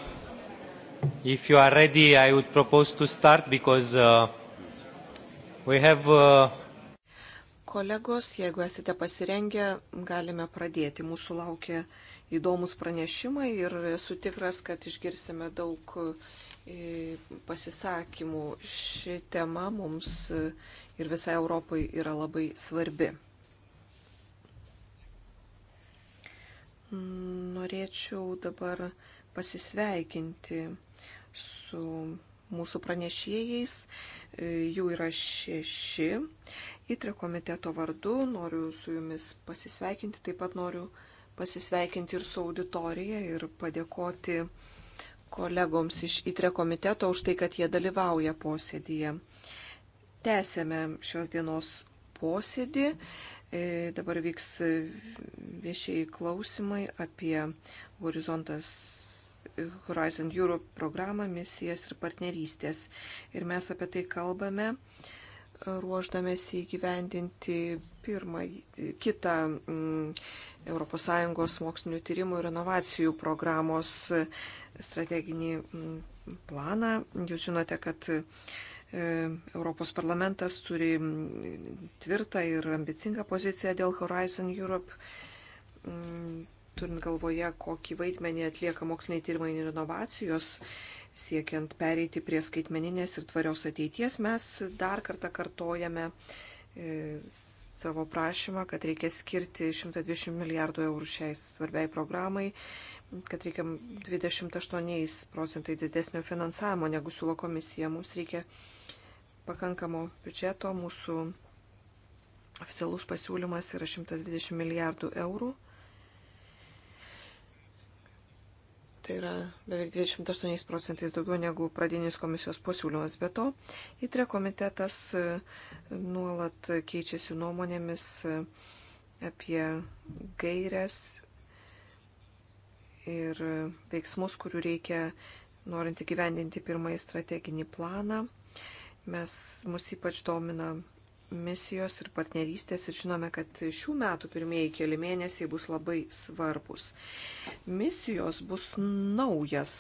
S3: if you are ready, I would propose to start because uh, we have. Uh,
S2: Kolegos, jeigu esate pasirengę, galime pradėti. Mūsų laukia įdomus pranešimai ir esu tikras, kad išgirsime daug e, pasisakymų. Ši tema mums ir visai Europai yra labai svarbi. norėčiau dabar pasisveikinti su mūsų pranešėjais. E, jų yra šeši. Įtrio komiteto vardu noriu su jumis pasisveikinti. Taip pat noriu pasisveikinti ir su auditorija ir padėkoti kolegoms iš įtrio komiteto už tai, kad jie dalyvauja posėdėje. Tęsėme šios dienos posėdį. E, dabar vyks viešieji klausimai apie Horizontas Horizon Europe programą, misijas ir partnerystės. Ir mes apie tai kalbame, ruoždamėsi įgyvendinti pirmąjį, kitą mm, ES mokslinių tyrimų ir inovacijų programos e, strateginį mm, planą. Jūs žinote, kad e, Europos parlamentas turi mm, tvirtą ir ambicingą poziciją dėl Horizon Europe Mm, turint galvoje, kokį vaidmenį atlieka moksliniai tyrimai ir inovacijos, siekiant pereiti prie skaitmeninės ir tvarios ateities, mes dar kartą kartojame e, savo prašymą, kad reikia skirti 120 milijardų eurų šiai svarbiai programai, kad reikia 28 procentai didesnio finansavimo, negu siūlo komisija. Mums reikia pakankamo biudžeto, mūsų oficialus pasiūlymas yra 120 milijardų eurų. Tai yra beveik 28 procentais daugiau negu pradinis komisijos pasiūlymas. Be to, įtre komitetas e, nuolat keičiasi nuomonėmis e, apie gairias ir veiksmus, kurių reikia norint įgyvendinti pirmąjį strateginį planą. Mes mus ypač domina misijos ir partnerystės ir žinome, kad šių metų pirmieji keli mėnesiai bus labai svarbus. Misijos bus naujas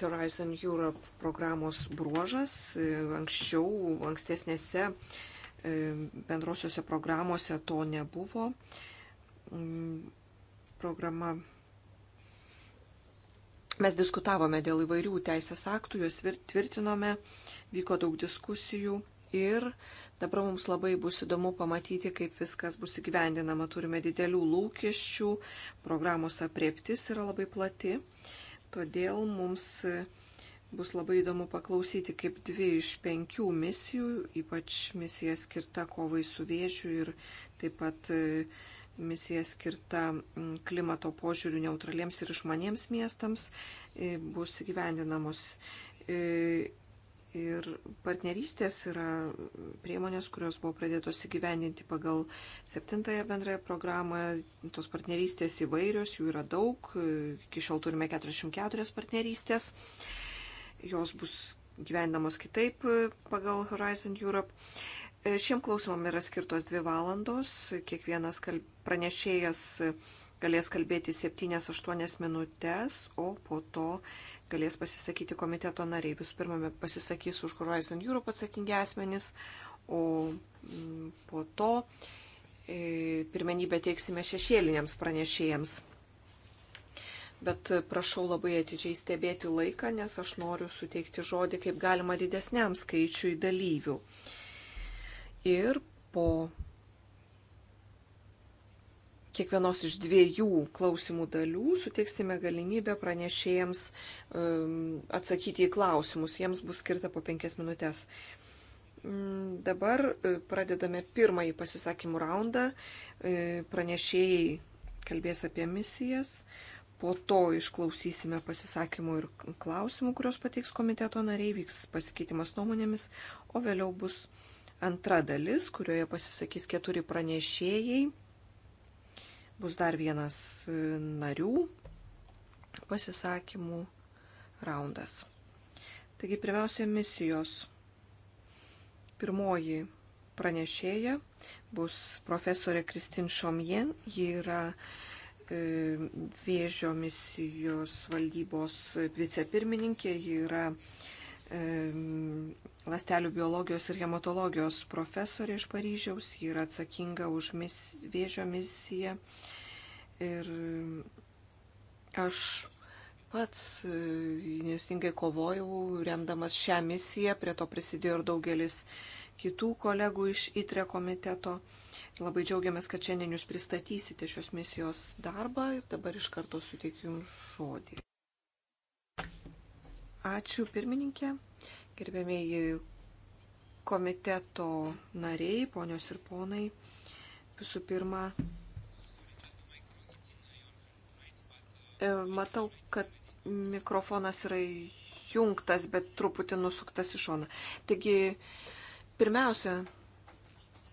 S2: Horizon Europe programos bruožas. Anksčiau, ankstesnėse e, bendrosiuose programuose to nebuvo. Mm, programa Mes diskutavome dėl įvairių teisės aktų, juos tvirtinome, vyko daug diskusijų ir Dabar mums labai bus įdomu pamatyti, kaip viskas bus įgyvendinama. Turime didelių lūkesčių, programos apriektis yra labai plati. Todėl mums e, bus labai įdomu paklausyti, kaip dvi iš penkių misijų, ypač misija skirta kovai su viešiu ir taip pat e, misija skirta klimato požiūrių neutraliems ir išmaniems miestams e, bus įgyvendinamos Ir partnerystės yra priemonės, kurios buvo pradėtos įgyvendinti pagal septintąją bendrąją programą. Tos partnerystės įvairios, jų yra daug. Iki šiol turime 44 partnerystės. Jos bus gyvendamos kitaip pagal Horizon Europe. Šiem klausimam yra skirtos dvi valandos. Kiekvienas kalb... pranešėjas galės kalbėti 7-8 minutės, o po to galės pasisakyti komiteto nariai. Visų pirma, pasisakys už Horizon Europe atsakingi asmenys, o mm, po to e, pirmenybę teiksime šešėliniams pranešėjams. Bet prašau labai atidžiai stebėti laiką, nes aš noriu suteikti žodį kaip galima didesniam skaičiui dalyvių. Ir po kiekvienos iš dviejų klausimų dalių suteiksime galimybę pranešėjams um, atsakyti į klausimus. Jiems bus skirta po penkias minutės. Mm, dabar e, pradedame pirmąjį pasisakymų raundą. E, pranešėjai kalbės apie misijas. Po to išklausysime pasisakymų ir klausimų, kurios pateiks komiteto nariai, vyks pasikeitimas nuomonėmis, o vėliau bus antra dalis, kurioje pasisakys keturi pranešėjai Bus dar vienas e, narių pasisakymų raundas. Taigi pirmiausia misijos. Pirmoji pranešėja bus profesorė Kristin Šomjen. Ji yra e, vėžio misijos valdybos vicepirmininkė, ji yra lastelių biologijos ir hematologijos profesorė iš Paryžiaus. Ji yra atsakinga už mis, vėžio misiją. Ir aš pats e, nestingai kovojau, remdamas šią misiją. Prie to prisidėjo ir daugelis kitų kolegų iš ITRE komiteto. Labai džiaugiamės, kad šiandien jūs pristatysite šios misijos darbą ir dabar iš karto suteikiu jums žodį. Ačiū pirmininkė, gerbėmėjai komiteto nariai, ponios ir ponai. Visų pirma, e, matau, kad mikrofonas yra jungtas, bet truputį nusuktas į šoną. Taigi, pirmiausia,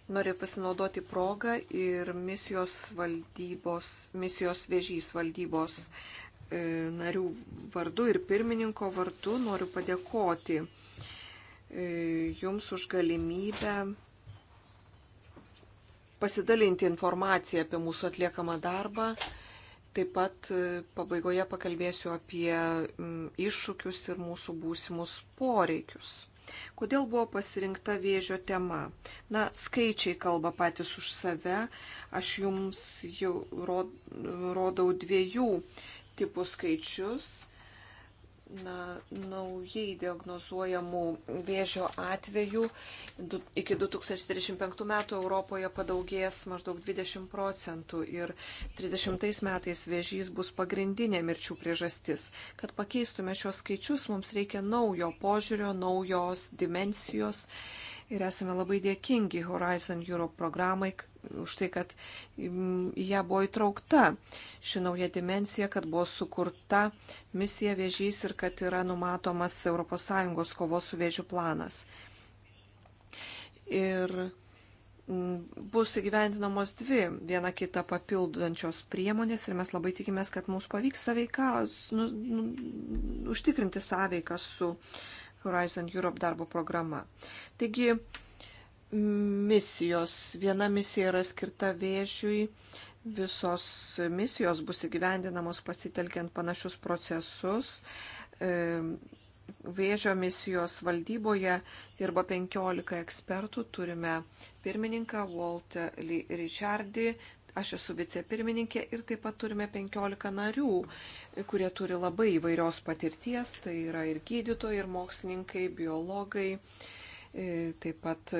S2: noriu pasinaudoti progą ir misijos valdybos, misijos vėžys valdybos uh, E, narių vardu ir pirmininko vardu noriu padėkoti e, Jums už galimybę pasidalinti informaciją apie mūsų atliekamą darbą. Taip pat e, pabaigoje pakalbėsiu apie iššūkius ir mūsų būsimus poreikius. Kodėl buvo pasirinkta vėžio tema? Na, skaičiai kalba patys už save. Aš jums jau rodau dviejų tipų skaičius. Na, naujai diagnozuojamų vėžio atvejų iki 2035 metų Europoje padaugės maždaug 20 procentų ir 30 metais vėžys bus pagrindinė mirčių priežastis. Kad pakeistume šios skaičius, mums reikia naujo požiūrio, naujos dimensijos ir esame labai dėkingi Horizon Europe programai, už tai, kad į ją buvo įtraukta ši nauja dimensija, kad buvo sukurta misija viežys ir kad yra numatomas ES kovos su viežiu planas. Ir bus įgyvendinamos dvi viena kitą papildančios priemonės ir mes labai tikimės, kad mums pavyks saveiką, nu, nu, užtikrinti sąveiką su Horizon Europe darbo programa. Taigi, misijos. Viena misija yra skirta vėžiui, visos misijos bus įgyvendinamos pasitelkiant panašius procesus. E, vėžio misijos valdyboje dirba 15 ekspertų, turime pirmininką Waltą Richardį, aš esu vicepirmininkė ir taip pat turime 15 narių, kurie turi labai įvairios patirties, tai yra ir gydytojai, ir mokslininkai, biologai, uh, E, taip pat e,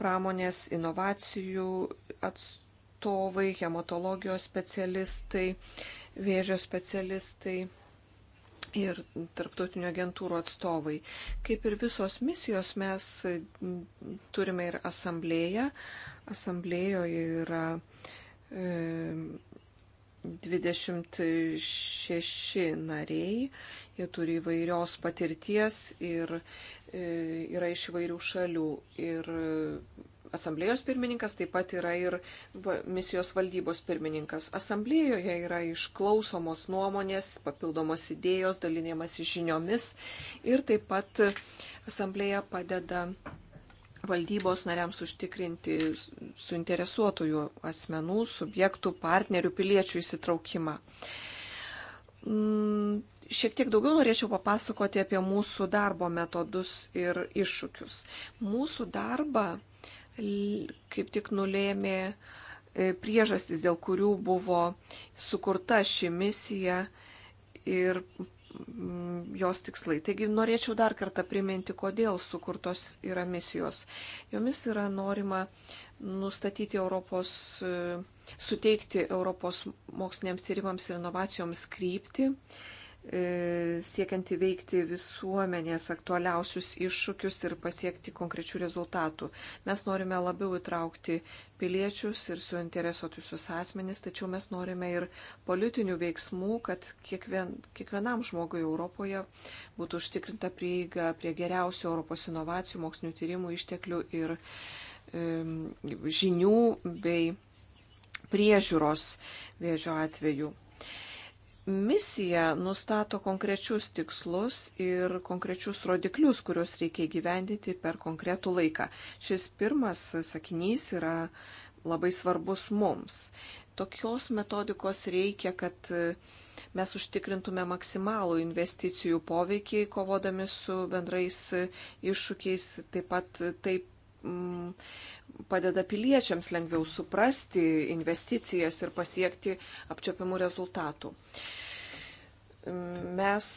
S2: pramonės inovacijų atstovai, hematologijos specialistai, vėžio specialistai ir tarptautinių agentūrų atstovai. Kaip ir visos misijos, mes turime ir asamblėją. Asamblėjoje yra 26 e, nariai, jie turi įvairios patirties ir E, yra iš įvairių šalių. Ir asamblėjos pirmininkas taip pat yra ir misijos valdybos pirmininkas. Asamblėjoje yra išklausomos nuomonės, papildomos idėjos, dalinimas žiniomis ir taip pat asamblėja padeda valdybos nariams užtikrinti suinteresuotųjų asmenų, subjektų, partnerių, piliečių įsitraukimą mm, šiek tiek daugiau norėčiau papasakoti apie mūsų darbo metodus ir iššūkius. Mūsų darbą kaip tik nulėmė e, priežastys, dėl kurių buvo sukurta ši misija ir mm, jos tikslai. Taigi norėčiau dar kartą priminti, kodėl sukurtos yra misijos. Jomis yra norima nustatyti Europos, e, suteikti Europos moksliniams tyrimams ir inovacijoms krypti E, siekiant įveikti visuomenės aktualiausius iššūkius ir pasiekti konkrečių rezultatų. Mes norime labiau įtraukti piliečius ir suinteresuotusius asmenys, tačiau mes norime ir politinių veiksmų, kad kiekvien, kiekvienam žmogui Europoje būtų užtikrinta prieiga prie geriausių Europos inovacijų, mokslinių tyrimų, išteklių ir e, žinių bei priežiūros vėžio atveju misija nustato konkrečius tikslus ir konkrečius rodiklius, kuriuos reikia gyvendyti per konkretų laiką. Šis pirmas sakinys yra labai svarbus mums. Tokios metodikos reikia, kad e, mes užtikrintume maksimalų investicijų poveikį, kovodami su bendrais e, iššūkiais, taip pat e, taip padeda piliečiams lengviau suprasti investicijas ir pasiekti apčiopiamų rezultatų. Mes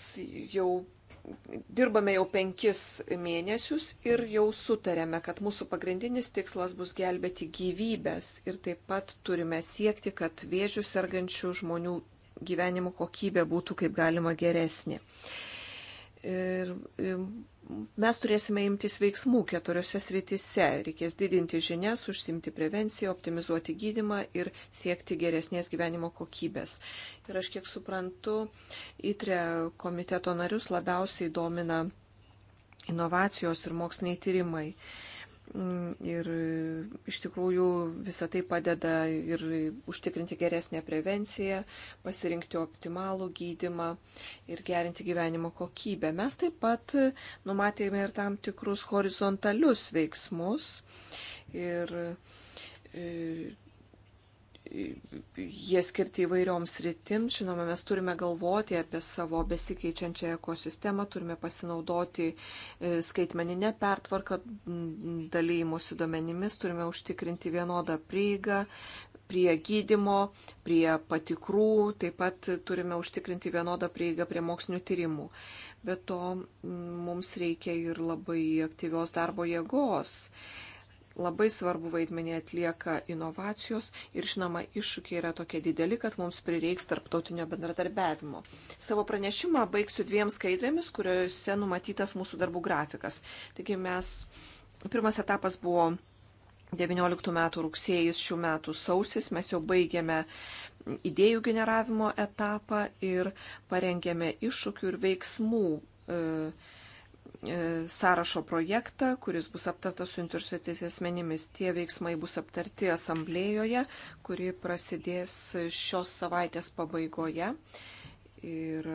S2: jau dirbame jau penkis mėnesius ir jau sutarėme, kad mūsų pagrindinis tikslas bus gelbėti gyvybės ir taip pat turime siekti, kad vėžių sergančių žmonių gyvenimo kokybė būtų kaip galima geresnė. Ir mes turėsime imtis veiksmų keturiose srityse. Reikės didinti žinias, užsimti prevenciją, optimizuoti gydimą ir siekti geresnės gyvenimo kokybės. Ir aš kiek suprantu, įtrė komiteto narius labiausiai domina inovacijos ir moksliniai tyrimai. Mm, ir e, iš tikrųjų visą tai padeda ir užtikrinti geresnę prevenciją, pasirinkti optimalų gydimą ir gerinti gyvenimo kokybę. Mes taip pat e, numatėme ir tam tikrus horizontalius veiksmus. Ir e, jie skirti įvairioms rytims. Žinoma, mes turime galvoti apie savo besikeičiančią ekosistemą, turime pasinaudoti e, skaitmeninę pertvarką, dalyjimusi duomenimis, turime užtikrinti vienodą prieigą prie gydimo, prie patikrų, taip pat turime užtikrinti vienodą prieigą prie mokslinių tyrimų. Be to, mums reikia ir labai aktyvios darbo jėgos. E, Labai svarbu vaidmenį atlieka inovacijos ir, žinoma, iššūkiai yra tokie dideli, kad mums prireiks tarptautinio bendradarbiavimo. Savo pranešimą baigsiu dviem skaidrėmis, kuriuose numatytas mūsų darbų grafikas. Taigi mes, pirmas etapas buvo 19 metų rugsėjais, šių metų sausis, mes jau baigėme idėjų generavimo etapą ir parengėme iššūkių ir veiksmų e, E, sąrašo projektą, kuris bus aptartas su interesuotais asmenimis. Tie veiksmai bus aptarti asamblėjoje, kuri prasidės šios savaitės pabaigoje. Ir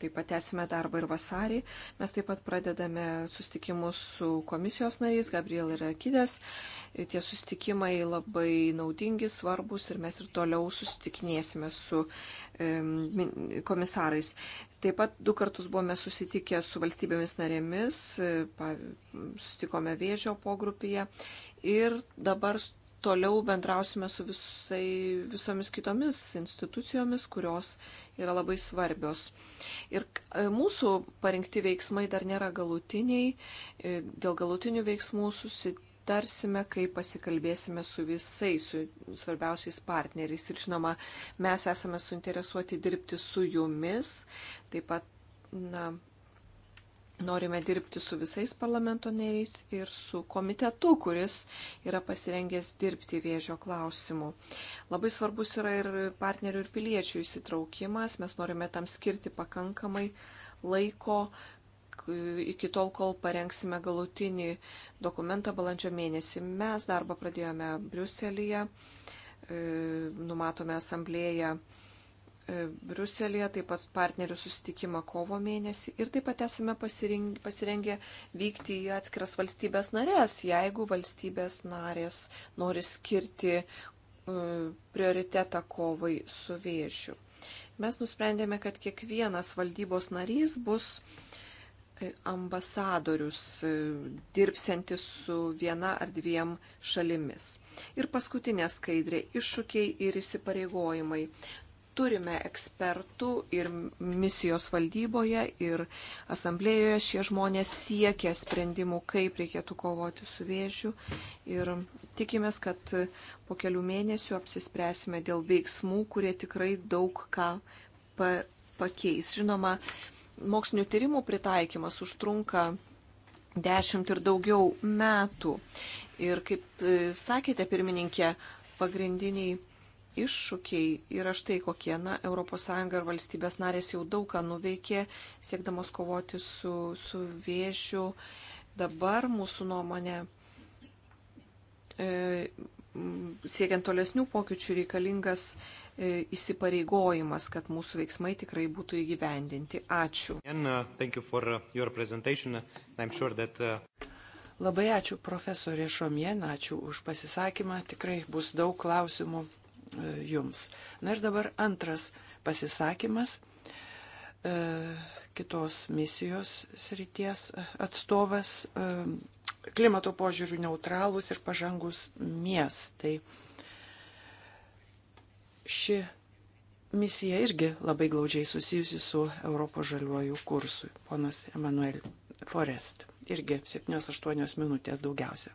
S2: taip pat esame darbą ir vasarį. Mes taip pat pradedame sustikimus su komisijos nariais Gabriel ir Akidės. E, tie sustikimai labai naudingi, svarbus ir mes ir toliau sustikinėsime su komisarais. Taip pat du kartus buvome susitikę su valstybėmis narėmis, e, susitikome vėžio pogrupyje ir dabar toliau bendrausime su visai, visomis kitomis institucijomis, kurios yra labai svarbios. Ir e, mūsų parinkti veiksmai dar nėra galutiniai, e, dėl galutinių veiksmų susitikti aptarsime, kai pasikalbėsime su visais, su svarbiausiais partneriais. Ir žinoma, mes esame suinteresuoti dirbti su jumis. Taip pat, na, norime dirbti su visais parlamento nariais ir su komitetu, kuris yra pasirengęs dirbti vėžio klausimu. Labai svarbus yra ir partnerių ir piliečių įsitraukimas. Mes norime tam skirti pakankamai laiko, iki tol, kol parengsime galutinį dokumentą balandžio mėnesį. Mes darbą pradėjome Briuselėje, e, numatome asamblėją e, Briuselėje, taip pat partnerių susitikimą kovo mėnesį ir taip pat esame pasirengę vykti į atskiras valstybės narės, jeigu valstybės narės nori skirti e, prioritetą kovai su vėžiu. Mes nusprendėme, kad kiekvienas valdybos narys bus ambasadorius, e, dirbsiantis su viena ar dviem šalimis. Ir paskutinė skaidrė - iššūkiai ir įsipareigojimai. Turime ekspertų ir misijos valdyboje, ir asamblėjoje šie žmonės siekia sprendimų, kaip reikėtų kovoti su vėžiu. Ir tikimės, kad po kelių mėnesių apsispręsime dėl veiksmų, kurie tikrai daug ką pa pakeis. Žinoma, mokslinių tyrimų pritaikymas užtrunka dešimt ir daugiau metų. Ir kaip e, sakėte, pirmininkė, pagrindiniai iššūkiai yra štai kokie. Na, ES ir valstybės narės jau daug ką nuveikė, siekdamos kovoti su, su vėžiu. Dabar mūsų nuomonė. E, siekiant tolesnių pokyčių reikalingas E, įsipareigojimas, kad mūsų veiksmai tikrai būtų įgyvendinti. Ačiū.
S3: And, uh, uh sure that, uh...
S2: Labai ačiū
S1: profesorė Šomien, ačiū už pasisakymą, tikrai bus daug klausimų uh, jums. Na ir dabar antras pasisakymas e, kitos misijos srities atstovas klimato požiūrių neutralūs ir pažangus miestai. Tai ši misija irgi labai glaudžiai susijusi su Europos žaliuoju kursu. Ponas Emanuel Forest. Irgi 7-8 minutės daugiausia.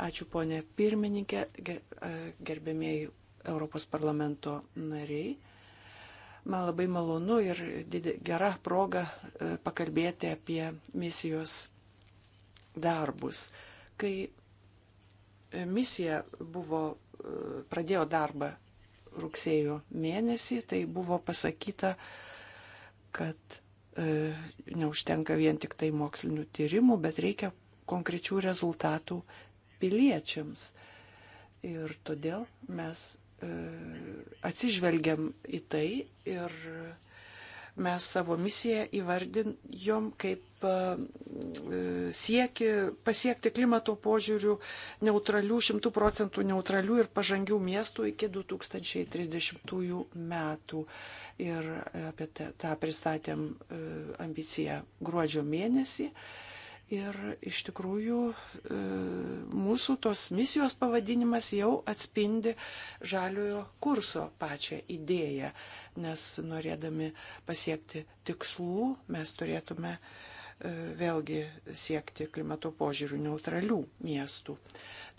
S1: Ačiū ponė pirmininkė, e, gerbėmėjai Europos parlamento nariai. Man labai malonu ir gera proga e, pakalbėti apie misijos darbus. Kai misija buvo, e, pradėjo darbą rugsėjo mėnesį, tai buvo pasakyta, kad e, neužtenka vien tik tai mokslinių tyrimų, bet reikia konkrečių rezultatų piliečiams. Ir todėl mes e, atsižvelgiam į tai ir e, Mes savo misiją įvardinjom kaip e, e, sieki pasiekti klimato požiūrių neutralių, šimtų procentų neutralių ir pažangių miestų iki 2030 metų. Ir apie tą pristatėm e, ambiciją gruodžio mėnesį. Ir iš tikrųjų mūsų tos misijos pavadinimas jau atspindi žaliojo kurso pačią idėją nes norėdami pasiekti tikslų mes turėtume e, vėlgi siekti klimato požiūrių neutralių miestų.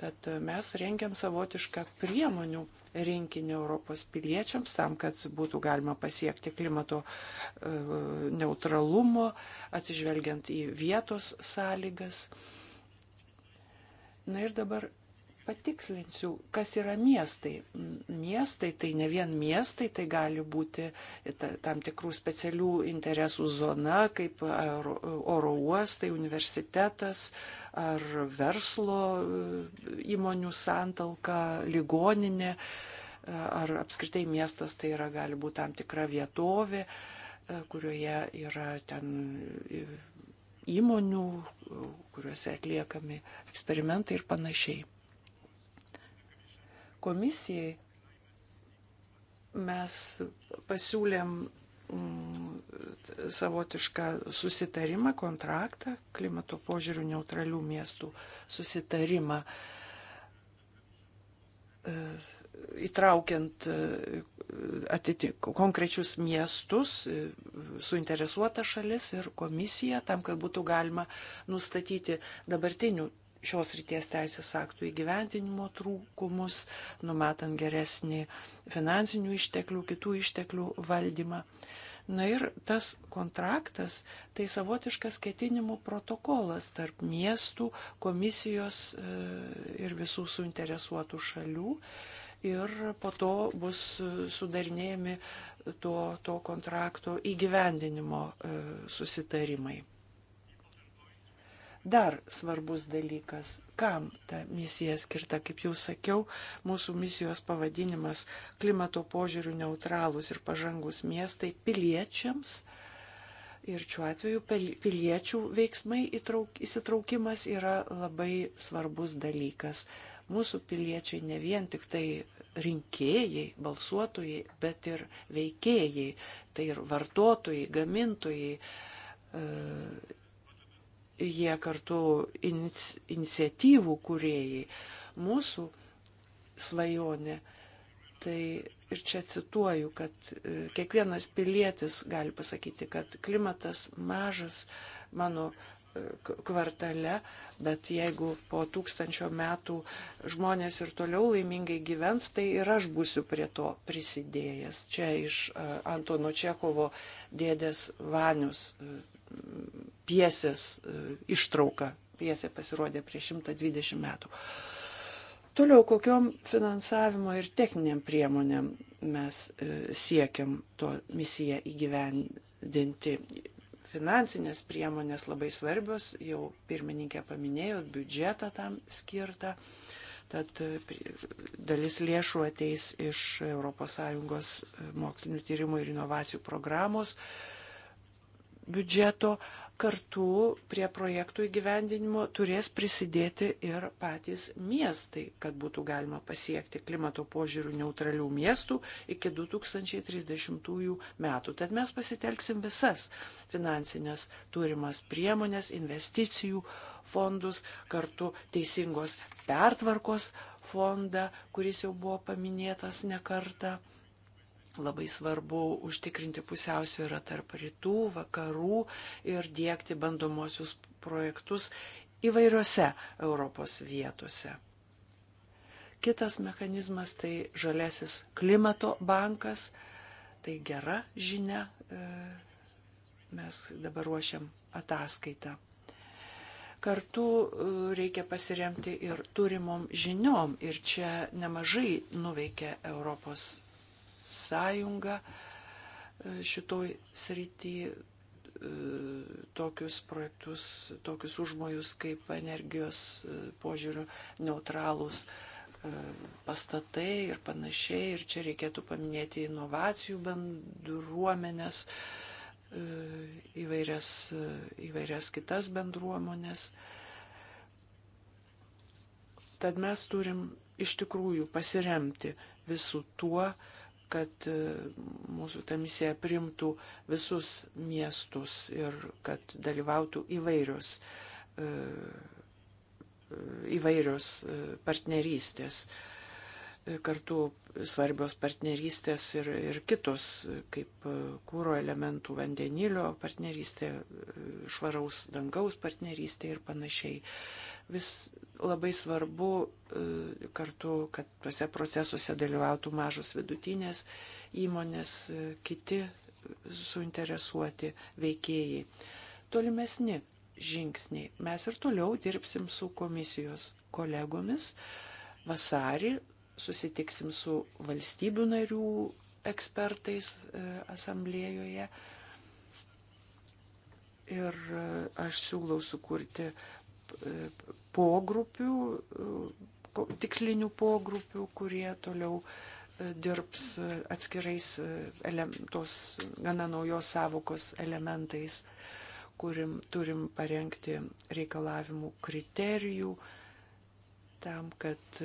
S1: Tad e, mes rengiam savotišką priemonių rinkinį Europos piliečiams tam, kad būtų galima pasiekti klimato e, neutralumo, atsižvelgiant į vietos sąlygas. Na ir dabar patikslinsiu, kas yra miestai. Miestai tai ne vien miestai, tai gali būti tam tikrų specialių interesų zona, kaip oro uostai, universitetas ar verslo e, įmonių santalka, ligoninė e, ar apskritai miestas tai yra gali būti tam tikra vietovė, e, kurioje yra ten įmonių, kuriuose atliekami eksperimentai ir panašiai komisijai mes pasiūlėm mm, savotišką susitarimą, kontraktą, klimato požiūrių neutralių miestų susitarimą, e, įtraukiant e, atitik, konkrečius miestus, e, suinteresuotas šalis ir komisiją, tam, kad būtų galima nustatyti dabartinių šios ryties teisės aktų įgyvendinimo trūkumus, numatant geresnį finansinių išteklių, kitų išteklių valdymą. Na ir tas kontraktas tai savotiškas ketinimų protokolas tarp miestų, komisijos e, ir visų suinteresuotų šalių. Ir po to bus e, sudarinėjami to, to kontrakto įgyvendinimo e, susitarimai dar svarbus dalykas, kam ta misija skirta. Kaip jau sakiau, mūsų misijos pavadinimas klimato požiūrių neutralūs ir pažangus miestai piliečiams. Ir šiuo atveju piliečių veiksmai įtrauk, įsitraukimas yra labai svarbus dalykas. Mūsų piliečiai ne vien tik tai rinkėjai, balsuotojai, bet ir veikėjai, tai ir vartotojai, gamintojai, e, jie kartu inici, iniciatyvų kūrėjai. Mūsų svajonė, tai ir čia cituoju, kad e, kiekvienas pilietis gali pasakyti, kad klimatas mažas mano e, kvartale, bet jeigu po tūkstančio metų žmonės ir toliau laimingai gyvens, tai ir aš būsiu prie to prisidėjęs. Čia iš e, Antono Čekovo dėdės Vanius piesės e, ištrauka. Piesė pasirodė prieš 120 metų. Toliau, kokiom finansavimo ir techniniam priemonėm mes e, siekiam to misiją įgyvendinti. Finansinės priemonės labai svarbios, jau pirmininkė paminėjo, biudžetą tam skirtą. Tad e, dalis lėšų ateis iš ES mokslinių tyrimų ir inovacijų programos biudžeto kartu prie projektų įgyvendinimo turės prisidėti ir patys miestai, kad būtų galima pasiekti klimato požiūrių neutralių miestų iki 2030 metų. Tad mes pasitelksim visas finansinės turimas priemonės, investicijų fondus, kartu teisingos pertvarkos fondą, kuris jau buvo paminėtas ne kartą Labai svarbu užtikrinti pusiausvyrą tarp rytų, vakarų ir dėkti bandomosius projektus įvairiose Europos vietose. Kitas mechanizmas tai žalesis klimato bankas. Tai gera žinia. E, mes dabar ruošiam ataskaitą. Kartu e, reikia pasiremti ir turimom žiniom. Ir čia nemažai nuveikia Europos sąjungą e, šitoj srity e, tokius projektus, tokius užmojus kaip energijos e, požiūrių neutralūs pastatai ir panašiai. Ir čia reikėtų paminėti inovacijų bendruomenės, įvairias, įvairias kitas bendruomonės. Tad mes turim iš tikrųjų pasiremti visų tuo, uh, kad e, mūsų ta misija primtų visus miestus ir kad dalyvautų įvairios, e, e, įvairios partnerystės. Kartu svarbios partnerystės ir, ir kitos, kaip kūro elementų vandenilio partnerystė, švaraus dangaus partnerystė ir panašiai. Vis labai svarbu e, kartu, kad tuose procesuose dalyvautų mažos vidutinės įmonės, e, kiti suinteresuoti veikėjai. Tolimesni žingsniai. Mes ir toliau dirbsim su komisijos kolegomis. Vasarį susitiksim su valstybių narių ekspertais e, asamblėjoje. Ir aš siūlau sukurti pogrupių, e, tikslinių pogrupių, kurie toliau e, dirbs e, atskirais tos gana naujos savokos elementais, kurim turim parengti reikalavimų kriterijų tam, kad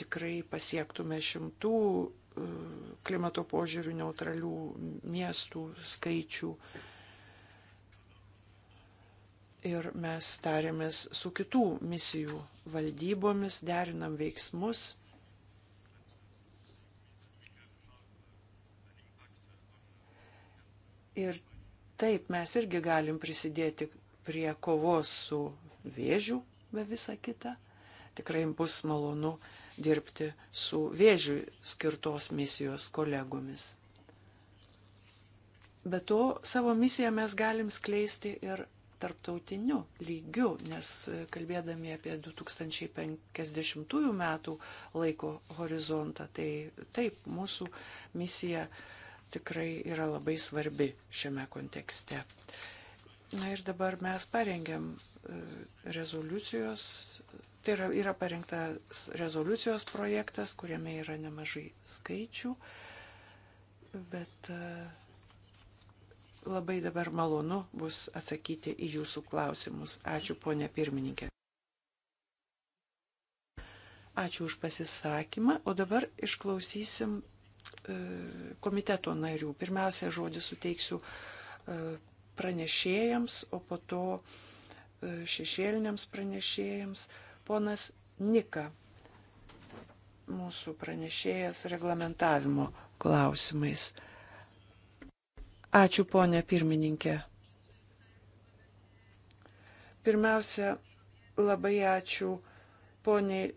S1: tikrai pasiektume šimtų klimato požiūrių neutralių miestų skaičių ir mes tarėmės su kitų misijų valdybomis, derinam veiksmus. Ir taip mes irgi galim prisidėti prie kovos su vėžiu be visą kitą. Tikrai bus malonu dirbti su vėžiui skirtos misijos kolegomis. Be to, savo misiją mes galim skleisti ir tarptautiniu lygiu, nes kalbėdami apie 2050 metų laiko horizontą, tai taip, mūsų misija tikrai yra labai svarbi šiame kontekste. Na ir dabar mes parengėm e, rezoliucijos, tai yra, yra parengtas rezoliucijos projektas, kuriame yra nemažai skaičių, bet uh, labai dabar malonu bus atsakyti į jūsų klausimus. Ačiū, ponė pirmininkė. Ačiū už pasisakymą, o dabar išklausysim e, komiteto narių. Pirmiausia, žodį suteiksiu e, pranešėjams, o po to e, šešėliniams pranešėjams. Ponas Nika, mūsų pranešėjas reglamentavimo klausimais. Ačiū, ponė pirmininkė. Pirmiausia, labai ačiū poniai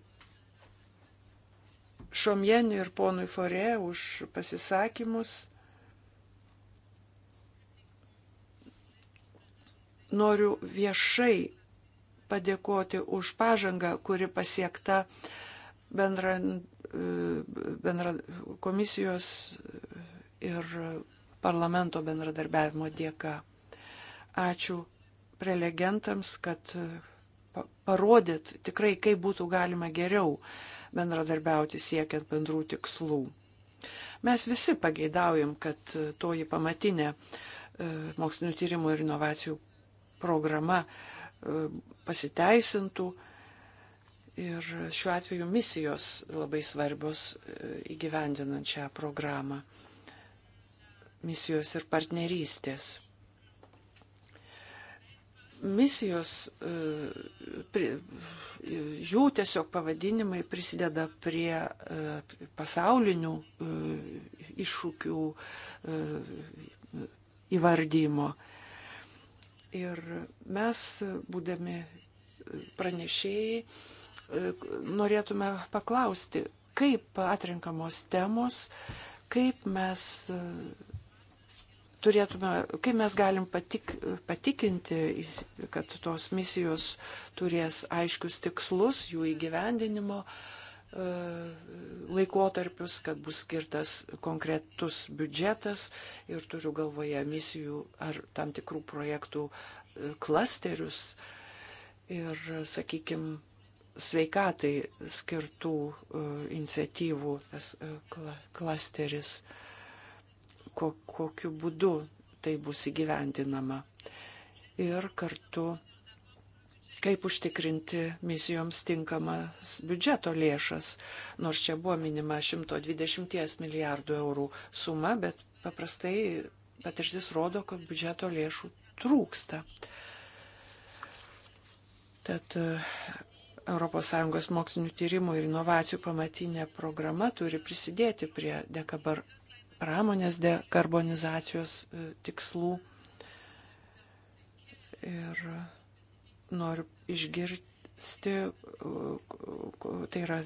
S1: Šomienį ir ponui Forė už pasisakymus. Noriu viešai padėkoti už pažangą, kuri pasiekta bendra, bendra komisijos ir parlamento bendradarbiavimo dėka. Ačiū prelegentams, kad e, parodėt tikrai, kaip būtų galima geriau bendradarbiauti siekiant bendrų tikslų. Mes visi pageidaujam, kad e, toji pamatinė e, mokslinio tyrimų ir inovacijų programa pasiteisintų. Ir šiuo atveju misijos labai svarbios įgyvendinant šią programą misijos ir partnerystės. Misijos, e, jų tiesiog pavadinimai prisideda prie e, pasaulinių e, iššūkių įvardymo. Ir mes, būdami pranešėjai, norėtume paklausti, kaip atrenkamos temos, kaip mes turėtume, kaip mes galim patik, patikinti, kad tos misijos turės aiškius tikslus, jų įgyvendinimo e, laikotarpius, kad bus skirtas konkretus biudžetas ir turiu galvoje misijų ar tam tikrų projektų e, klasterius ir, sakykime, sveikatai skirtų e, iniciatyvų tas klasteris. Uh, ko, kokiu būdu tai bus įgyvendinama. Ir kartu, kaip užtikrinti misijoms tinkamas biudžeto lėšas, nors čia buvo minima 120 milijardų eurų suma, bet paprastai patirtis rodo, kad biudžeto lėšų trūksta. Tad ES mokslinių tyrimų ir inovacijų pamatinė programa turi prisidėti prie dekabar pramonės dekarbonizacijos e, tikslų. Ir noriu išgirsti, e, tai yra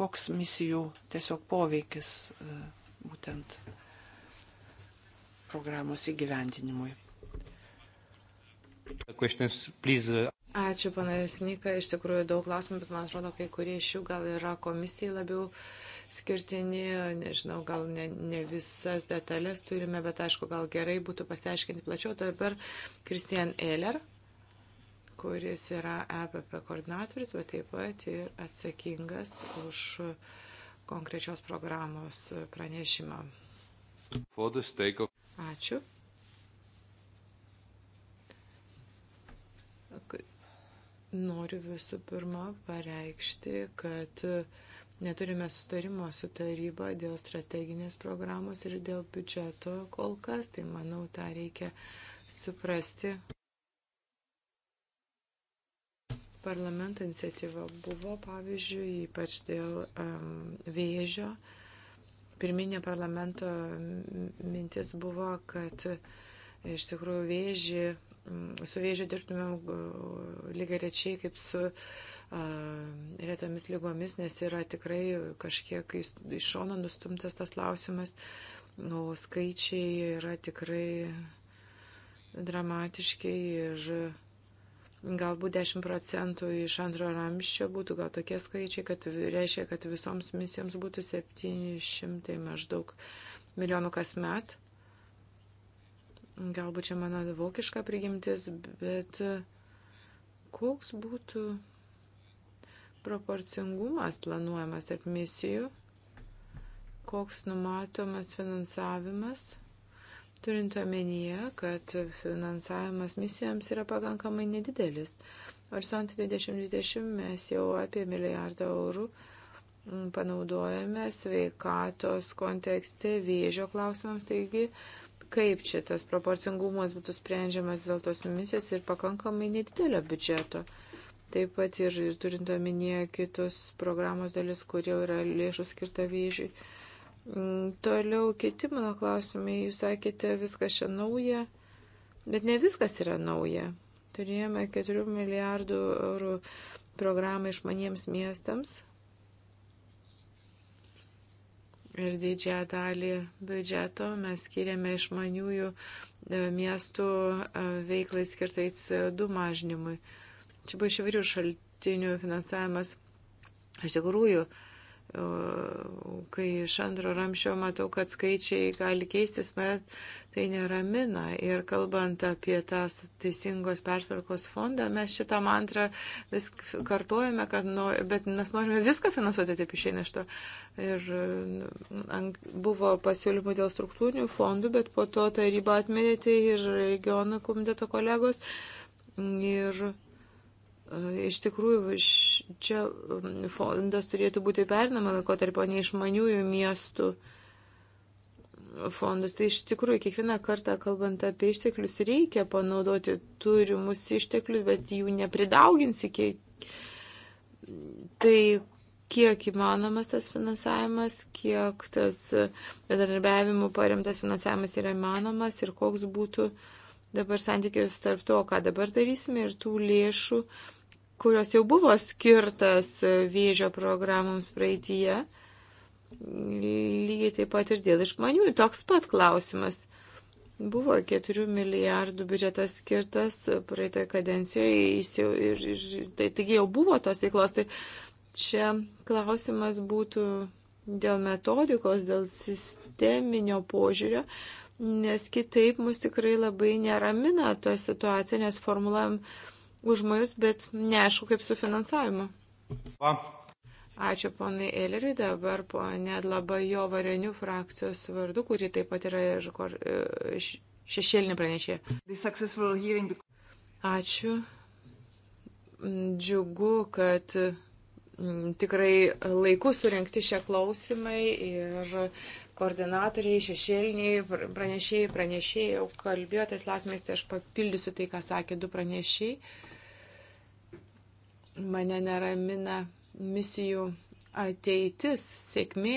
S1: koks misijų tiesiog poveikis e, būtent programos įgyvendinimui.
S3: Uh,
S4: Ačiū, panas Nika, iš tikrųjų daug klausimų, bet man atrodo, kai kurie iš jų gal yra komisijai labiau skirtini, nežinau, gal ne, ne visas detalės turime, bet aišku, gal gerai būtų pasiaiškinti plačiau. Dabar Kristian Eiler, kuris yra EPP koordinatorius, bet taip pat ir atsakingas už konkrečios programos pranešimą. Ačiū. Noriu visų pirma pareikšti, kad uh, Neturime sutarimo su taryba dėl strateginės programos ir dėl biudžeto kol kas, tai manau, tą reikia suprasti. Parlamento iniciatyva buvo, pavyzdžiui, ypač dėl um, vėžio. Pirminė parlamento mintis buvo, kad e, iš tikrųjų vėžį, su vėžiu dirbtumėm lygiai rečiai kaip su uh, retomis lygomis, nes yra tikrai kažkiek iš šono nustumtas tas klausimas, o nu, skaičiai yra tikrai dramatiški ir galbūt 10 procentų iš antro ramščio būtų gal tokie skaičiai, kad reiškia, kad visoms misijoms būtų 700 maždaug milijonų kasmet. Galbūt čia mano vokiška prigimtis, bet koks būtų proporcingumas planuojamas tarp misijų, koks numatomas finansavimas, turint omenyje, kad finansavimas misijoms yra pakankamai nedidelis. Horizont 2020 mes jau apie milijardą eurų mm, panaudojame sveikatos kontekste vėžio klausimams, taigi kaip čia tas proporcingumas būtų sprendžiamas dėl tos misijos ir pakankamai nedidelio biudžeto. Taip pat ir, ir turint omenyje kitus programos dalis, kur jau yra lėšų skirta vėžiui. Mm, toliau kiti mano klausimai. Jūs sakėte, viskas čia nauja, bet ne viskas yra nauja. Turėjome 4 milijardų eurų programą išmaniems miestams. Ir didžiąją dalį biudžeto mes skiriame išmaniųjų e, miestų e, veiklai skirtais du mažnymui. Čia buvo iš įvairių šaltinių finansavimas. Iš tikrųjų, kai iš antro ramščio matau, kad skaičiai gali keistis, bet tai neramina. Ir kalbant apie tas teisingos pertvarkos fondą, mes šitą mantrą vis kartuojame, kad nu, bet mes norime viską finansuoti taip išeina iš to. Ir buvo pasiūlymų dėl struktūrinių fondų, bet po to taryba atmetė ir regionų komiteto kolegos. Ir Iš tikrųjų, čia um, fondas turėtų būti perinama laikotarpio neišmaniųjų miestų fondus. Tai iš tikrųjų kiekvieną kartą, kalbant apie išteklius, reikia panaudoti turimus išteklius, bet jų nepridauginsi. Kiek... Tai kiek įmanomas tas finansavimas, kiek tas bedarbiavimų paremtas finansavimas yra įmanomas ir koks būtų dabar santykis tarp to, ką dabar darysime ir tų lėšų, uh, kurios jau buvo skirtas vėžio programoms praeitie. Lygiai taip pat ir dėl išmaniųjų toks pat klausimas. Buvo 4 milijardų biudžetas skirtas praeitoje kadencijoje ir, ir tai taigi jau buvo tos veiklos. Tai čia klausimas būtų dėl metodikos, dėl sisteminio požiūrio, nes kitaip mus tikrai labai neramina ta situacija, nes formuluojam uh, užmojus, bet neaišku, kaip su finansavimu. Va. Ačiū ponai Eleriui, dabar ponė labai jo varenių frakcijos vardu, kuri taip pat yra ir e, šešėlinė pranešė. Ačiū. Mm, džiugu, kad mm, tikrai laiku surinkti šie klausimai ir koordinatoriai, šešėliniai pranešėjai, pranešėjai jau kalbėjo tais klausimais, tai aš papildysiu tai, ką sakė du pranešėjai. Mane neramina misijų ateitis, sėkmė.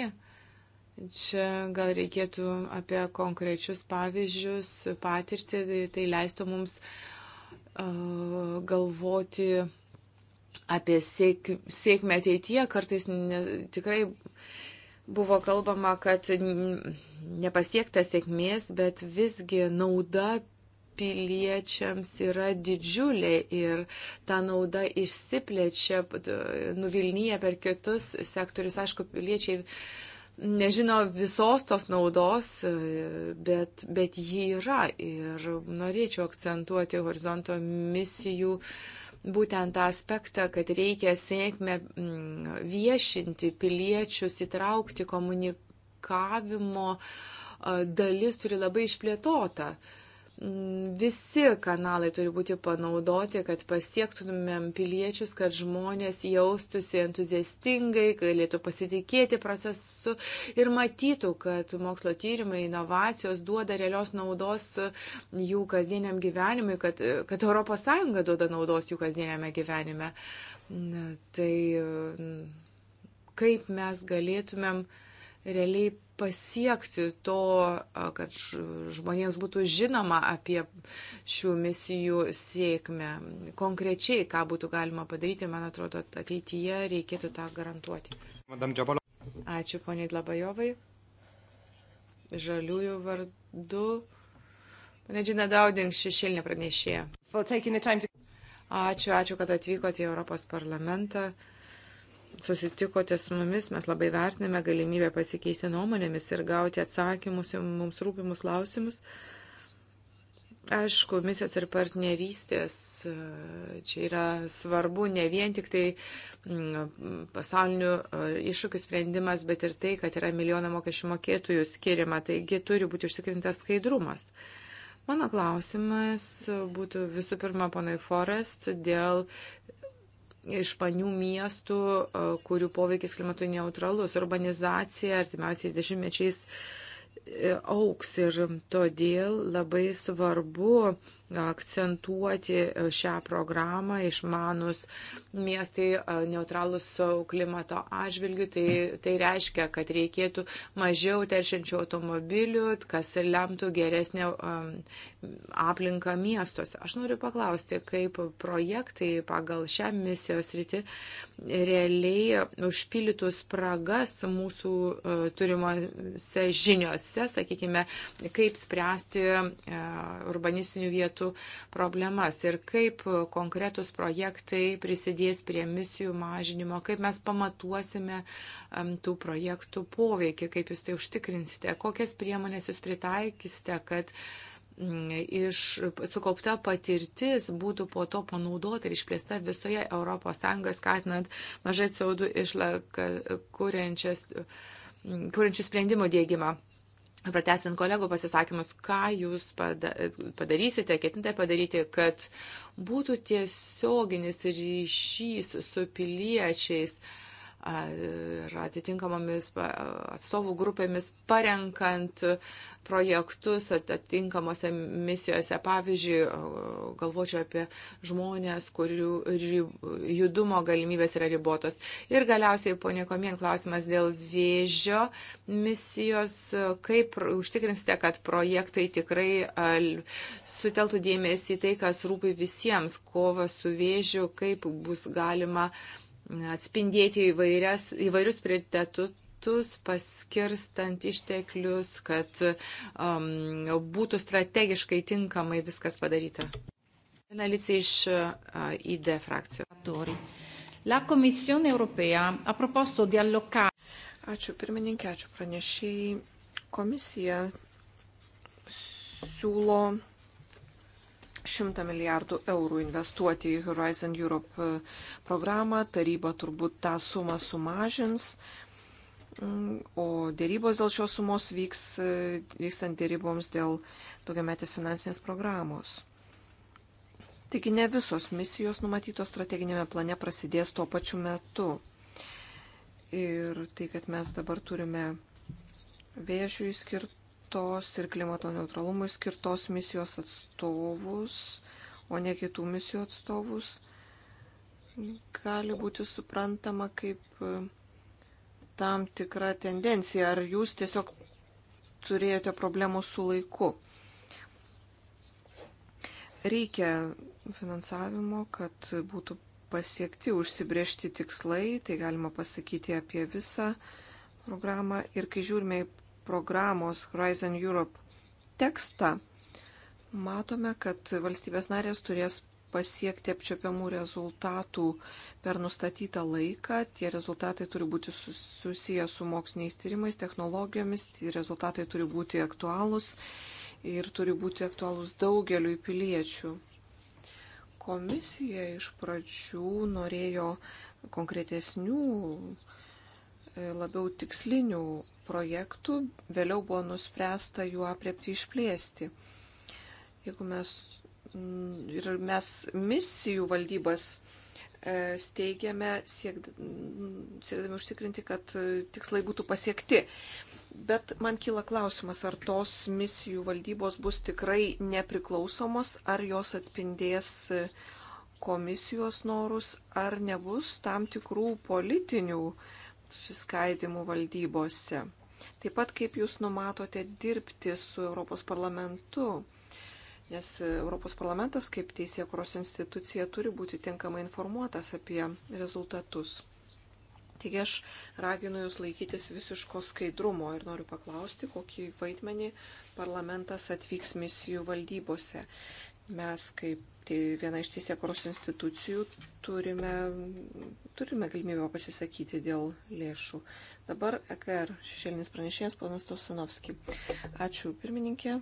S4: Čia gal reikėtų apie konkrečius pavyzdžius, patirtį, tai, tai leistų mums uh, galvoti apie sėk, sėkmę ateityje. Kartais ne, tikrai uh, buvo kalbama, kad nepasiekta sėkmės, bet visgi nauda piliečiams yra didžiulė ir ta nauda išsiplečia, nuvilnyja per kitus sektorius. Aišku, piliečiai nežino visos tos naudos, bet, bet ji yra ir norėčiau akcentuoti horizonto misijų uh, būtent tą aspektą, kad reikia sėkmę mm, viešinti piliečius, įtraukti komunikavimo dalis turi labai išplėtota. Uh, Visi kanalai turi būti panaudoti, kad pasiektumėm piliečius, kad žmonės jaustųsi entuziastingai, galėtų pasitikėti procesu ir matytų, kad mokslo tyrimai, inovacijos duoda realios naudos jų kasdieniam gyvenimui, kad, kad ES duoda naudos jų kasdieniame gyvenime. Tai kaip mes galėtumėm uh, realiai pasiekti to, kad žmonėms būtų žinoma apie šių misijų sėkmę. Konkrečiai, ką būtų galima padaryti, man atrodo, ateityje reikėtų tą garantuoti. Ačiū poniai Labajovai. Žaliųjų vardu. Pane Džina Dauding, šešėlinė pranešėja. Ačiū, ačiū, kad atvykote į Europos parlamentą susitikote su mumis, mes labai vertiname galimybę pasikeisti nuomonėmis ir gauti atsakymus į mums rūpimus klausimus. Aišku, misijos ir partnerystės e, čia yra svarbu ne vien tik tai mm, pasaulinių e, iššūkių sprendimas, bet ir tai, kad yra milijoną mokesčių mokėtojų skiriama, taigi turi būti užtikrintas skaidrumas. Mano klausimas būtų visų pirma, panai Forest, dėl išpanių miestų, e, kurių poveikis klimatui neutralus. Urbanizacija artimiausiais dešimtmečiais e, auks ir todėl labai svarbu akcentuoti e, šią programą išmanus miestai e, neutralus klimato atžvilgių. Tai, tai reiškia, kad reikėtų mažiau teršiančių automobilių, kas lemtų geresnę e, aplinką miestuose. Aš noriu paklausti, kaip projektai pagal šią misijos rytį realiai užpildytų spragas mūsų turimose žiniuose, sakykime, kaip spręsti urbanistinių vietų mūsų problemas ir kaip konkretus projektai prisidės prie emisijų mažinimo, kaip mes pamatuosime tų projektų poveikį, kaip jūs tai užtikrinsite, kokias priemonės jūs pritaikysite, kad iš sukaupta patirtis būtų po to panaudota ir išplėsta visoje ES, skatinant mažai CO2 išlaką kūrenčius sprendimų dėgymą pratesint kolegų pasisakymus, ką jūs padarysite, ketinate padaryti, kad būtų tiesioginis ryšys su piliečiais. Uh, ir atitinkamomis atstovų grupėmis parenkant projektus atitinkamose misijose. Pavyzdžiui, galvočiau apie žmonės, kurių judumo galimybės yra ribotos. Ir galiausiai, ponė Komien, klausimas dėl vėžio misijos. Kaip užtikrinsite, kad projektai tikrai suteltų dėmesį į tai, kas rūpi visiems, kova su vėžiu, kaip bus galima uh, atspindėti įvairias, įvairius prioritetus paskirstant išteklius, kad um, būtų strategiškai tinkamai viskas padaryta. Analizė iš uh, ID frakcijų. La Commissione europea
S2: ha proposto di allocare. Ačiū pirmininkė, ačiū pranešėjai. Komisija siūlo 100 milijardų eurų investuoti į Horizon Europe e, programą. Taryba turbūt tą sumą sumažins, mm, o dėrybos dėl šios sumos vyks, e, vykstant dėryboms dėl daugiametės finansinės programos. Taigi ne visos misijos numatytos strateginėme plane prasidės tuo pačiu metu. Ir tai, kad mes dabar turime vėžiui skirtų kaitos ir klimato neutralumui skirtos misijos atstovus, o ne kitų misijų atstovus, gali būti suprantama kaip e, tam tikra tendencija. Ar jūs tiesiog turėjote problemų su laiku? Reikia finansavimo, kad būtų pasiekti užsibriežti tikslai, tai galima pasakyti apie visą programą. Ir kai žiūrime į programos Horizon Europe tekstą, matome, kad valstybės narės turės pasiekti apčiopiamų rezultatų per nustatytą laiką. Tie rezultatai turi būti susiję su moksliniais tyrimais, technologijomis, tie rezultatai turi būti aktualūs ir turi būti aktualūs daugeliui piliečių. Komisija iš pradžių norėjo konkretesnių E, labiau tikslinių projektų, vėliau buvo nuspręsta jų apriepti išplėsti. Jeigu mes ir mes misijų valdybas e, steigiame, siekdami užtikrinti, kad e, tikslai būtų pasiekti. Bet man kyla klausimas, ar tos misijų valdybos bus tikrai nepriklausomos, ar jos atspindės komisijos norus, ar nebus tam tikrų politinių uh, susiskaidimų valdybose. Taip pat kaip jūs numatote dirbti su Europos parlamentu, nes Europos parlamentas kaip teisėkuros institucija turi būti tinkamai informuotas apie rezultatus. Taigi aš raginu Jūs laikytis visiško skaidrumo ir noriu paklausti, kokį vaidmenį parlamentas atvyks misijų valdybose. Mes kaip tai viena iš teisėkuros institucijų, turime, turime galimybę pasisakyti dėl lėšų. Dabar EKR šešėlinis pranešėjas ponas Tausanovski. Ačiū pirmininkė.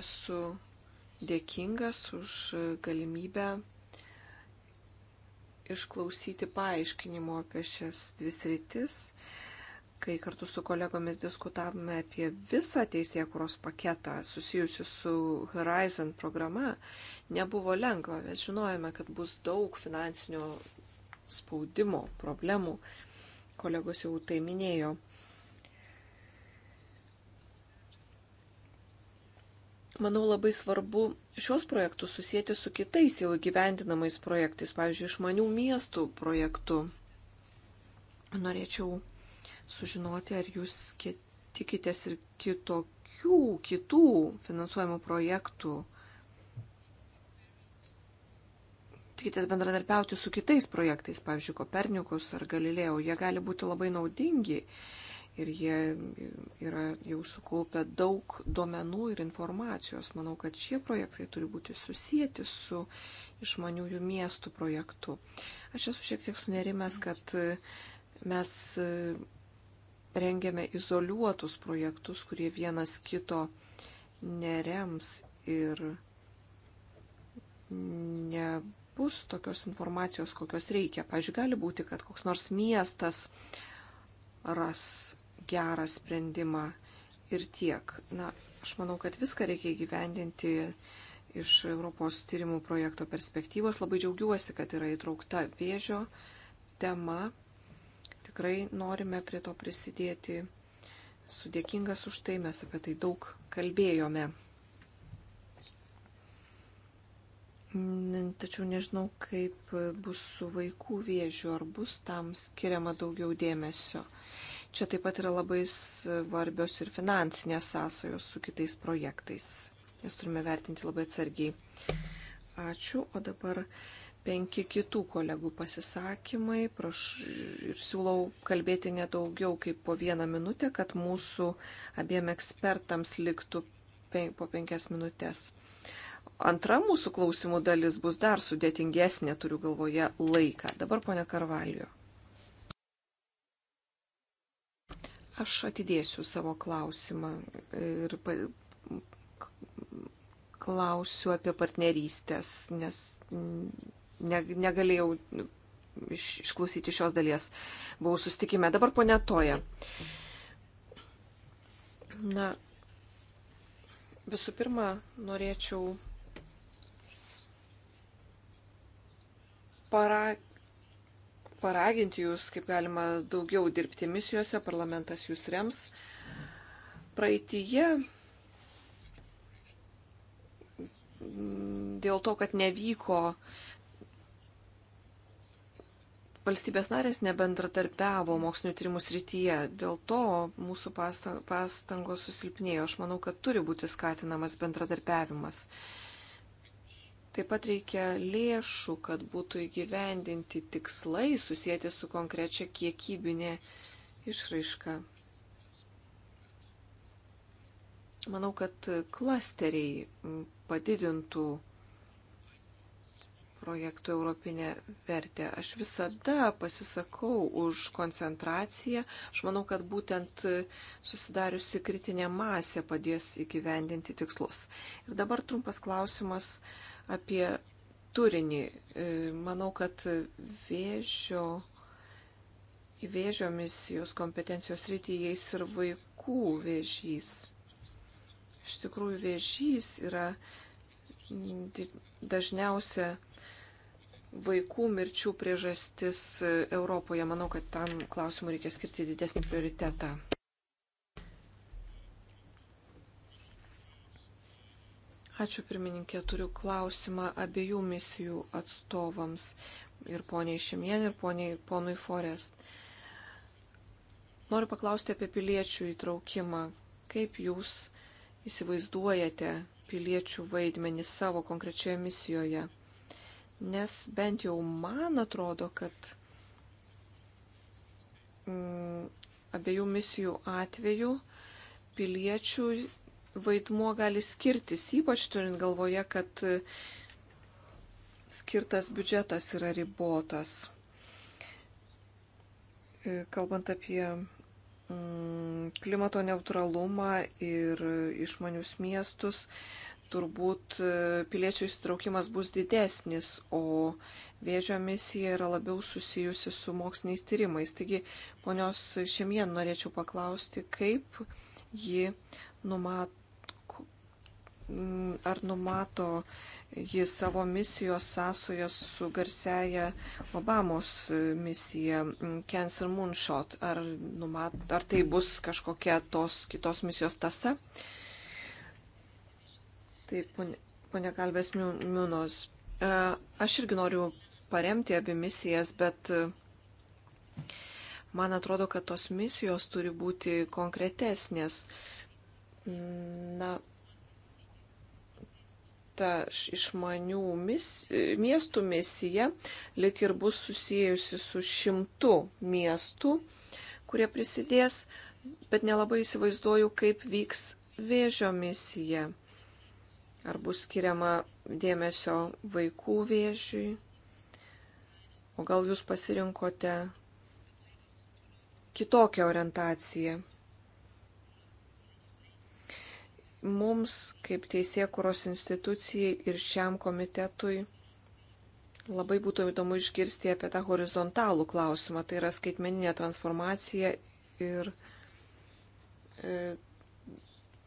S2: Esu dėkingas už galimybę išklausyti paaiškinimo apie šias dvi sritis. Uh, kai kartu su kolegomis diskutavome apie visą teisėkuros paketą susijusiu su Horizon programa, nebuvo lengva, bet žinojame, kad bus daug finansinio spaudimo problemų. Kolegos jau tai minėjo. Manau, labai svarbu šios projektus susijęti su kitais jau gyvendinamais projektais, pavyzdžiui, išmanių miestų projektu. Norėčiau sužinoti, ar jūs tikitės ir kitokių, kitų finansuojamų projektų. Tikitės bendradarbiauti su kitais projektais, pavyzdžiui, Kopernikus ar Galilėjo. Jie gali būti labai naudingi ir jie yra jau sukaupę daug duomenų ir informacijos. Manau, kad šie projektai turi būti susijęti su išmaniųjų miestų projektu. Aš esu šiek tiek sunerimęs, kad mes rengiame izoliuotus projektus, kurie vienas kito nerems ir nebus tokios informacijos, kokios reikia. Pavyzdžiui, gali būti, kad koks nors miestas ras gerą sprendimą ir tiek. Na, aš manau, kad viską reikia įgyvendinti iš Europos tyrimų projekto perspektyvos. Labai džiaugiuosi, kad yra įtraukta vėžio tema tikrai norime prie to prisidėti. Sudėkingas už tai, mes apie tai daug kalbėjome. Tačiau nežinau, kaip bus su vaikų vėžiu, ar bus tam skiriama daugiau dėmesio. Čia taip pat yra labai svarbios ir finansinės sąsojos su kitais projektais. Jas turime vertinti labai atsargiai. Ačiū, o dabar penki kitų kolegų pasisakymai. Praš, ir siūlau kalbėti nedaugiau kaip po vieną minutę, kad mūsų abiem ekspertams liktų pen, po penkias minutės. Antra mūsų klausimų dalis bus dar sudėtingesnė, turiu galvoje laiką. Dabar ponia Karvalio. Aš atidėsiu savo klausimą ir klausiu apie partnerystės, nes negalėjau išklausyti šios dalies. Buvau sustikime. Dabar ponia Toja. Na, visų pirma, norėčiau para, paraginti jūs, kaip galima daugiau dirbti misijose, parlamentas jūs rems. Praeitįje dėl to, kad nevyko uh, valstybės narės nebendradarbiavo mokslinio tyrimų srityje, dėl to mūsų pastangos susilpnėjo. Aš manau, kad turi būti skatinamas bendradarbiavimas. Taip pat reikia lėšų, kad būtų įgyvendinti tikslai susijęti su konkrečia kiekybinė išraiška. Manau, kad klasteriai padidintų projektų europinę vertę. Aš visada pasisakau už koncentraciją. Aš manau, kad būtent susidariusi kritinė masė padės įgyvendinti tikslus. Ir dabar trumpas klausimas apie turinį. E, manau, kad vėžio, vėžio misijos kompetencijos rytyjais ir vaikų vėžys. Iš tikrųjų, vėžys yra dažniausia vaikų mirčių priežastis Europoje. Manau, kad tam klausimui reikia skirti didesnį prioritetą. Ačiū pirmininkė, turiu klausimą abiejų misijų atstovams ir poniai Šimien ir poniai, ponui Forest. Noriu paklausti apie piliečių įtraukimą. Kaip jūs įsivaizduojate piliečių vaidmenį savo konkrečioje misijoje? Nes bent jau man atrodo, kad mm, abiejų misijų atveju piliečių vaidmuo gali skirtis, ypač turint galvoje, kad skirtas biudžetas yra ribotas. E, kalbant apie mm, klimato neutralumą ir išmanius miestus, turbūt e, piliečių įsitraukimas bus didesnis, o vėžio misija yra labiau susijusi su moksliniais tyrimais. Taigi, ponios šiandien norėčiau paklausti, kaip ji numato, ar numato ji savo misijos sąsojas su garsiaja Obamos e, misija Cancer Moonshot, ar, numat, ar tai bus kažkokia tos kitos misijos tasa. Uh, Taip, ponia Kalbės Miūnos, e, aš irgi noriu paremti abi misijas, bet e, man atrodo, kad tos misijos turi būti konkretesnės. Na, ta išmanių mis, miestų misija lik ir bus susijusi su šimtu miestų, kurie prisidės, bet nelabai įsivaizduoju, kaip vyks vėžio misija ar bus skiriama dėmesio vaikų vėžiui, o gal jūs pasirinkote kitokią orientaciją. Mums, kaip teisėkuros institucijai ir šiam komitetui, labai būtų įdomu išgirsti apie tą horizontalų klausimą, tai yra skaitmeninė transformacija ir e,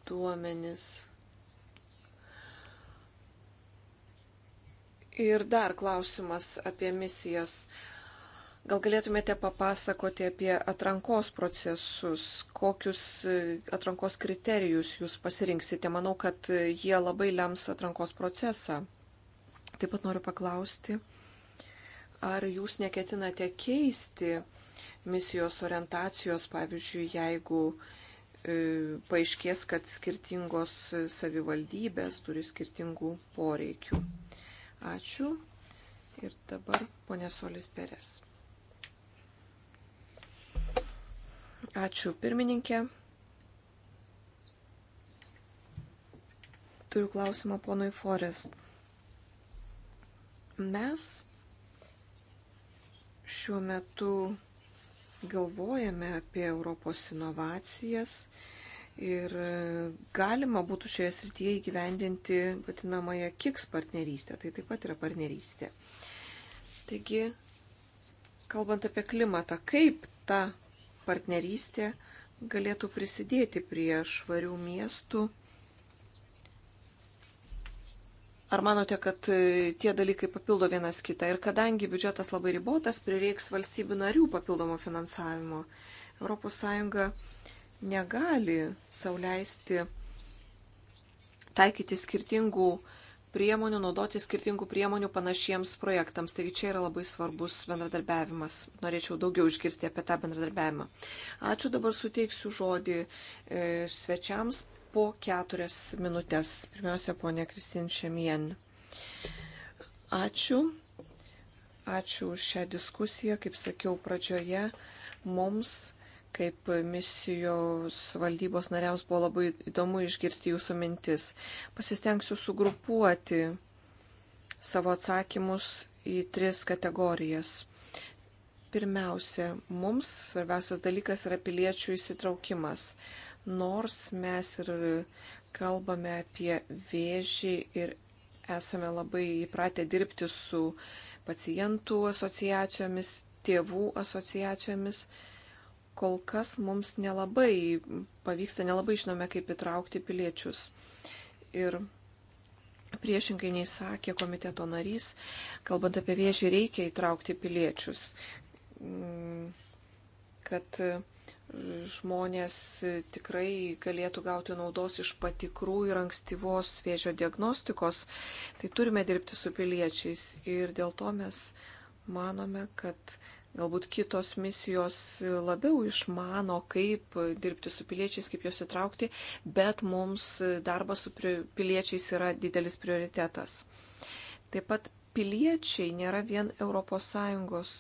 S2: duomenis Ir dar klausimas apie misijas. Gal galėtumėte papasakoti apie atrankos procesus, kokius e, atrankos kriterijus jūs pasirinksite. Manau, kad jie labai lems atrankos procesą. Taip pat noriu paklausti, ar jūs neketinate keisti misijos orientacijos, pavyzdžiui, jeigu e, paaiškės, kad skirtingos savivaldybės turi skirtingų poreikių. Ačiū. Ir dabar ponė Solis Peres. Ačiū pirmininkė. Turiu klausimą ponui Forest. Mes šiuo metu galvojame apie Europos inovacijas Ir e, galima būtų šioje srityje įgyvendinti vadinamąją KIKS partnerystę. Tai taip pat yra partnerystė. Taigi, kalbant apie klimatą, kaip ta partnerystė galėtų prisidėti prie švarių miestų? Ar manote, kad e, tie dalykai papildo vienas kitą? Ir kadangi biudžetas labai ribotas, prireiks valstybių narių papildomo finansavimo. ES negali sauliaisti taikyti skirtingų priemonių, naudoti skirtingų priemonių panašiems projektams. Taigi čia yra labai svarbus bendradarbiavimas. Norėčiau daugiau išgirsti apie tą bendradarbiavimą. Ačiū, dabar suteiksiu žodį e, svečiams po keturias minutės. Pirmiausia, ponė Kristin Šemien. Ačiū. Ačiū už šią diskusiją. Kaip sakiau pradžioje, mums Kaip misijos valdybos nariams buvo labai įdomu išgirsti jūsų mintis. Pasistengsiu sugrupuoti savo atsakymus į tris kategorijas. Pirmiausia, mums svarbiausias dalykas yra piliečių įsitraukimas. Nors mes ir kalbame apie vėžį ir esame labai įpratę dirbti su pacientų asociacijomis, tėvų asociacijomis, kol kas mums nelabai pavyksta, nelabai žinome, kaip įtraukti piliečius. Ir priešingai nei sakė komiteto narys, kalbant apie vėžį, reikia įtraukti piliečius, mm, kad žmonės tikrai galėtų gauti naudos iš patikrų ir ankstyvos vėžio diagnostikos, tai turime dirbti su piliečiais ir dėl to mes manome, kad Galbūt kitos misijos labiau išmano, kaip dirbti su piliečiais, kaip juos įtraukti, bet mums darbas su piliečiais yra didelis prioritetas. Taip pat piliečiai nėra vien ES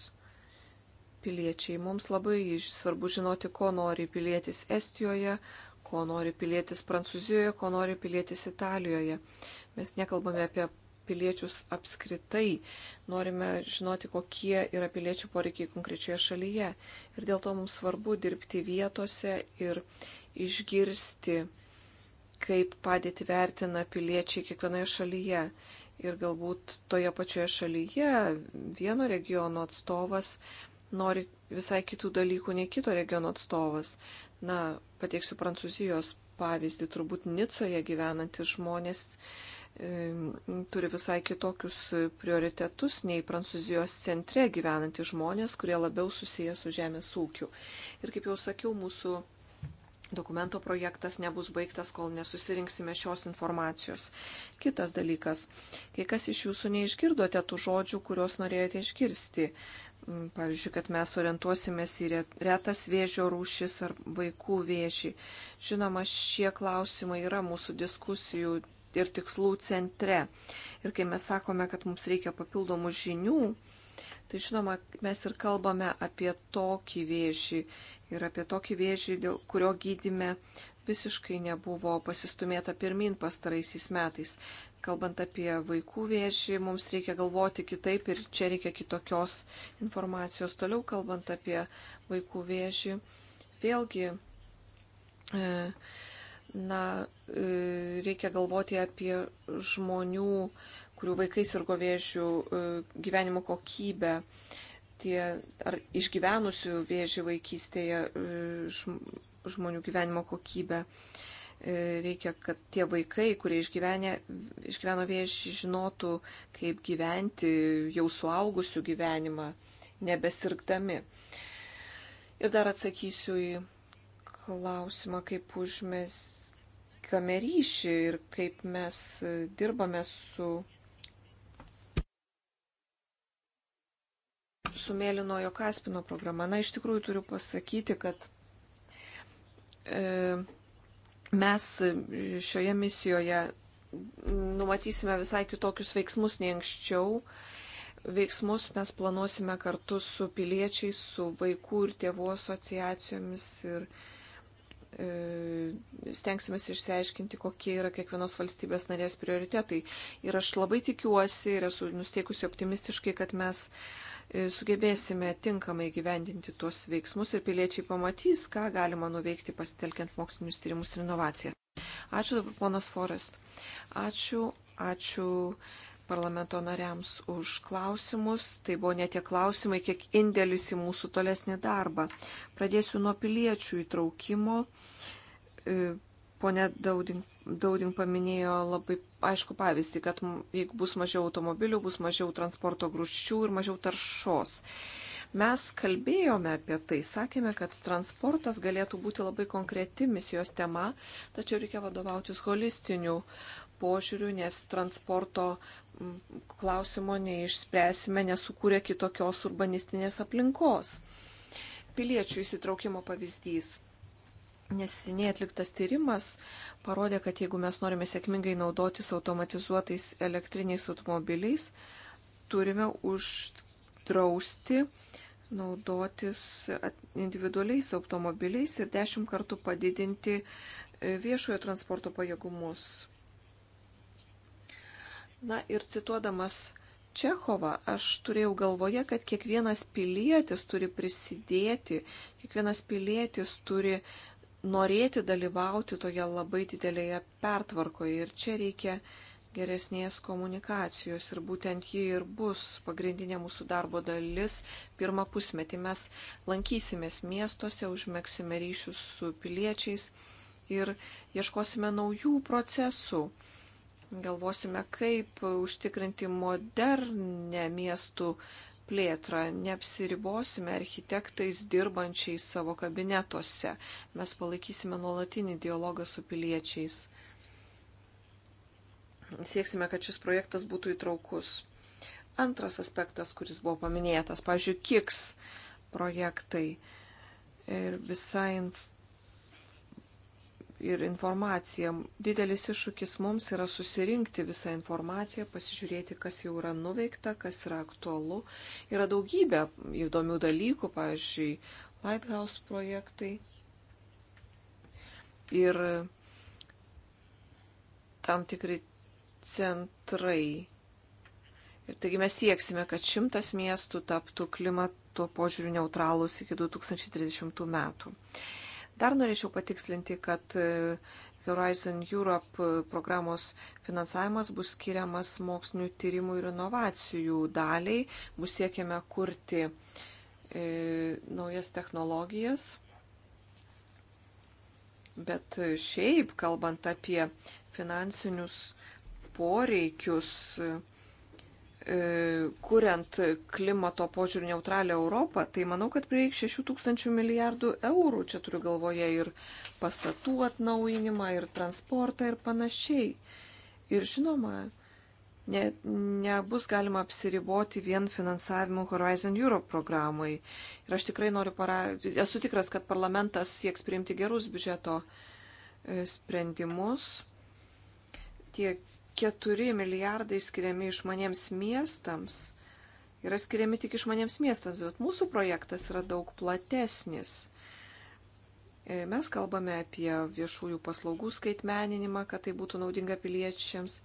S2: piliečiai. Mums labai svarbu žinoti, ko nori pilietis Estijoje, ko nori pilietis Prancūzijoje, ko nori pilietis Italijoje. Mes nekalbame apie piliečius apskritai. Norime žinoti, kokie yra piliečių poreikiai konkrečioje šalyje. Ir dėl to mums svarbu dirbti vietose ir išgirsti, kaip padėti vertina piliečiai kiekvienoje šalyje. Ir galbūt toje pačioje šalyje vieno regiono atstovas nori visai kitų dalykų nei kito regiono atstovas. Na, pateiksiu Prancūzijos pavyzdį, turbūt Nicoje gyvenantis žmonės turi visai kitokius prioritetus nei Prancūzijos centre gyvenantys žmonės, kurie labiau susiję su žemės ūkiu. Ir kaip jau sakiau, mūsų dokumento projektas nebus baigtas, kol nesusirinksime šios informacijos. Kitas dalykas, kai kas iš jūsų neišgirdote tų žodžių, kuriuos norėjote išgirsti. Mm, pavyzdžiui, kad mes orientuosimės į retas vėžio rūšis ar vaikų vėžį. Žinoma, šie klausimai yra mūsų diskusijų ir tikslų centre. Ir kai mes sakome, kad mums reikia papildomų žinių, tai žinoma, mes ir kalbame apie tokį vėžį ir apie tokį vėžį, dėl kurio gydime visiškai nebuvo pasistumėta pirmin pastaraisiais metais. Kalbant apie vaikų vėžį, mums reikia galvoti kitaip ir čia reikia kitokios informacijos. Toliau kalbant apie vaikų vėžį, vėlgi. E, na, e, reikia galvoti apie žmonių, kurių vaikai sirgo vėžių e, gyvenimo kokybę. Tie ar išgyvenusių vėžį vaikystėje e, žmonių gyvenimo kokybę. Reikia, kad tie vaikai, kurie išgyvenė, išgyveno vėžį, žinotų, kaip gyventi jau suaugusių gyvenimą, nebesirgdami. Ir dar atsakysiu į klausimą, kaip užmės palaikome ryšį ir kaip mes dirbame su, su Mėlynojo Kaspino programa. Na, iš tikrųjų turiu pasakyti, kad e, mes šioje misijoje numatysime visai kitokius veiksmus nei anksčiau. Veiksmus mes planuosime kartu su piliečiais, su vaikų ir tėvų asociacijomis ir e, E, stengsimės išsiaiškinti, kokie yra kiekvienos valstybės narės prioritetai. Ir aš labai tikiuosi ir esu nusteikusi optimistiškai, kad mes e, sugebėsime tinkamai gyvendinti tuos veiksmus ir piliečiai pamatys, ką galima nuveikti pasitelkiant mokslinius tyrimus ir inovacijas. Ačiū dabar, ponas Forest. Ačiū, ačiū parlamento nariams už klausimus. Tai buvo ne tie klausimai, kiek indėlis į mūsų tolesnį darbą. Pradėsiu nuo piliečių įtraukimo. E, Pone Dauding, Dauding paminėjo labai aišku pavyzdį, kad jeigu bus mažiau automobilių, bus mažiau transporto grūščių ir mažiau taršos. Mes kalbėjome apie tai, sakėme, kad transportas galėtų būti labai konkreti misijos tema, tačiau reikia vadovautis holistiniu požiūriu, nes transporto klausimo neišspręsime, nesukūrė kitokios urbanistinės aplinkos. Piliečių įsitraukimo pavyzdys. Nesiniai atliktas tyrimas parodė, kad jeigu mes norime sėkmingai naudotis automatizuotais elektriniais automobiliais, turime uždrausti naudotis individualiais automobiliais ir dešimt kartų padidinti viešojo transporto pajėgumus. Na ir cituodamas Čechovą, aš turėjau galvoje, kad kiekvienas pilietis turi prisidėti, kiekvienas pilietis turi norėti dalyvauti toje labai didelėje pertvarkoje ir čia reikia geresnės komunikacijos ir būtent ji ir bus pagrindinė mūsų darbo dalis. Pirmą pusmetį mes lankysimės miestuose, užmėgsime ryšius su piliečiais ir ieškosime naujų procesų galvosime, kaip užtikrinti modernę miestų plėtrą. Neapsiribosime architektais dirbančiais savo kabinetuose. Mes palaikysime nuolatinį dialogą su piliečiais. Sieksime, kad šis projektas būtų įtraukus. Antras aspektas, kuris buvo paminėtas, pavyzdžiui, KIKS projektai ir visa informacija ir informaciją. Didelis iššūkis mums yra susirinkti visą informaciją, pasižiūrėti, kas jau yra nuveikta, kas yra aktualu. Yra daugybė įdomių dalykų, pavyzdžiui, Lighthouse projektai. Ir tam tikri centrai. Ir taigi mes sieksime, kad šimtas miestų taptų klimato požiūrių neutralus iki 2030 metų. Dar norėčiau patikslinti, kad e, Horizon Europe e, programos finansavimas bus skiriamas mokslinių tyrimų ir inovacijų daliai. Bus siekiame kurti e, naujas technologijas. Bet e, šiaip, kalbant apie finansinius poreikius, e, E, kuriant klimato požiūrį neutralią Europą, tai manau, kad prireiks 6 tūkstančių milijardų eurų. Čia turiu galvoje ir pastatų atnaujinimą, ir transportą, ir panašiai. Ir žinoma, ne, nebus galima apsiriboti vien finansavimu Horizon Europe programai. Ir aš tikrai noriu, para... esu tikras, kad parlamentas sieks priimti gerus biudžeto e, sprendimus tiek 4 milijardai skiriami išmaniems miestams yra skiriami tik išmaniems miestams, bet mūsų projektas yra daug platesnis. E, mes kalbame apie viešųjų paslaugų skaitmeninimą, kad tai būtų naudinga piliečiams.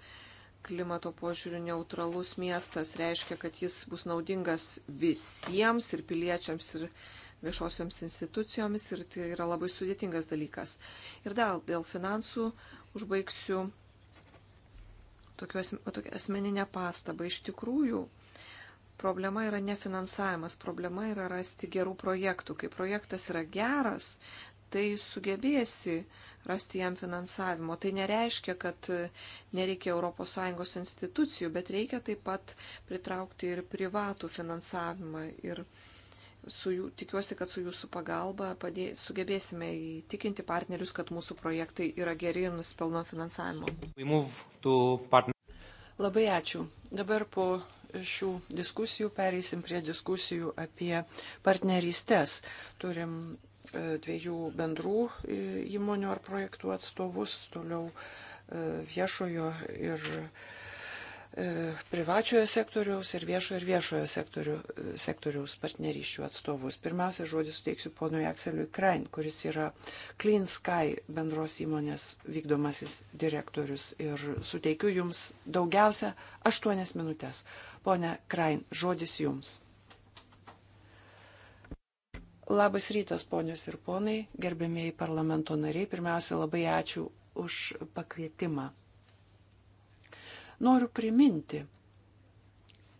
S2: Klimato požiūrių neutralus miestas reiškia, kad jis bus naudingas visiems ir piliečiams ir viešosioms institucijomis ir tai yra labai sudėtingas dalykas. Ir dar dėl finansų užbaigsiu tokiu asmeninę pastabą. Iš tikrųjų, problema yra ne finansavimas, problema yra rasti gerų projektų. Kai projektas yra geras, tai sugebėsi rasti jam finansavimo. Tai nereiškia, kad e, nereikia ES institucijų, bet reikia taip pat pritraukti ir privatų finansavimą. Ir su jų, tikiuosi, kad su jūsų pagalba padė, sugebėsime įtikinti partnerius, kad mūsų projektai yra geri ir nusipelno finansavimo. Labai ačiū. Dabar
S1: po šių diskusijų pereisim prie diskusijų apie partnerystės. Turim e, dviejų bendrų e, įmonių ar projektų atstovus, toliau e, viešojo ir E, privačiojo sektoriaus ir viešojo ir viešojo sektorių, e, sektoriaus partnerysčių atstovus. Pirmiausia, žodį suteiksiu ponui Akseliui Krain, kuris yra Clean Sky bendros įmonės vykdomasis direktorius ir suteikiu jums daugiausia aštuonias minutės. Pone Krain, žodis jums. Labas rytas, ponios ir ponai, gerbėmėjai parlamento nariai. Pirmiausia, labai ačiū už pakvietimą Noriu priminti,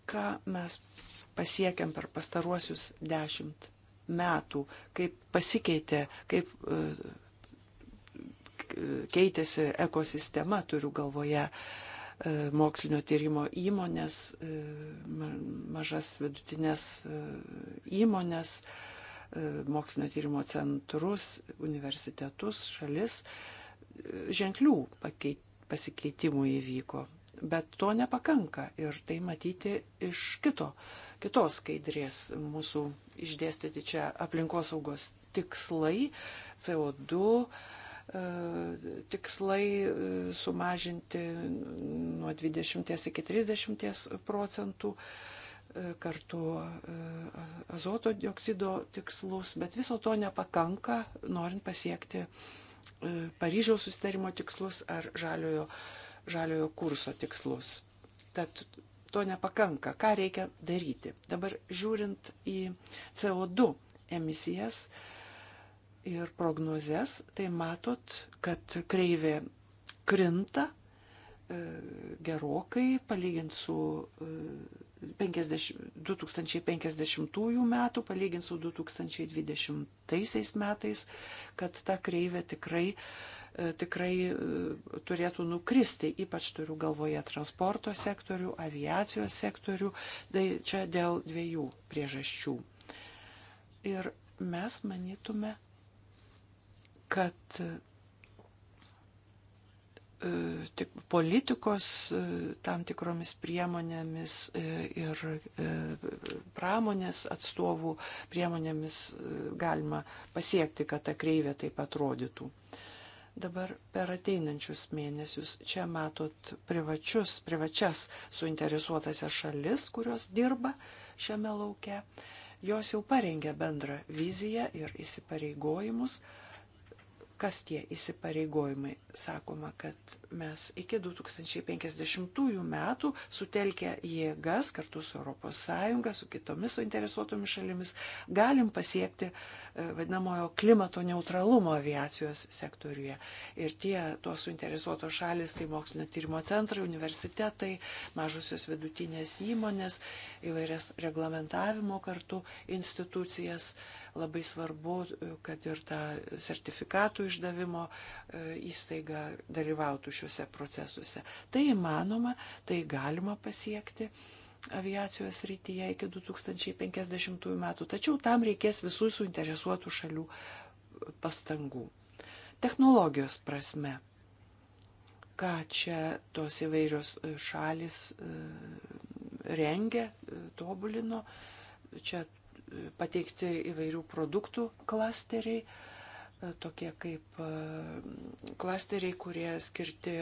S1: ką mes pasiekėm per pastaruosius dešimt metų, kaip pasikeitė, kaip e, keitėsi ekosistema, turiu galvoje e, mokslinio tyrimo įmonės, e, mažas vidutinės įmonės, mokslinio tyrimo centrus, universitetus, šalis. Ženklių pasikeitimų įvyko Bet to nepakanka ir tai matyti iš kito, kitos skaidrės mūsų išdėstyti čia aplinkosaugos tikslai, CO2 e, tikslai e, sumažinti nuo 20 iki 30 procentų e, kartu azoto dioksido tikslus, bet viso to nepakanka, norint pasiekti Paryžiaus susitarimo tikslus ar žaliojo žaliojo kurso tikslus. Tad to nepakanka. Ką reikia daryti? Dabar žiūrint į CO2 emisijas ir prognozes, tai matot, kad kreivė krinta e, gerokai palyginti su 50, e, 2050 metų, palyginti su 2020 metais, kad ta kreivė tikrai uh, E, tikrai e, turėtų nukristi, ypač turiu galvoje transporto sektorių, aviacijos sektorių, tai čia dėl dviejų priežasčių. Ir mes manytume, kad e, tik politikos tam tikromis priemonėmis ir pramonės atstovų priemonėmis galima pasiekti, kad ta kreivė taip atrodytų. Dabar per ateinančius mėnesius čia matot privačius, privačias suinteresuotasias šalis, kurios dirba šiame lauke. Jos jau parengė bendrą viziją ir įsipareigojimus Kas tie įsipareigojimai? Sakoma, kad mes iki 2050 metų sutelkę jėgas kartu su ES, su kitomis suinteresuotomis šalimis, galim pasiekti e, vadinamojo klimato neutralumo aviacijos sektoriuje. Ir tie tos suinteresuotos šalis, tai mokslinio tyrimo centrai, universitetai, mažusios vidutinės įmonės, įvairias reglamentavimo kartu institucijas labai svarbu, e, kad ir ta sertifikatų išdavimo e, įstaiga dalyvautų šiuose procesuose. Tai įmanoma, tai galima pasiekti aviacijos rytyje iki 2050 metų, tačiau tam reikės visų suinteresuotų šalių e, pastangų. Technologijos prasme, ką čia tos įvairios šalis rengia, tobulino, čia pateikti įvairių produktų klasteriai, e, tokie kaip e, klasteriai, kurie skirti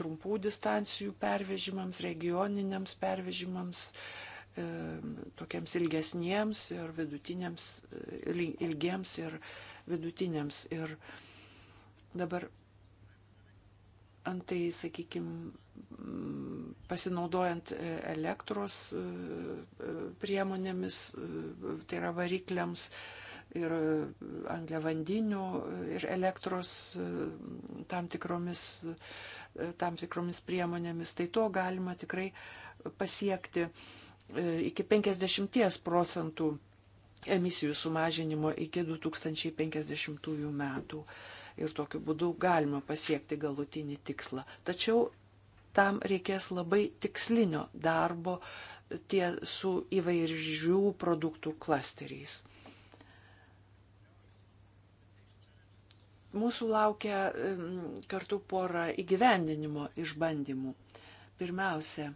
S1: trumpų distancijų pervežimams, regioniniams pervežimams, e, tokiems ilgesniems ir vidutiniams, ilgiems ir vidutiniams. Ir dabar antai, sakykime, pasinaudojant e, elektros e, e, priemonėmis, tai yra varikliams ir angliavandinių ir elektros tam tikromis, tam tikromis priemonėmis, tai to galima tikrai pasiekti iki 50 procentų emisijų sumažinimo iki 2050 metų. Ir tokiu būdu galima pasiekti galutinį tikslą. Tačiau tam reikės labai tikslinio darbo tie su įvairių produktų klasteriais. Mūsų laukia kartu pora įgyvendinimo išbandymų. Pirmiausia,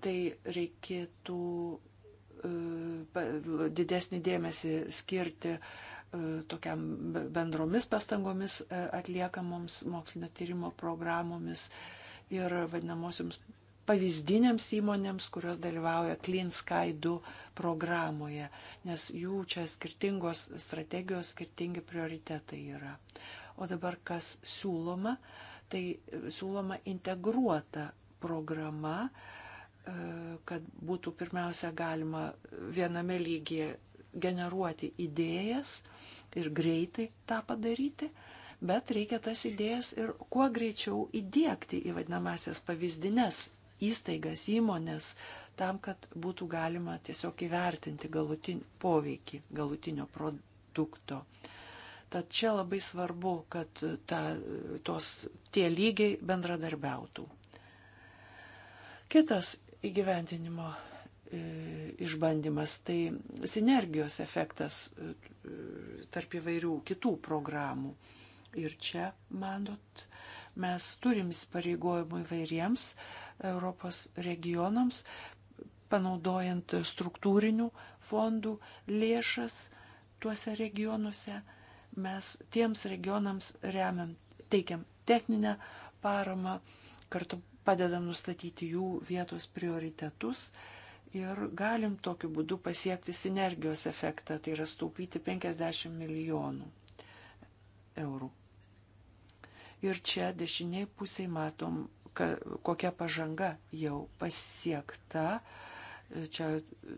S1: tai reikėtų e, didesnį dėmesį skirti uh, E, tokiam bendromis pastangomis e, atliekamoms mokslinio tyrimo programomis ir vadinamosioms pavyzdinėms įmonėms, kurios dalyvauja Clean Sky 2 programoje, nes jų čia skirtingos strategijos, skirtingi prioritetai yra. O dabar kas siūloma, tai siūloma integruota programa, e, kad būtų pirmiausia galima viename lygyje generuoti idėjas ir greitai tą padaryti, bet reikia tas idėjas ir kuo greičiau įdėkti į vadinamasias pavyzdinės įstaigas, įmonės, tam, kad būtų galima tiesiog įvertinti galutinį poveikį galutinio produkto. Tad čia labai svarbu, kad ta, tos, tie lygiai bendradarbiautų. Kitas įgyventinimo išbandymas, tai sinergijos efektas e, tarp įvairių kitų programų. Ir čia, manot, mes turim įsipareigojimų įvairiems Europos regionams, panaudojant struktūrinių fondų lėšas tuose regionuose. Mes tiems regionams remiam, teikiam techninę paramą, kartu padedam nustatyti jų vietos prioritetus ir galim tokiu būdu pasiekti sinergijos efektą, tai yra staupyti 50 milijonų eurų. Ir čia dešiniai pusiai matom, ka, kokia pažanga jau pasiekta, uh, Čia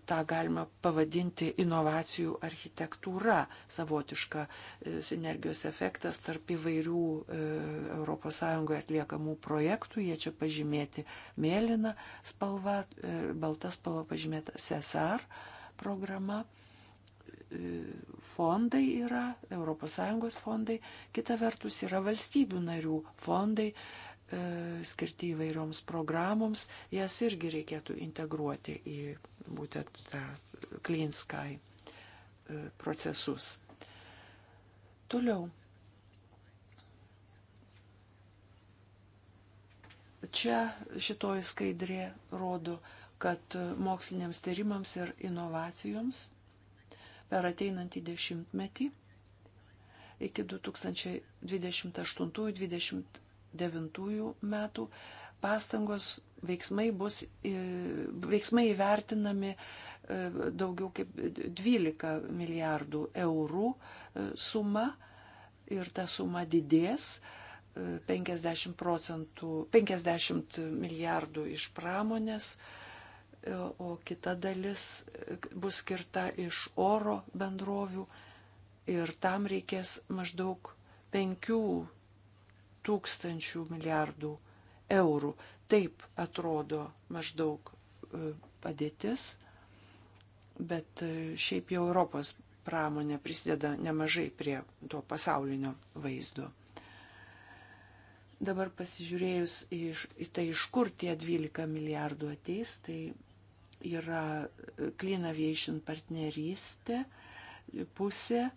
S1: tą galima pavadinti inovacijų architektūra, savotiška e, sinergijos efektas tarp įvairių ES atliekamų projektų. Jie čia pažymėti mėlyna spalva, e, balta spalva pažymėta SESAR programa e, fondai yra, ES fondai, kita vertus yra valstybių narių fondai, E, skirti įvairioms programoms, jas irgi reikėtų integruoti į būtent tą Clean Sky e, procesus. Toliau. Čia šitoji skaidrė rodo, kad moksliniams tyrimams ir inovacijoms per ateinantį dešimtmetį iki 2028-2020 2009 metų pastangos veiksmai bus, veiksmai įvertinami e, daugiau kaip 12 milijardų eurų e, suma ir ta suma didės 50 e, procentų, 50 milijardų iš pramonės, o kita dalis bus skirta iš oro bendrovių ir tam reikės maždaug 5 tūkstančių milijardų eurų. Taip atrodo maždaug e, padėtis, bet e, šiaip jau Europos pramonė prisideda nemažai prie to pasaulinio vaizdo. Dabar pasižiūrėjus į, į tai, iš kur tie 12 milijardų ateis, tai yra e, Clean Aviation partnerystė, pusė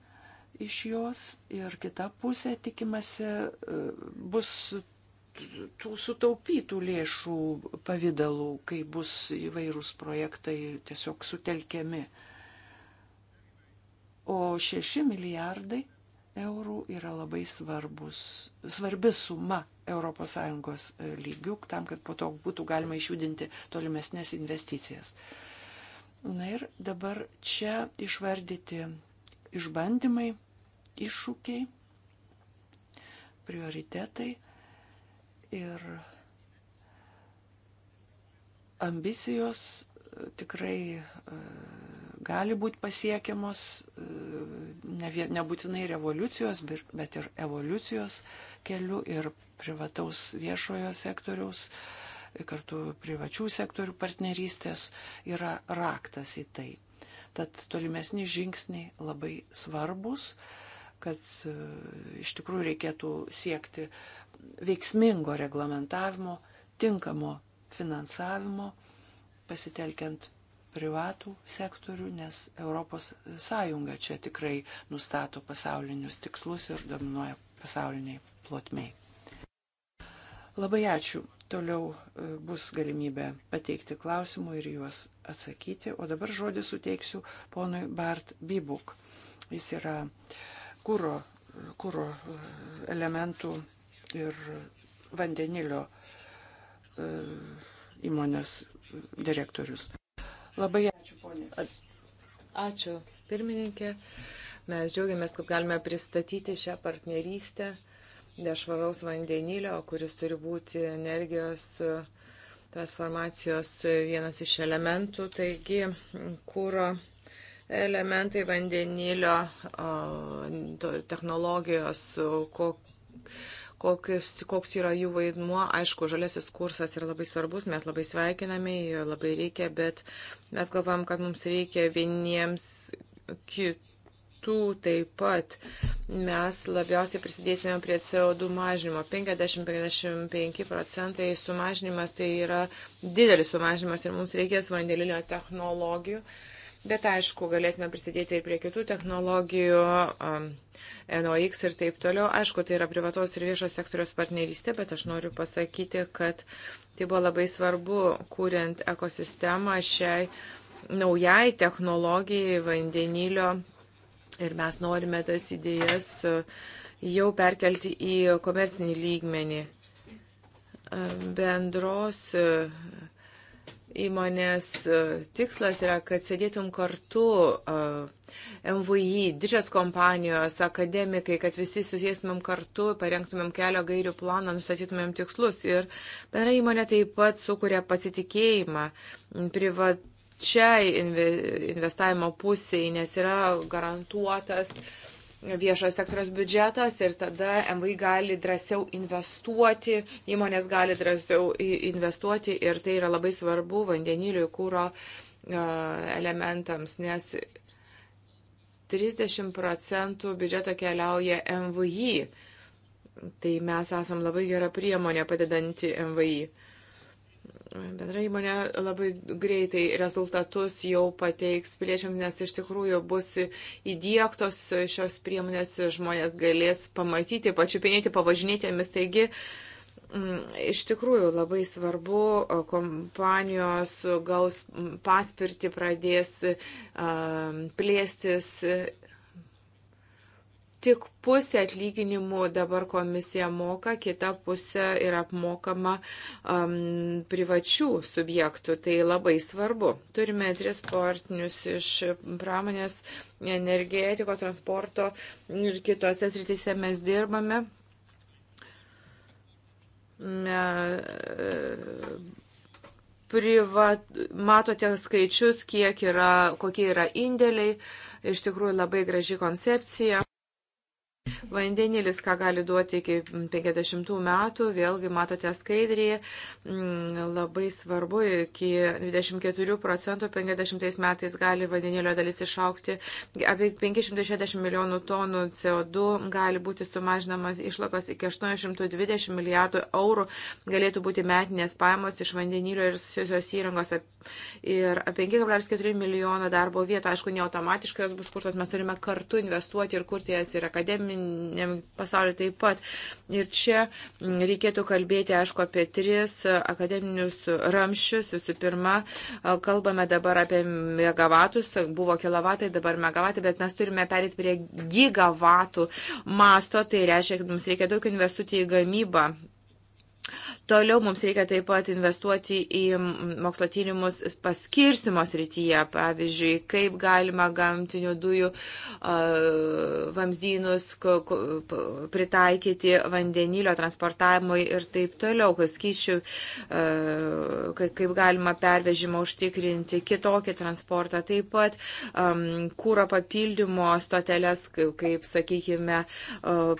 S1: iš jos ir kita pusė tikimasi e, bus tų sutaupytų lėšų pavydalų, kai bus įvairūs projektai tiesiog sutelkiami. O 6 milijardai eurų yra labai svarbus, svarbi suma ES e, lygių, tam, kad po to būtų galima išjudinti tolimesnės investicijas. Na ir dabar čia išvardyti išbandymai iššūkiai, prioritetai ir ambicijos tikrai e, gali būti pasiekiamos, e, ne, nebūtinai revoliucijos, bet ir evoliucijos keliu ir privataus viešojo sektoriaus, e, kartu privačių sektorių partnerystės yra raktas į tai. Tad tolimesni žingsniai labai svarbus kad e, iš tikrųjų reikėtų siekti veiksmingo reglamentavimo, tinkamo finansavimo, pasitelkiant privatų sektorių, nes ES čia tikrai nustato pasaulinius tikslus ir dominuoja pasauliniai plotmiai. Labai ačiū. Toliau e, bus galimybė pateikti klausimų ir juos atsakyti. O dabar žodį suteiksiu ponui Bart Bibuk. Jis yra uh, kūro, kūro e, elementų ir vandenilio e, įmonės direktorius. Labai ačiū, ponė.
S4: Ačiū, pirmininkė. Mes džiaugiamės, kad galime pristatyti šią partnerystę nešvaraus vandenilio, kuris turi būti energijos e, transformacijos vienas iš elementų. Taigi, kūro elementai vandenilio technologijos, kokius, koks yra jų vaidmuo. Aišku, žalėsis kursas yra labai svarbus, mes labai sveikiname, jo labai reikia, bet mes galvojam, kad mums reikia vieniems kitų kitų taip pat mes labiausiai prisidėsime prie CO2 mažinimo. 50-55 procentai sumažinimas tai yra didelis sumažinimas ir mums reikės vandenilio technologijų. Uh, Bet aišku, galėsime prisidėti ir prie kitų technologijų, NOX ir taip toliau. Aišku, tai yra privatos ir viešos sektorios partnerystė, bet aš noriu pasakyti, kad tai buvo labai svarbu, kuriant ekosistemą šiai naujai technologijai vandenilio. Ir mes norime tas idėjas e, jau perkelti į komercinį lygmenį bendros e, Įmonės e, tikslas yra, kad sėdėtum kartu e, MVI, didžios kompanijos, akademikai, kad visi susėsimėm kartu, parengtumėm kelio gairių planą, nustatytumėm tikslus. Ir bendra įmonė taip pat sukuria pasitikėjimą privačiai investavimo pusiai, nes yra garantuotas uh, viešojo sektoriaus biudžetas ir tada MVI gali drąsiau investuoti, įmonės gali drąsiau investuoti ir tai yra labai svarbu vandeniliui kūro elementams, nes 30 procentų biudžeto keliauja MVI. Tai mes esam labai gera priemonė padedanti MVI bendra įmonė labai greitai rezultatus jau pateiks piliečiam, nes iš tikrųjų bus įdėktos šios priemonės, žmonės galės pamatyti, pačiupinėti pavažinėtėmis. Taigi, mm, iš tikrųjų labai svarbu, kompanijos gaus paspirti, pradės plėstis Tik pusė atlyginimų dabar komisija moka, kita pusė yra apmokama um, privačių subjektų. Tai labai svarbu. Turime tris partinius iš pramonės, energetikos, transporto ir kitose srityse mes dirbame. Me, privat, matote skaičius, kiek yra, kokie yra indėliai. Iš tikrųjų labai graži koncepcija. Vandenilis, ką gali duoti iki 50 metų, vėlgi matote skaidrėje, mm, labai svarbu, iki 24 procentų 50 metais gali vandenilio dalis išaukti, apie 560 milijonų tonų CO2 gali būti sumažinamas išlakos iki 820 milijardų eurų, galėtų būti metinės pajamos iš vandenilio ir susijusios įrangos ir 5,4 milijono darbo vietų, aišku, ne automatiškai jos bus kurtos, mes turime kartu investuoti ir kurti jas ir akademinį akademiniam pasauliu taip pat. Ir čia reikėtų kalbėti, aišku, apie tris akademinius ramščius. Visų pirma, kalbame dabar apie megavatus, buvo kilovatai, dabar megavatai, bet mes turime perėti prie gigavatų masto, tai reiškia, kad mums reikia daug investuoti į gamybą. Toliau mums reikia taip pat investuoti į mokslo tyrimus paskirstimo srityje, pavyzdžiui, kaip galima gamtinių dujų vamzdynus pritaikyti vandenilio transportavimui ir taip toliau, kas skyšių, kaip galima pervežimą užtikrinti, kitokį transportą, taip pat kūro papildymo stoteles, kaip, sakykime,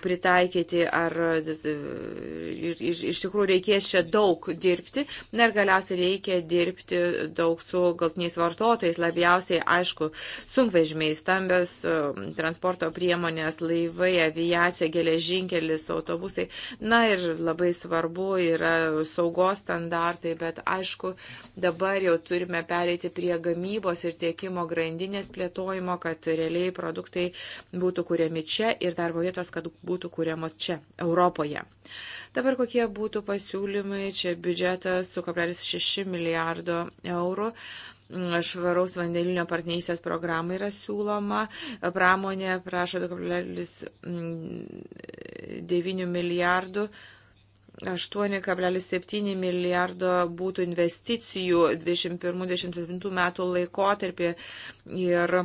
S4: pritaikyti ar iš, iš, iš tikrųjų reikėtų reikės čia daug dirbti. Na ir galiausiai reikia dirbti daug su galtiniais vartotojais, labiausiai, aišku, sunkvežimiai, stambės e, transporto priemonės, laivai, aviacija, geležinkelis, autobusai. Na ir labai svarbu yra saugos standartai, bet aišku, dabar jau turime pereiti prie gamybos ir tiekimo grandinės plėtojimo, kad realiai produktai būtų kuriami čia ir darbo vietos, kad būtų kuriamos čia, Europoje. Dabar kokie būtų pasiūlymai, čia biudžetas su 0,6 milijardo eurų švaraus vandeninio partnerystės programa yra siūloma. Pramonė prašo 2,9 mm, milijardų. 8,7 milijardo būtų investicijų 21-27 metų laikotarpį ir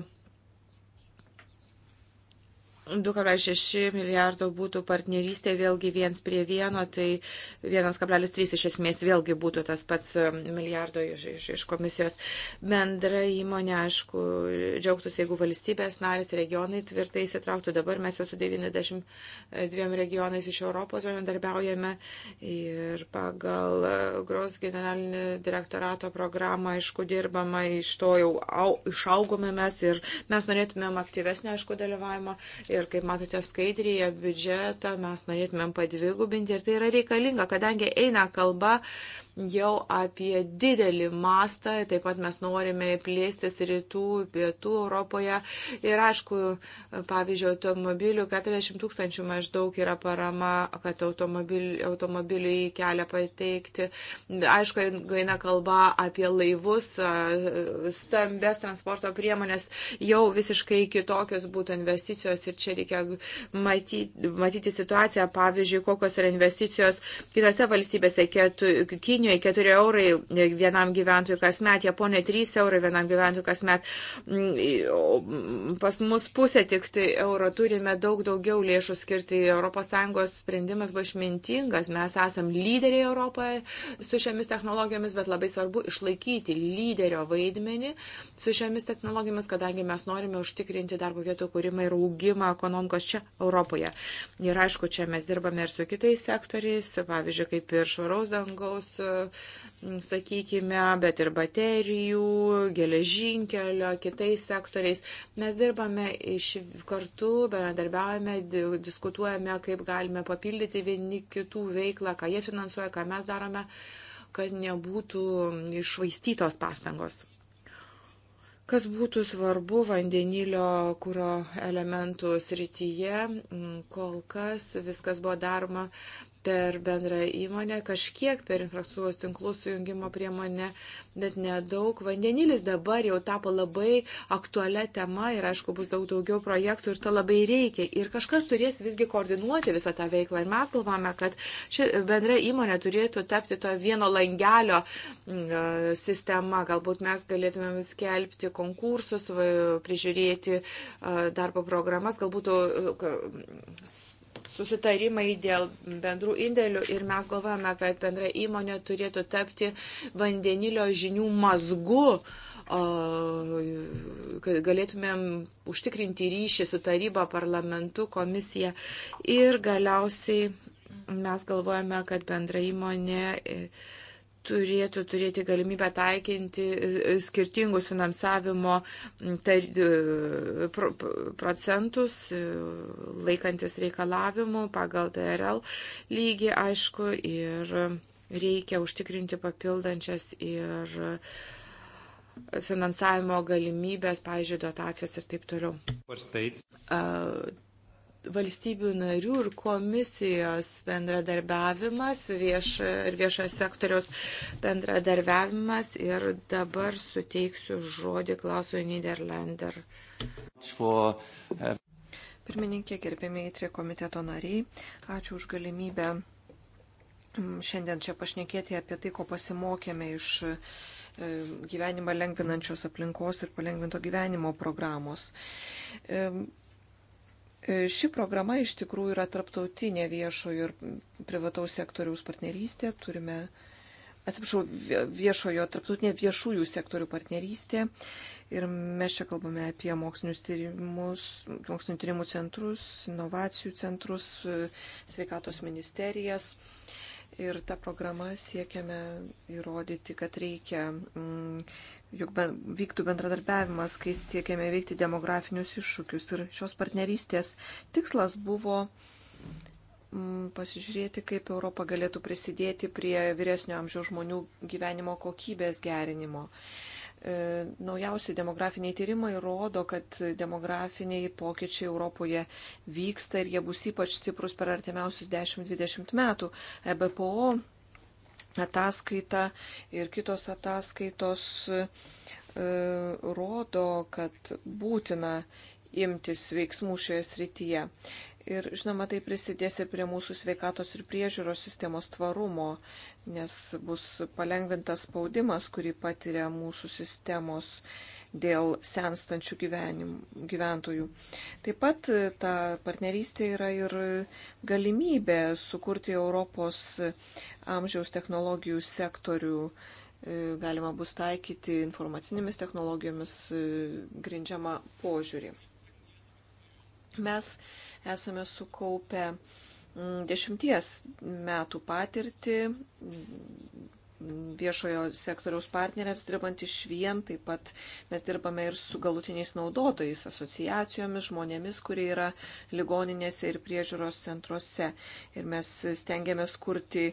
S4: 2,6 milijardo būtų partnerystė, vėlgi viens prie vieno, tai 1,3 iš esmės vėlgi būtų tas pats um, milijardo iš, iš, iš komisijos. Bendra įmonė, aišku, džiaugtųsi, jeigu valstybės narės regionai tvirtai įsitrauktų. Dabar mes jau su 92 regionais iš Europos bendarbiaujame ir pagal uh, Gros generalinio direktorato programą, aišku, dirbama, iš to jau au, išaugome mes ir mes norėtumėm aktyvesnio, aišku, dalyvavimo Ir kaip matote skaidrėje, biudžetą mes norėtumėm padvigubinti ir tai yra reikalinga, kadangi eina kalba jau apie didelį mastą, taip pat mes norime plėstis rytų, pietų Europoje. Ir aišku, pavyzdžiui, automobilių 40 tūkstančių maždaug yra parama, kad automobiliui, automobiliui kelią pateikti. Aišku, gaina kalba apie laivus, stambės transporto priemonės, jau visiškai kitokios būtų investicijos ir čia reikia matyti, matyti situaciją, pavyzdžiui, kokios yra investicijos kitose valstybėse, Kinijoje Ispanijoje 4 eurai vienam gyventojui kasmet, Japonijoje 3 eurai vienam gyventojui kasmet. Mm, mm, pas mus pusė tik tai euro turime daug daugiau lėšų skirti. ES sprendimas buvo išmintingas. Mes esam lyderiai Europoje su šiomis technologijomis, bet labai svarbu išlaikyti lyderio vaidmenį su šiomis technologijomis, kadangi mes norime užtikrinti darbo vietų kūrimą ir augimą ekonomikos čia Europoje. Ir aišku, čia mes dirbame ir su kitais sektoriais, pavyzdžiui, kaip ir švaraus dangaus sakykime, bet ir baterijų, geležinkelio, kitais sektoriais. Mes dirbame iš kartu, bendradarbiavame, diskutuojame, kaip galime papildyti vieni kitų veiklą, ką jie finansuoja, ką mes darome, kad nebūtų išvaistytos pastangos kas būtų svarbu vandenilio kūro elementų srityje. Kol kas viskas buvo daroma per bendrą įmonę, kažkiek per infrastruktūros tinklų sujungimo priemonę, bet nedaug. Vandenilis dabar jau tapo labai aktualia tema ir, aišku, bus daug daugiau projektų ir to labai reikia. Ir kažkas turės visgi koordinuoti visą tą veiklą. Ir mes galvame, kad ši bendra įmonė turėtų tapti to vieno langelio mm, e, sistema. Galbūt mes galėtumėm skelbti konkursus, prižiūrėti e, darbo programas, galbūt e, susitarimai dėl bendrų indėlių ir mes galvojame, kad bendra įmonė turėtų tapti vandenilio žinių mazgu, kad galėtumėm užtikrinti ryšį su taryba, parlamentu, komisija ir galiausiai mes galvojame, kad bendra įmonė turėtų turėti galimybę taikinti e, e, skirtingus finansavimo tar, e, pro, procentus, laikantis reikalavimų pagal DRL lygį, aišku, ir reikia užtikrinti papildančias ir finansavimo galimybės, pavyzdžiui, dotacijas ir taip toliau.
S3: Uh,
S4: valstybių narių ir komisijos bendradarbiavimas vieš, ir viešojo sektoriaus bendradarbiavimas. Ir dabar suteiksiu žodį Klausui Niderlander.
S6: Uh,
S2: Pirmininkė, gerbėmiai trie komiteto nariai, ačiū už galimybę mm, šiandien čia pašnekėti apie tai, ko pasimokėme iš e, gyvenimą lengvinančios aplinkos ir palengvinto gyvenimo programos. E, E, ši programa iš tikrųjų yra tarptautinė viešojo ir privataus sektoriaus partnerystė. Turime, atsiprašau, viešojo, tarptautinė viešųjų sektorių partnerystė. Ir mes čia kalbame apie mokslinius tyrimus, mokslinių tyrimų centrus, inovacijų centrus, e, sveikatos ministerijas. Ir tą programą siekiame įrodyti, kad reikia mm, juk vyktų bendradarbiavimas, kai siekėme veikti demografinius iššūkius. Ir šios partnerystės tikslas buvo mm, pasižiūrėti, kaip Europa galėtų prisidėti prie vyresnio amžiaus žmonių gyvenimo kokybės gerinimo. E, naujausi demografiniai tyrimai rodo, kad demografiniai pokyčiai Europoje vyksta ir jie bus ypač stiprus per artimiausius 10-20 metų. EBPO ataskaita ir kitos ataskaitos e, rodo, kad būtina imtis veiksmų šioje srityje. Ir žinoma, tai prisidės ir prie mūsų sveikatos ir priežiūros sistemos tvarumo, nes bus palengvintas spaudimas, kurį patiria mūsų sistemos dėl senstančių gyvenim, gyventojų. Taip pat e, ta partnerystė yra ir galimybė sukurti Europos amžiaus technologijų sektorių. E, galima bus taikyti informacinėmis technologijomis e, grindžiamą požiūrį. Mes esame sukaupę mm, dešimties metų patirtį viešojo sektoriaus partneriams dirbant iš vien, taip pat mes dirbame ir su galutiniais naudotojais, asociacijomis, žmonėmis, kurie yra ligoninėse ir priežiūros centruose. Ir mes stengiamės kurti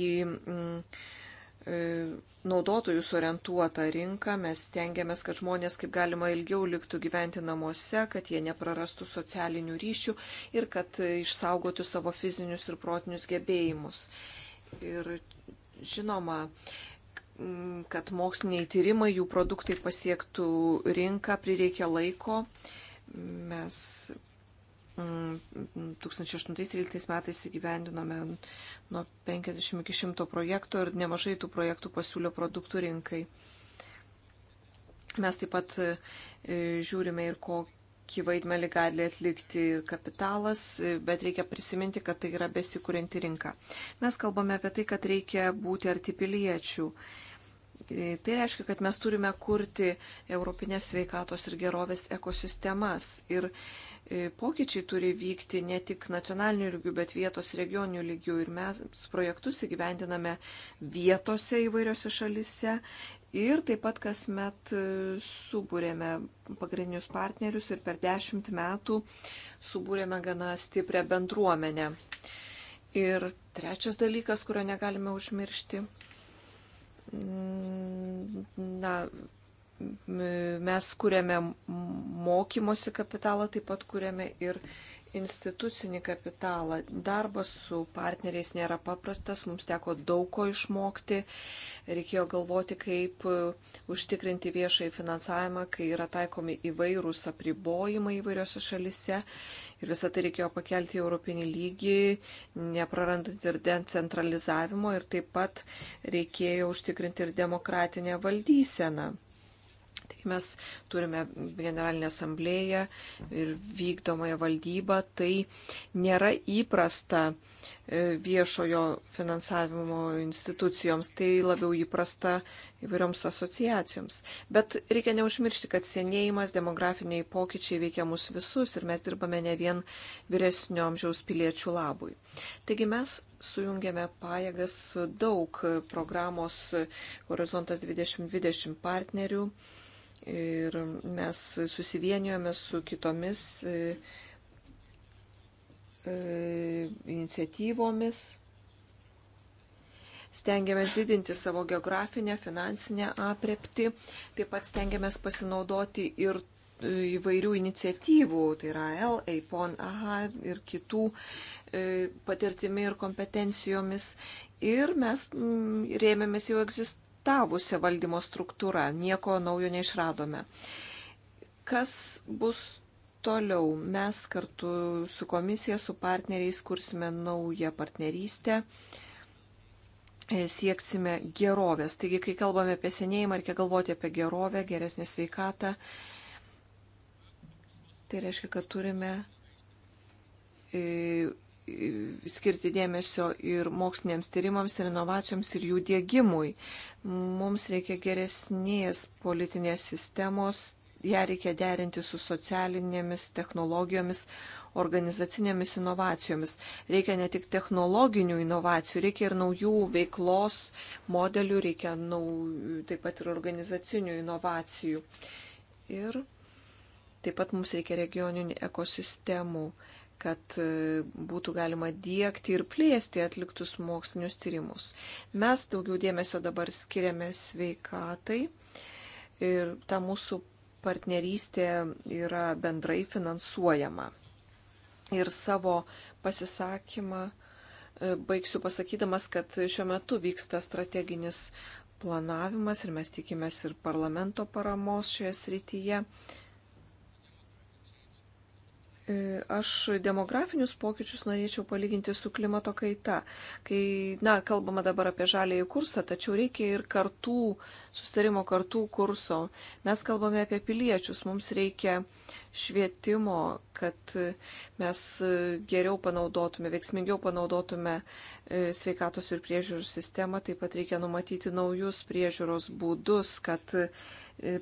S2: į mm, e, naudotojus orientuotą rinką, mes stengiamės, kad žmonės kaip galima ilgiau liktų gyventi namuose, kad jie neprarastų socialinių ryšių ir kad išsaugotų savo fizinius ir protinius gebėjimus. Ir žinoma, kad moksliniai tyrimai, jų produktai pasiektų rinką, prireikia laiko. Mes 2008-2013 mm, metais įgyvendinome nuo 50 iki 100 projektų ir nemažai tų projektų pasiūlė produktų rinkai. Mes taip pat e, žiūrime ir kokį kokį vaidmenį gali atlikti ir kapitalas, bet reikia prisiminti, kad tai yra besikūrinti rinka. Mes kalbame apie tai, kad reikia būti arti piliečių. E, tai reiškia, kad mes turime kurti Europinės sveikatos ir gerovės ekosistemas. Ir e, pokyčiai turi vykti ne tik nacionaliniu lygiu, bet vietos regioniniu lygiu. Ir mes projektus įgyvendiname vietose įvairiose šalise Ir taip pat kasmet e, subūrėme pagrindinius partnerius ir per dešimt metų subūrėme gana stiprią bendruomenę. Ir trečias dalykas, kurio negalime užmiršti, mm, na, mes kuriame mokymosi kapitalą, taip pat kuriame ir institucinį kapitalą. Darbas su partneriais nėra paprastas, mums teko daug ko išmokti, reikėjo galvoti, kaip užtikrinti viešai finansavimą, kai yra taikomi įvairūs apribojimai įvairiose šalise ir visą tai reikėjo pakelti į europinį lygį, neprarandant ir decentralizavimo ir taip pat reikėjo užtikrinti ir demokratinę valdyseną. Taigi mes turime generalinę asamblėją ir vykdomąją valdybą. Tai nėra įprasta e, viešojo finansavimo institucijoms, tai labiau įprasta įvairioms asociacijoms. Bet reikia neužmiršti, kad senėjimas, demografiniai pokyčiai veikia mus visus ir mes dirbame ne vien vyresnio amžiaus piliečių labui. Taigi mes sujungėme pajėgas daug programos Horizontas 2020 partnerių ir mes susivienijome su kitomis e, e, iniciatyvomis. Stengiamės didinti savo geografinę, finansinę aprepti, taip pat stengiamės pasinaudoti ir e, įvairių iniciatyvų, tai yra L, APON, AHA ir kitų patirtimi ir kompetencijomis. Ir mes rėmėmės jau egzist, egzistavusią valdymo struktūrą, nieko naujo neišradome. Kas bus toliau? Mes kartu su komisija, su partneriais kursime naują partnerystę, e, sieksime gerovės. Taigi, kai kalbame apie senėjimą, reikia galvoti apie gerovę, geresnę sveikatą. Tai reiškia, kad turime e, skirti dėmesio ir moksliniams tyrimams, ir inovacijoms, ir jų dėgymui. Mums reikia geresnės politinės sistemos, ją reikia derinti su socialinėmis technologijomis, organizacinėmis inovacijomis. Reikia ne tik technologinių inovacijų, reikia ir naujų veiklos modelių, reikia nau, taip pat ir organizacinių inovacijų. Ir taip pat mums reikia regioninių ekosistemų kad e, būtų galima dėkti ir plėsti atliktus mokslinius tyrimus. Mes daugiau dėmesio dabar skiriame sveikatai ir ta mūsų partnerystė yra bendrai finansuojama. Ir savo pasisakymą e, baigsiu pasakydamas, kad šiuo metu vyksta strateginis planavimas ir mes tikimės ir parlamento paramos šioje srityje. E, aš demografinius pokyčius norėčiau palyginti su klimato kaita. Kai, na, kalbama dabar apie žalėjį kursą, tačiau reikia ir kartų, sustarimo kartų kurso. Mes kalbame apie piliečius, mums reikia švietimo, kad mes geriau panaudotume, veiksmingiau panaudotume e, sveikatos ir priežiūros sistemą. Taip pat reikia numatyti naujus priežiūros būdus, kad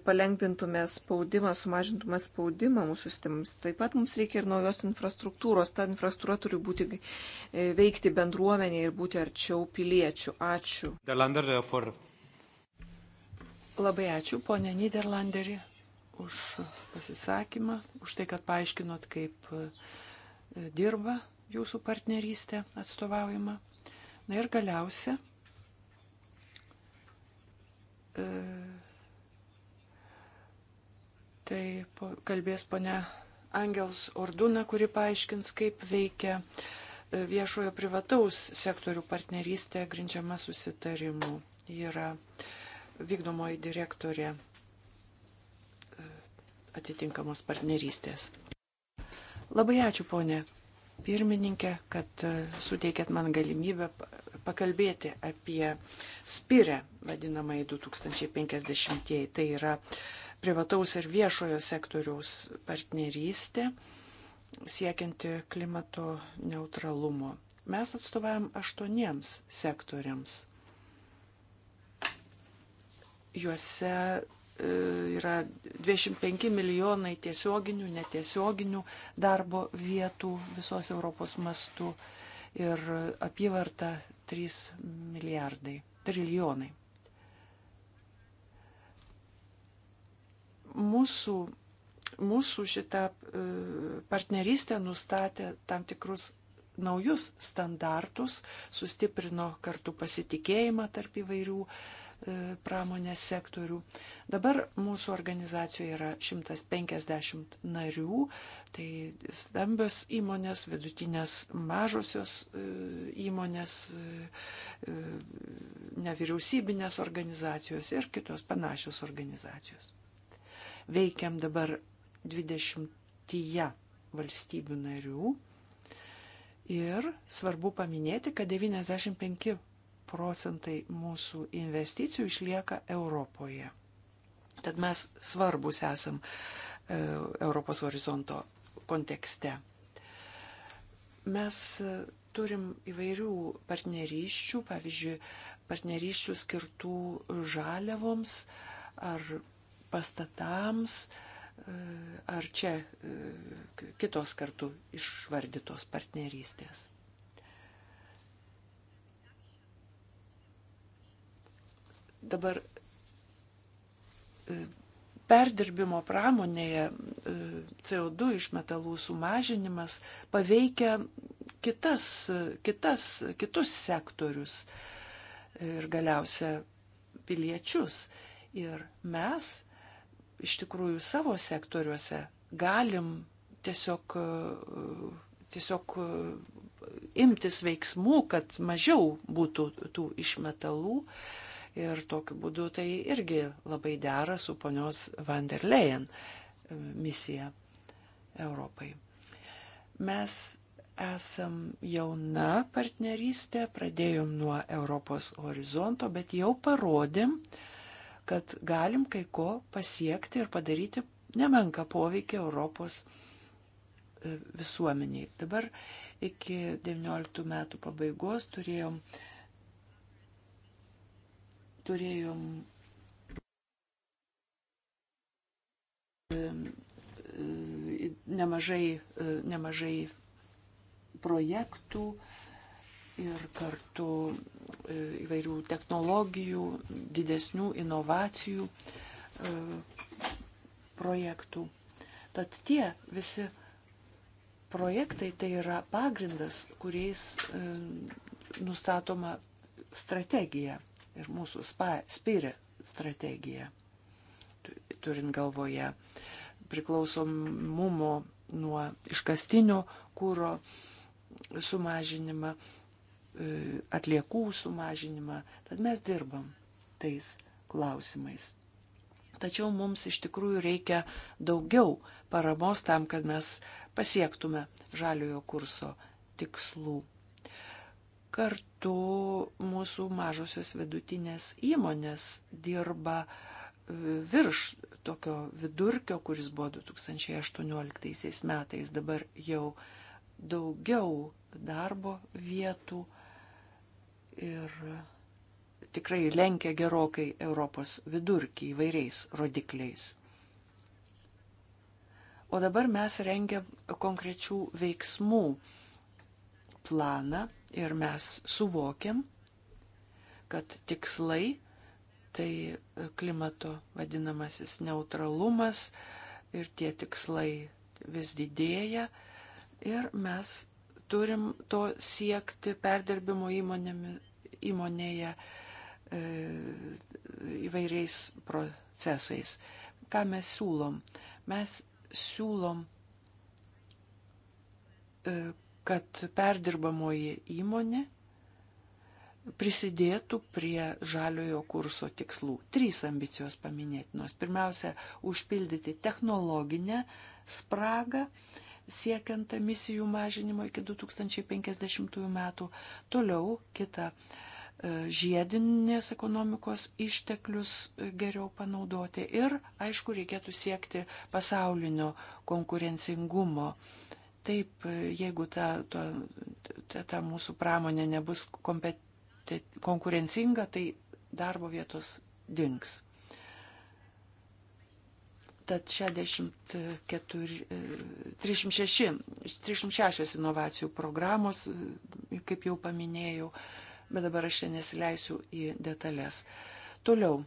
S2: palengvintume spaudimą, sumažintume spaudimą mūsų sistemams. Taip pat mums reikia ir naujos infrastruktūros. Ta infrastruktūra turi būti e, veikti bendruomenė ir būti arčiau piliečių. Ačiū. Labai ačiū, ponė Niderlanderį, už pasisakymą,
S1: už tai, kad paaiškinot, kaip e, dirba jūsų partnerystė atstovaujama. Na ir galiausia. E, Tai kalbės ponia Angels Orduna, kuri paaiškins, kaip veikia e, viešojo privataus sektorių partnerystė grindžiama susitarimu. Ji yra vykdomoji direktorė e, atitinkamos partnerystės. Labai ačiū, ponė pirmininkė, kad e, suteikėt man galimybę pakalbėti apie spirę, vadinamąjį 2050. -tieji. Tai yra uh, privataus ir viešojo sektoriaus partnerystė siekianti klimato neutralumo. Mes atstovavom aštuoniems sektoriams. Juose e, yra 25 milijonai tiesioginių, netiesioginių darbo vietų visos Europos mastu ir apyvarta 3 milijardai, trilijonai mūsų, mūsų šitą e, partnerystę nustatė tam tikrus naujus standartus, sustiprino kartu pasitikėjimą tarp įvairių e, pramonės sektorių. Dabar mūsų organizacijoje yra 150 narių, tai stambios įmonės, vidutinės mažosios e, įmonės, nevyriausybinės organizacijos ir kitos panašios organizacijos. Veikiam dabar 20 valstybių narių. Ir svarbu paminėti, kad 95 procentai mūsų investicijų išlieka Europoje. Tad mes svarbus esam e, Europos horizonto kontekste. Mes e, turim įvairių partnerysčių, pavyzdžiui, partnerysčių skirtų žaliavoms ar pastatams, e, ar čia e, kitos kartu išvardytos partnerystės. Dabar e, perdirbimo pramonėje CO2 išmetalų sumažinimas paveikia kitas, kitas, kitus sektorius ir galiausia piliečius. Ir mes iš tikrųjų savo sektoriuose galim tiesiog, e, tiesiog e, imtis veiksmų, kad mažiau būtų tų išmetalų. Ir tokiu būdu tai irgi labai dera su ponios van der Leyen e, misija Europai. Mes esam jauna partnerystė, pradėjom nuo Europos horizonto, bet jau parodėm, uh, kad galim kai ko pasiekti ir padaryti nemenka poveikį Europos e, visuomeniai. Dabar iki 19 metų pabaigos turėjom, turėjom e, nemažai, e, nemažai projektų ir kartu E, įvairių technologijų, didesnių inovacijų e, projektų. Tad tie visi projektai tai yra pagrindas, kuriais e, nustatoma strategija ir mūsų spyrė strategija, turint galvoje priklausomumo nuo iškastinio kūro sumažinimą, E, atliekų sumažinimą, tad mes dirbam tais klausimais. Tačiau mums iš tikrųjų reikia daugiau paramos tam, kad mes pasiektume žaliojo kurso tikslų. Kartu mūsų mažosios vidutinės įmonės dirba e, virš tokio vidurkio, kuris buvo 2018 metais, dabar jau daugiau darbo vietų ir tikrai lenkia gerokai Europos vidurkį įvairiais rodikliais. O dabar mes rengiam konkrečių veiksmų planą ir mes suvokiam, kad tikslai tai klimato vadinamasis neutralumas ir tie tikslai vis didėja ir mes turim to siekti perdirbimo įmonėmis įmonėje e, įvairiais procesais. Ką mes siūlom? Mes siūlom, e, kad perdirbamoji įmonė prisidėtų prie žaliojo kurso tikslų. Trys ambicijos paminėtinos. Pirmiausia, užpildyti technologinę spragą siekiant emisijų mažinimo iki 2050 metų. Toliau kita E, žiedinės ekonomikos išteklius e, geriau panaudoti ir, aišku, reikėtų siekti pasaulinio konkurencingumo. Taip, e, jeigu ta, ta, ta, ta mūsų pramonė nebus kompeti, konkurencinga, tai darbo vietos dinks. Tad 64, 306, 306 inovacijų programos, kaip jau paminėjau, bet dabar aš čia nesileisiu į detalės. Toliau,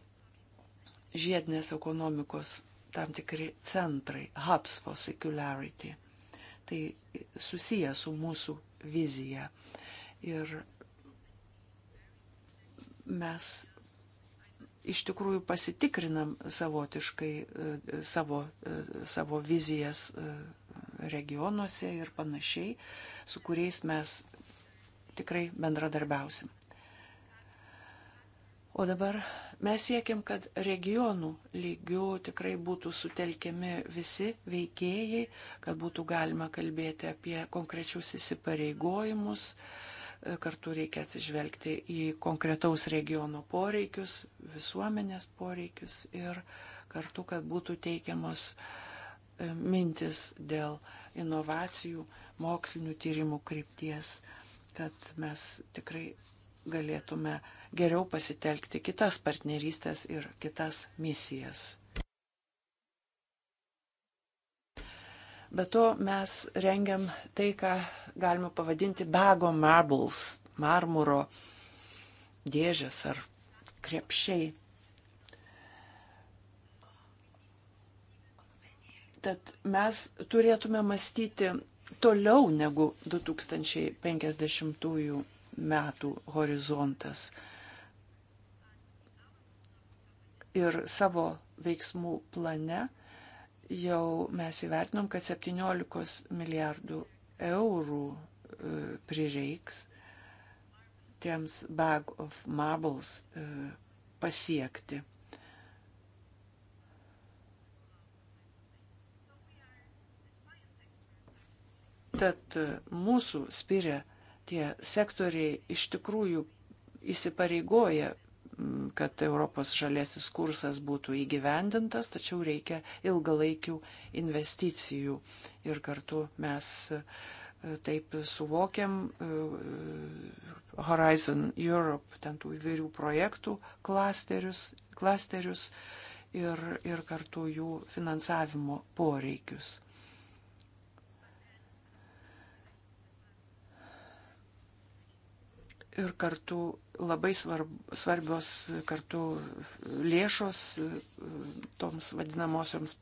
S1: žiedinės ekonomikos tam tikri centrai, hubs for secularity. Tai susiję su mūsų vizija. Ir mes iš tikrųjų pasitikrinam savotiškai e, savo, e, savo vizijas e, regionuose ir panašiai, su kuriais mes tikrai bendradarbiausim. O dabar mes siekiam, kad regionų lygių tikrai būtų sutelkiami visi veikėjai, kad būtų galima kalbėti apie konkrečius įsipareigojimus, kartu reikia atsižvelgti į konkretaus regiono poreikius, visuomenės poreikius ir kartu, kad būtų teikiamos e, mintis dėl inovacijų, mokslinių tyrimų krypties kad mes tikrai galėtume geriau pasitelkti kitas partnerystės ir kitas misijas. Be to mes rengiam tai, ką galima pavadinti bago marbles, marmuro dėžės ar krepšiai. Tad mes turėtume mąstyti toliau negu 2050 metų horizontas. Ir savo veiksmų plane jau mes įvertinom, kad 17 milijardų eurų e, prireiks tiems bag of marbles e, pasiekti. Tad e, mūsų spiria tie sektoriai iš tikrųjų įsipareigoja, kad Europos žalėsis kursas būtų įgyvendintas, tačiau reikia ilgalaikių investicijų. Ir kartu mes e, taip suvokiam e, Horizon Europe, ten tų įvairių projektų klasterius, klasterius ir, ir kartu jų finansavimo poreikius. ir kartu labai svarb, svarbios kartu lėšos e, toms vadinamosioms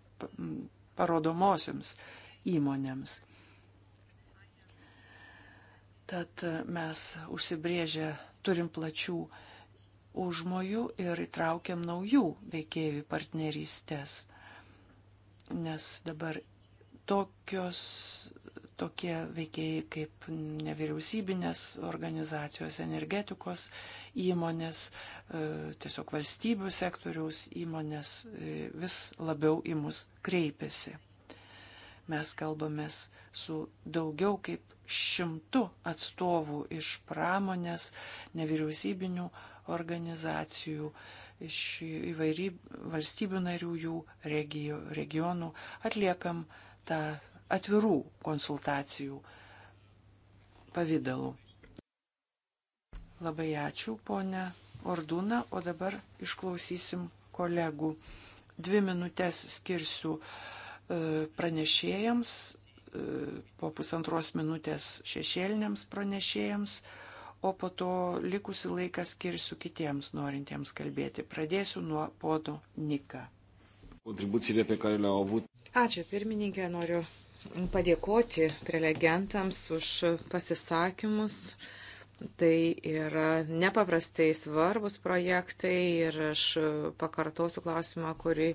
S1: parodomosioms įmonėms. Tad e, mes užsibrėžę turim plačių užmojų ir įtraukiam naujų veikėjų partnerystės. Nes dabar tokios tokie veikėjai kaip nevyriausybinės organizacijos, energetikos įmonės, e, tiesiog valstybių sektoriaus įmonės e, vis labiau į mus kreipiasi. Mes kalbamės su daugiau kaip šimtu atstovų iš pramonės, nevyriausybinių organizacijų, iš įvairių valstybių narių jų regijų, regionų atliekam tą atvirų konsultacijų pavydalu. Labai ačiū, ponė Ordūna, o dabar išklausysim kolegų. Dvi minutės skirsiu e, pranešėjams, e, po pusantros minutės šešėliniams pranešėjams, o po to likusi laiką skirsiu kitiems norintiems kalbėti. Pradėsiu nuo podo Nika.
S3: Ačiū,
S1: pirmininkė, noriu
S4: padėkoti prelegentams už pasisakymus. Tai yra nepaprastai svarbus projektai ir aš pakartosiu klausimą, kurį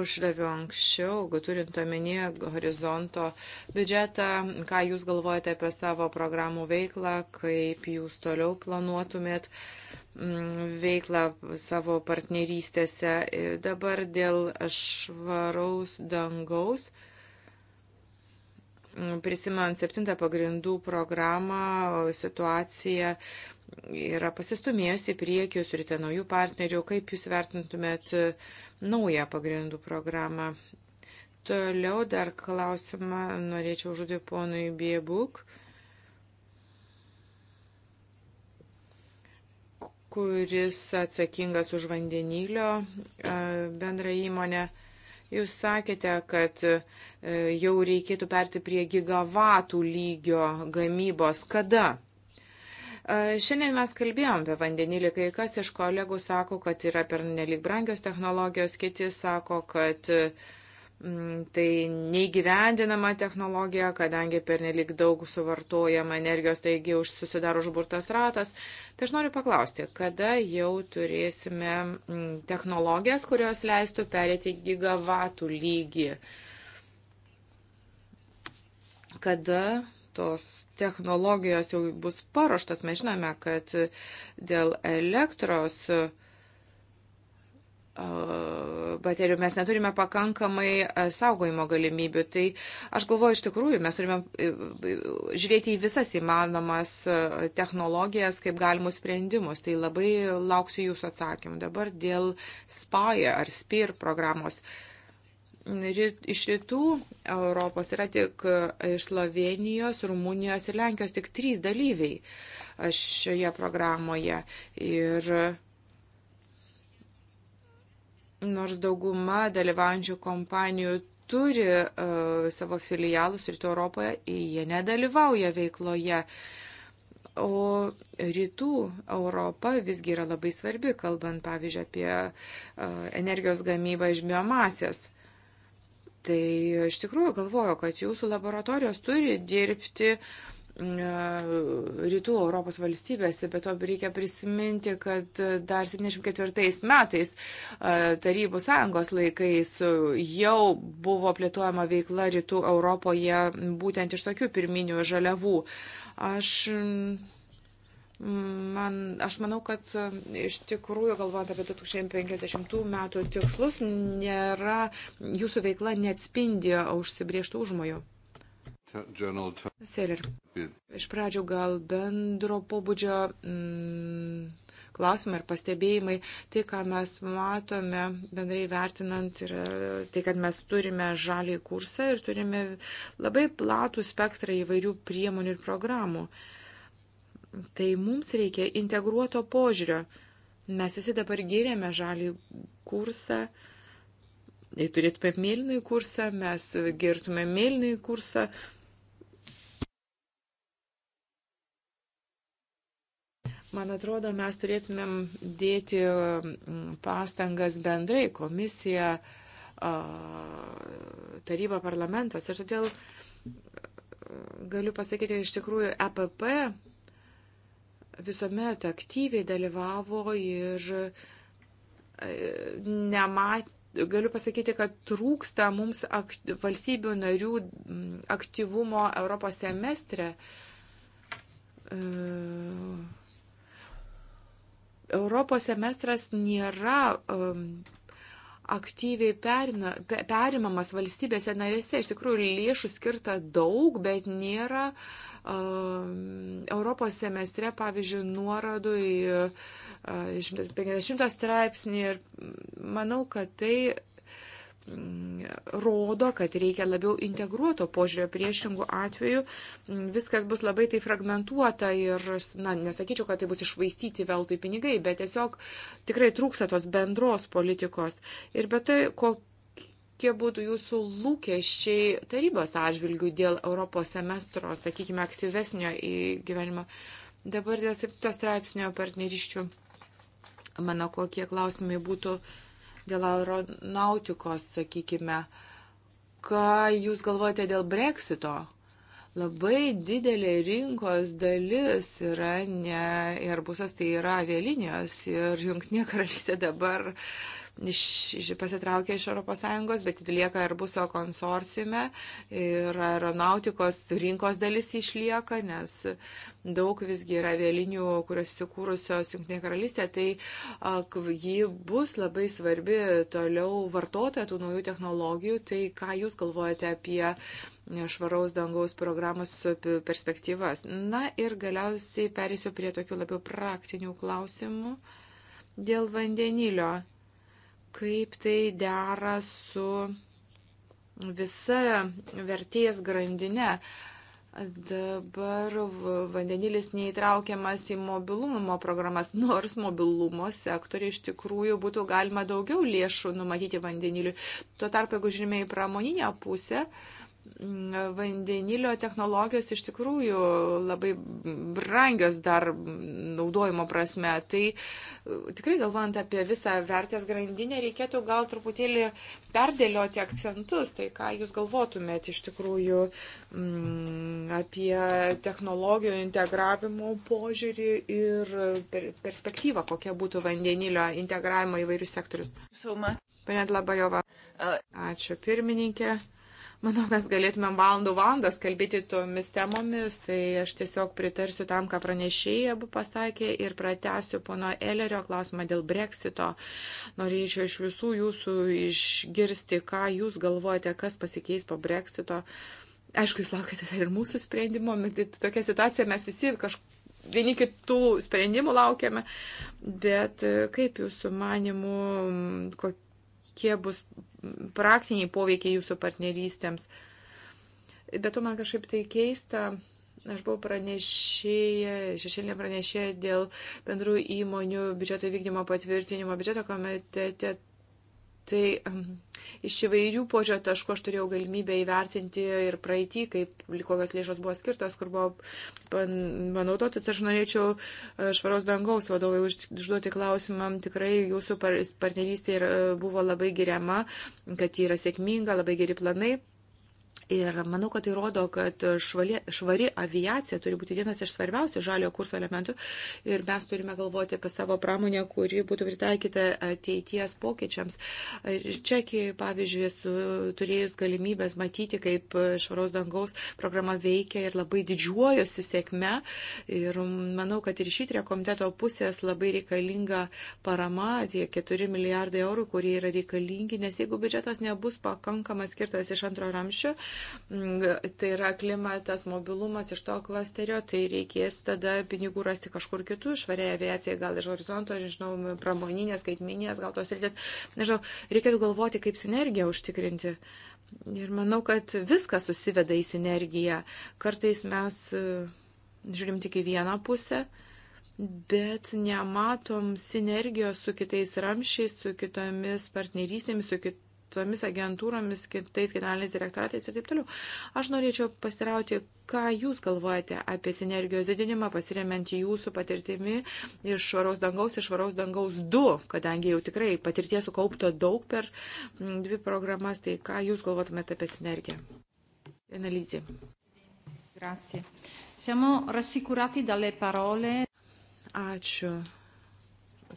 S4: uždaviau anksčiau, turint omenyje horizonto biudžetą, ką jūs galvojate apie savo programų veiklą, kaip jūs toliau planuotumėt mm, veiklą savo partnerystėse. Dabar dėl švaraus dangaus. Mm, prisimant septintą pagrindų programą, situacija yra pasistumėjusi į priekį, turite naujų partnerių. Kaip jūs vertintumėt e, naują pagrindų programą? Toliau dar klausimą norėčiau žodį ponui Biebuk, kuris atsakingas už vandenylio e, bendrą įmonę. Jūs sakėte, kad e, jau reikėtų perti prie gigavatų lygio gamybos. Kada? E, šiandien mes kalbėjom apie vandenilį, kai kas iš kolegų sako, kad yra pernelik brangios technologijos, kiti sako, kad uh, Mm, tai neįgyvendinama technologija, kadangi pernelik daug suvartojama energijos, taigi už, susidaro užburtas ratas. Tai aš noriu paklausti, kada jau turėsime mm, technologijas, kurios leistų perėti gigavatų lygį? Kada tos technologijos jau bus paruoštas? Mes žinome, kad dėl elektros uh, baterijų mes neturime pakankamai saugojimo galimybių. Tai aš galvoju, iš tikrųjų, mes turime žiūrėti į visas įmanomas technologijas kaip galimus sprendimus. Tai labai lauksiu jūsų atsakymų. Dabar dėl SPY ar SPIR programos. Iš rytų Europos yra tik iš Slovenijos, Rumunijos ir Lenkijos tik trys dalyviai šioje programoje. Ir nors dauguma dalyvaujančių kompanijų turi uh, savo filialus rytų Europoje, jie nedalyvauja veikloje. O rytų Europa visgi yra labai svarbi, kalbant, pavyzdžiui, apie uh, energijos gamybą iš biomasės. Tai iš tikrųjų galvoju, kad jūsų laboratorijos turi dirbti uh, E, rytų Europos valstybėse, bet to reikia prisiminti, kad e, dar 74 metais e, Tarybų sąjungos laikais jau buvo plėtojama veikla rytų Europoje būtent iš tokių pirminių žaliavų. Aš Man, aš manau, kad iš tikrųjų, galvojant apie 2050 metų tikslus, nėra, jūsų veikla neatspindi užsibrieštų užmojų. Seller. Iš pradžių gal bendro pobūdžio mm, klausimai ir pastebėjimai. Tai, ką mes matome bendrai vertinant, yra tai, kad mes turime žalį kursą ir turime labai platų spektrą įvairių priemonių ir programų. Tai mums reikia integruoto požiūrio. Mes visi dabar gyrėme žalį kursą. Uh, Jei tai turėtume mėlynai kursą, mes gertume mėlynai kursą. Man atrodo, mes turėtumėm dėti mm, pastangas bendrai, komisija, taryba, parlamentas. Ir todėl mm, galiu pasakyti, iš tikrųjų, EPP visuomet aktyviai dalyvavo ir e, nematė galiu pasakyti, kad trūksta mums akti, valstybių narių aktyvumo Europos semestre. E, Europos semestras nėra aktyviai perina, perimamas valstybėse narėse. Iš tikrųjų, lėšų skirta daug, bet nėra uh, Europos semestre, pavyzdžiui, nuorodų į 150 straipsnį ir manau, kad tai rodo, kad reikia labiau integruoto požiūrio. Priešingų atveju viskas bus labai tai fragmentuota ir, na, nesakyčiau, kad tai bus išvaistyti veltui pinigai, bet tiesiog tikrai trūksta tos bendros politikos. Ir be tai, ko kokie būtų jūsų lūkesčiai tarybos atžvilgių dėl Europos semestro, sakykime, aktyvesnio įgyvenimo. Dabar dėl 7 straipsnio partneriščių, mano kokie klausimai būtų dėl aeronautikos, sakykime, ką jūs galvojate dėl breksito, labai didelė rinkos dalis yra ne Airbusas, tai yra avialinijos ir Junktinė karalystė dabar iš, pasitraukė iš ES, bet lieka Airbuso konsorciume ir aeronautikos rinkos dalis išlieka, nes daug visgi yra vėlinių, kurios įsikūrusios Junktinė karalystė, tai a, ji bus labai svarbi toliau vartotoja tų naujų technologijų. Tai ką Jūs galvojate apie švaraus dangaus programos perspektyvas? Na ir galiausiai perėsiu prie tokių labiau praktinių klausimų dėl vandenilio kaip tai dera su visa vertės grandinė. Dabar vandenilis neįtraukiamas į mobilumo programas, (laughs) nors mobilumo sektoriai iš tikrųjų būtų galima daugiau lėšų numatyti vandeniliui. Tuo tarpu, jeigu žiūrime į pramoninę pusę, uh, vandenilio technologijos iš tikrųjų labai brangios dar naudojimo prasme. Tai e, tikrai galvojant apie visą vertės grandinę, reikėtų gal truputėlį perdėlioti akcentus, tai ką jūs galvotumėt iš tikrųjų m, mm, apie technologijų integravimo požiūrį ir per, perspektyvą, kokia būtų vandenilio integravimo įvairius sektorius. Panet Labajova. Uh, Ačiū pirmininkė. Manau, mes galėtumėm valandų valandas kalbėti tomis temomis, tai aš tiesiog pritarsiu tam, ką pranešėjai abu pasakė ir pratęsiu pono Ellerio klausimą dėl breksito. Norėčiau iš visų jūsų išgirsti, ką jūs galvojate, kas pasikeis po breksito. Aišku, jūs laukite ir mūsų sprendimo, bet tai tokia situacija mes visi kažkaip vieni kitų sprendimų laukiame, bet kaip jūsų manimų, kokie bus praktiniai poveikiai jūsų partnerystėms. Bet to man kažkaip tai keista, aš buvau pranešėja, šešėlinė pranešėja dėl bendrų įmonių biudžeto vykdymo patvirtinimo biudžeto komitete, Tai iš įvairių požio taškų aš turėjau galimybę įvertinti ir praeitį, kaip kokios lėšos buvo skirtos, kur buvo panaudotas. Aš norėčiau e, švaros dangaus vadovai užduoti klausimą. Tikrai jūsų partnerystė buvo labai giriama, kad ji yra sėkminga, labai geri planai. Ir manau, kad tai rodo, kad švali, švari aviacija turi būti vienas iš svarbiausių žalio kurso elementų ir mes turime galvoti apie savo pramonę, kuri būtų pritaikyta ateities pokyčiams. Ir Čekijai, pavyzdžiui, esu turėjus galimybės matyti, kaip švaros dangaus programa veikia ir labai didžiuojosi sėkme. Ir manau, kad ir šitrio komiteto pusės labai reikalinga parama, tie 4 milijardai eurų, kurie yra reikalingi, nes jeigu biudžetas nebus pakankamas skirtas iš antro ramščio, Mm, tai yra klimatas, mobilumas iš to klasterio, tai reikės tada pinigų rasti kažkur kitur, švariai aviacijai, gal iš horizonto, žinau, pramoninės, skaitminės, gal tos rytės, nežinau, reikėtų galvoti, kaip sinergiją užtikrinti. Ir manau, kad viskas susiveda į sinergiją. Kartais mes e, žiūrim tik į vieną pusę, bet nematom sinergijos su kitais ramšiais, su kitomis partnerystėmis, su kitomis tomis agentūromis, kitais generaliniais direktoratais ir taip toliau. Aš norėčiau pasirauti, ką jūs galvojate apie sinergijos didinimą, pasiremiant jūsų patirtimi iš švaros dangaus, iš švaros dangaus 2, kadangi jau tikrai patirties sukaupta daug per dvi programas, tai ką jūs galvotumėte apie sinergiją? Analizė. Grazie. Siamo rassicurati dalle parole. Ačiū.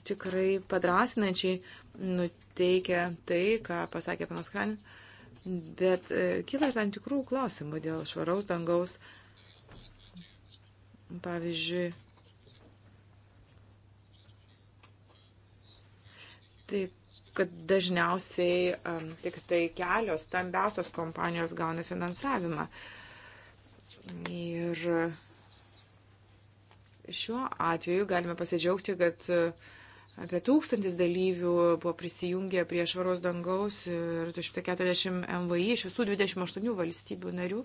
S4: Tikrai padrasinančiai nuteikia tai, ką pasakė panas Kranin, bet e, kyla ir tam tikrų klausimų dėl švaraus dangaus. Pavyzdžiui, taip, kad dažniausiai um, tik tai kelios stambiausios kompanijos gauna finansavimą. Ir e, šiuo atveju galime pasidžiaugti, kad uh, Apie tūkstantis dalyvių buvo prisijungę prie švaros dangaus ir 240 MVI iš visų 28 valstybių narių.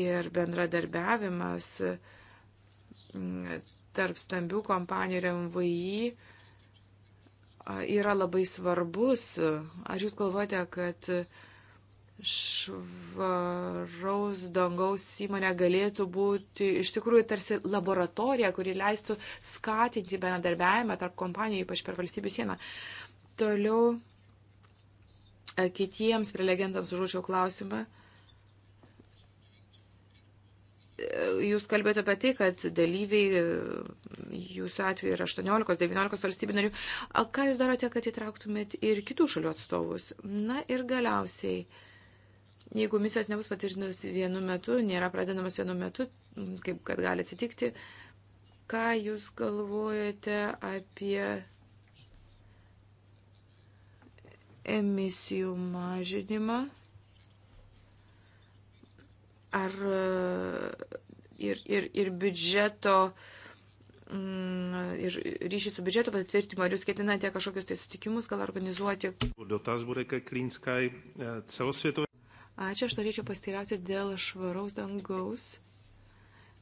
S4: Ir bendradarbiavimas mm, tarp stambių kompanijų ir MVI yra labai svarbus. Ar jūs galvojate, kad švaraus dangaus įmonė galėtų būti iš tikrųjų tarsi laboratorija, kuri leistų skatinti bendradarbiavimą tarp kompanijų, ypač per valstybių sieną. Toliau e, kitiems prelegentams užuočiau klausimą e, jūs kalbėjote apie tai, kad dalyviai, e, jūsų atveju yra 18-19 valstybių narių. Ką jūs darote, kad įtrauktumėt ir kitų šalių atstovus? Na ir galiausiai, uh, Jeigu misijos nebus patvirtinus vienu metu, nėra pradedamas vienu metu, kaip kad gali atsitikti, ką jūs galvojate apie emisijų mažinimą? Ar ir, ir, ir biudžeto, mm, ir ryšį su biudžeto patvirtinimu, ar jūs ketinate kažkokius tai sutikimus gal organizuoti?
S3: Dotaz bude ke Klínskai eh, celosvětové.
S4: Ačiū, aš norėčiau pastirauti dėl švaraus dangaus,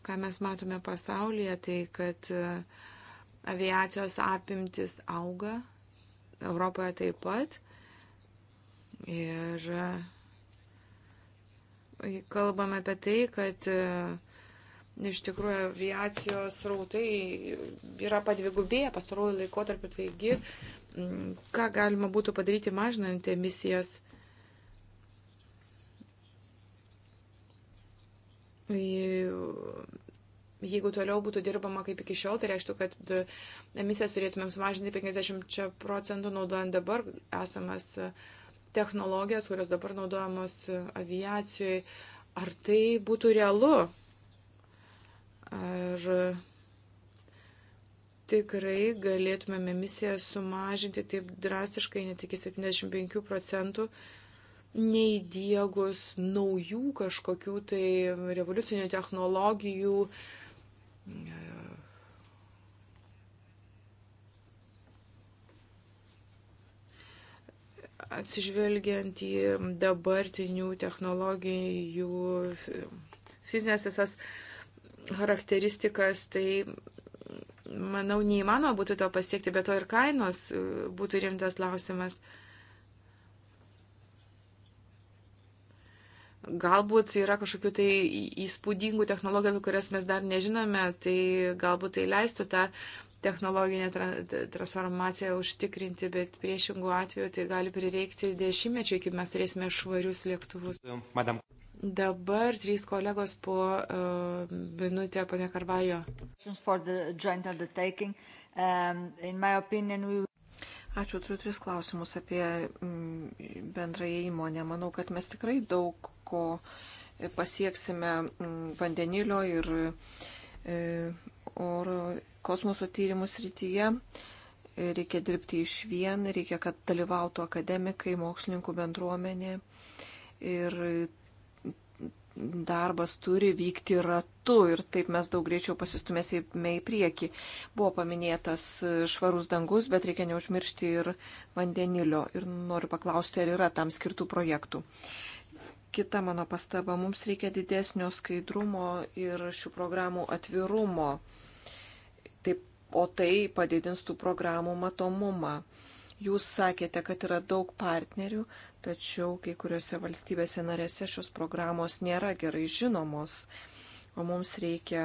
S4: ką mes matome pasaulyje, tai kad e, aviacijos apimtis auga, Europoje taip pat. Ir e, kalbame apie tai, kad e, iš tikrųjų aviacijos rautai yra padvigubėję pastarojų laikotarpių, taigi ką galima būtų padaryti mažinant emisijas. Jeigu toliau būtų dirbama kaip iki šiol, tai reikštų, kad e, emisijas turėtumėm sumažinti 50 procentų naudojant dabar esamas e, technologijas, kurios dabar naudojamos e, aviacijoje. Ar tai būtų realu? Ar tikrai galėtumėm emisiją sumažinti taip drastiškai, net iki 75 procentų? Uh, neįdiegus naujų kažkokių tai revoliucinių technologijų. E, atsižvelgiant į dabartinių technologijų fizinės visas charakteristikas, tai manau, neįmanoma būtų to pasiekti, bet to ir kainos e, būtų rimtas klausimas. Galbūt yra kažkokių tai įspūdingų technologijų, apie kurias mes dar nežinome, tai galbūt tai leistų tą technologinę tra transformaciją užtikrinti, bet priešingų atveju tai gali prireikti dešimtmečių, iki mes turėsime švarius lėktuvus. Madam. Dabar trys kolegos po uh, minutę, pane Karvajo. Um,
S2: we... Ačiū, turiu tris klausimus apie mm, bendrąją įmonę. Manau, kad mes tikrai daug ko e, pasieksime mm, vandenilio ir e, oro kosmoso tyrimų srityje. E, reikia dirbti iš vien, reikia, kad dalyvautų akademikai, mokslininkų bendruomenė. Ir darbas turi vykti ratu ir taip mes daug greičiau pasistumėsime į priekį. Buvo paminėtas švarus dangus, bet reikia neužmiršti ir vandenilio. Ir noriu paklausti, ar yra tam skirtų projektų. Kita mano pastaba, mums reikia didesnio skaidrumo ir šių programų atvirumo. Taip, o tai padidins tų programų matomumą. Jūs sakėte, kad yra daug partnerių, tačiau kai kuriuose valstybėse narėse šios programos nėra gerai žinomos, o mums reikia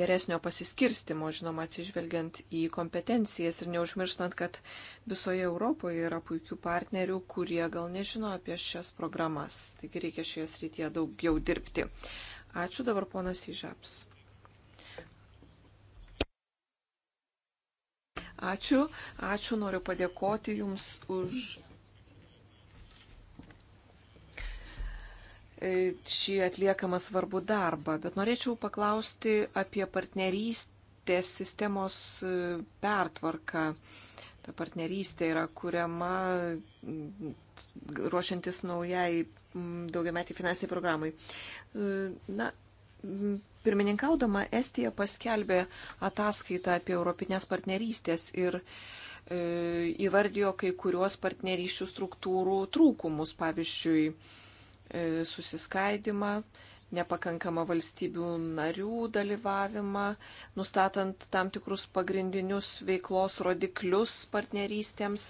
S2: geresnio pasiskirstimo, žinoma, atsižvelgiant į kompetencijas ir neužmirštant, kad visoje Europoje yra puikių partnerių, kurie gal nežino apie šias programas. Taigi reikia šioje srityje daugiau dirbti. Ačiū dabar ponas Ižaps. Ačiū, ačiū, noriu padėkoti Jums už E, šį atliekamą svarbų darbą, bet norėčiau paklausti apie partnerystės sistemos e, pertvarką. Ta partnerystė yra kuriama mm, ruošiantis naujai mm, daugiametį finansiniai programai. E, na, mm, pirmininkaudama Estija paskelbė ataskaitą apie Europinės partnerystės ir įvardijo kai kuriuos partnerysčių struktūrų trūkumus, pavyzdžiui, E, susiskaidimą, nepakankamą valstybių narių dalyvavimą, nustatant tam tikrus pagrindinius veiklos rodiklius partnerystėms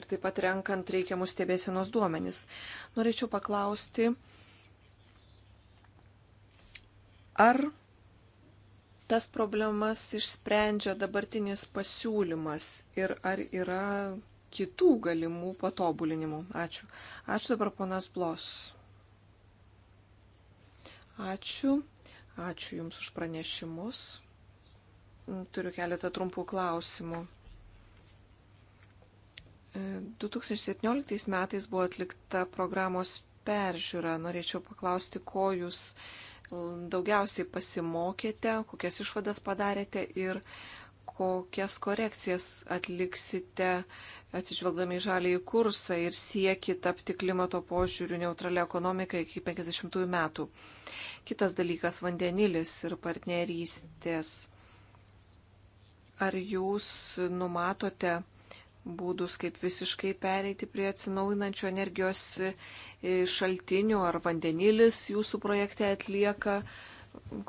S2: ir taip pat renkant reikiamus stebėsienos duomenis. Norėčiau paklausti, ar tas problemas išsprendžia dabartinis pasiūlymas ir ar yra kitų galimų patobulinimų. Ačiū. Ačiū dabar ponas Blos. Ačiū. Ačiū Jums už pranešimus. Turiu keletą trumpų klausimų. 2017 metais buvo atlikta programos peržiūra. Norėčiau paklausti, ko Jūs daugiausiai pasimokėte, kokias išvadas padarėte ir kokias korekcijas atliksite atsižvelgdami į žalį į kursą ir sieki tapti klimato požiūrių neutralią ekonomiką iki 50 metų. Kitas dalykas - vandenilis ir partnerystės. Ar jūs numatote būdus, kaip visiškai pereiti prie atsinaujinančių energijos šaltinių, ar vandenilis jūsų projekte atlieka uh,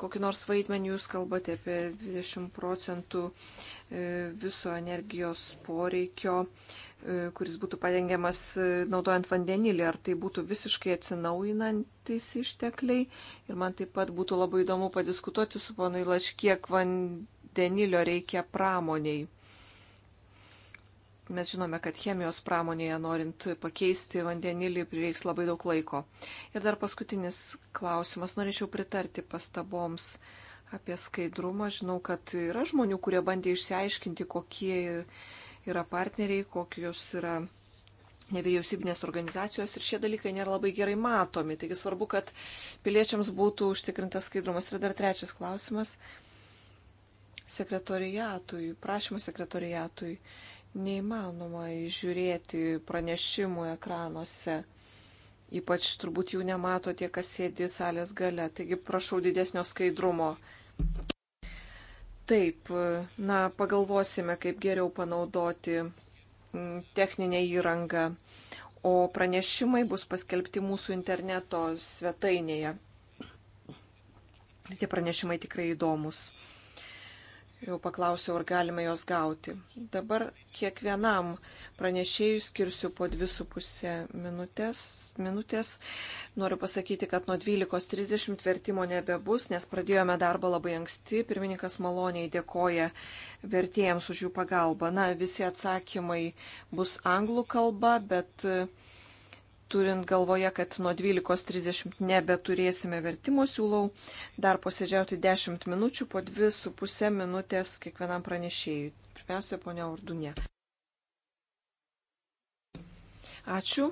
S2: kokį nors vaidmenį jūs kalbate apie 20 procentų e, viso energijos poreikio, e, kuris būtų padengiamas e, naudojant vandenilį, ar tai būtų visiškai atsinaujinantis ištekliai. Ir man taip pat būtų labai įdomu padiskutuoti su ponui Lač, kiek vandenilio reikia pramoniai. Mes žinome, kad chemijos pramonėje norint pakeisti vandenilį prireiks labai daug laiko. Ir dar paskutinis klausimas. Norėčiau pritarti pastaboms apie skaidrumą. Žinau, kad yra žmonių, kurie bandė išsiaiškinti, kokie yra partneriai, kokios yra nevyriausybinės organizacijos ir šie dalykai nėra labai gerai matomi. Taigi svarbu, kad piliečiams būtų užtikrintas skaidrumas. Ir dar trečias klausimas. Sekretoriatui, prašymas sekretoriatui neįmanoma žiūrėti pranešimų ekranuose. Ypač turbūt jų nemato tie, kas sėdi salės gale. Taigi prašau didesnio skaidrumo. Taip, na, pagalvosime, kaip geriau panaudoti mm, techninę įrangą, o pranešimai bus paskelbti mūsų interneto svetainėje. Tie pranešimai tikrai įdomus jau paklausiau, ar galime jos gauti. Dabar kiekvienam pranešėjui skirsiu po 2,5 minutės, minutės. Noriu pasakyti, kad nuo 12.30 vertimo nebebus, nes pradėjome darbą labai anksti. Pirmininkas maloniai dėkoja vertėjams už jų pagalbą. Na, visi atsakymai bus anglų kalba, bet uh, turint galvoje, kad nuo 12.30 nebeturėsime vertimo, siūlau dar posėdžiauti 10 minučių po 2,5 minutės kiekvienam pranešėjui. Pirmiausia, ponia Urdunė. Ačiū.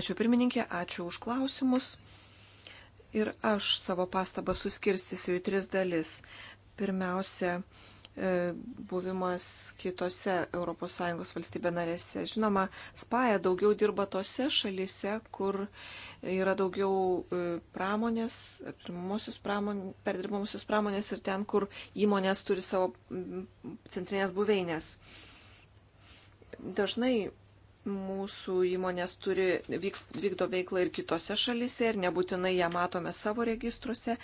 S2: Ačiū pirmininkė, ačiū už klausimus. Ir aš savo pastabą suskirstysiu į tris dalis. Pirmiausia, E, buvimas kitose ES valstybė narėse. Žinoma, spaja daugiau dirba tose šalise, kur yra daugiau e, pramonės, pramon, perdirbamosios pramonės ir ten, kur įmonės turi savo centrinės buveinės. Dažnai mūsų įmonės turi, vyk, vykdo veiklą ir kitose šalise ir nebūtinai ją matome savo registruose.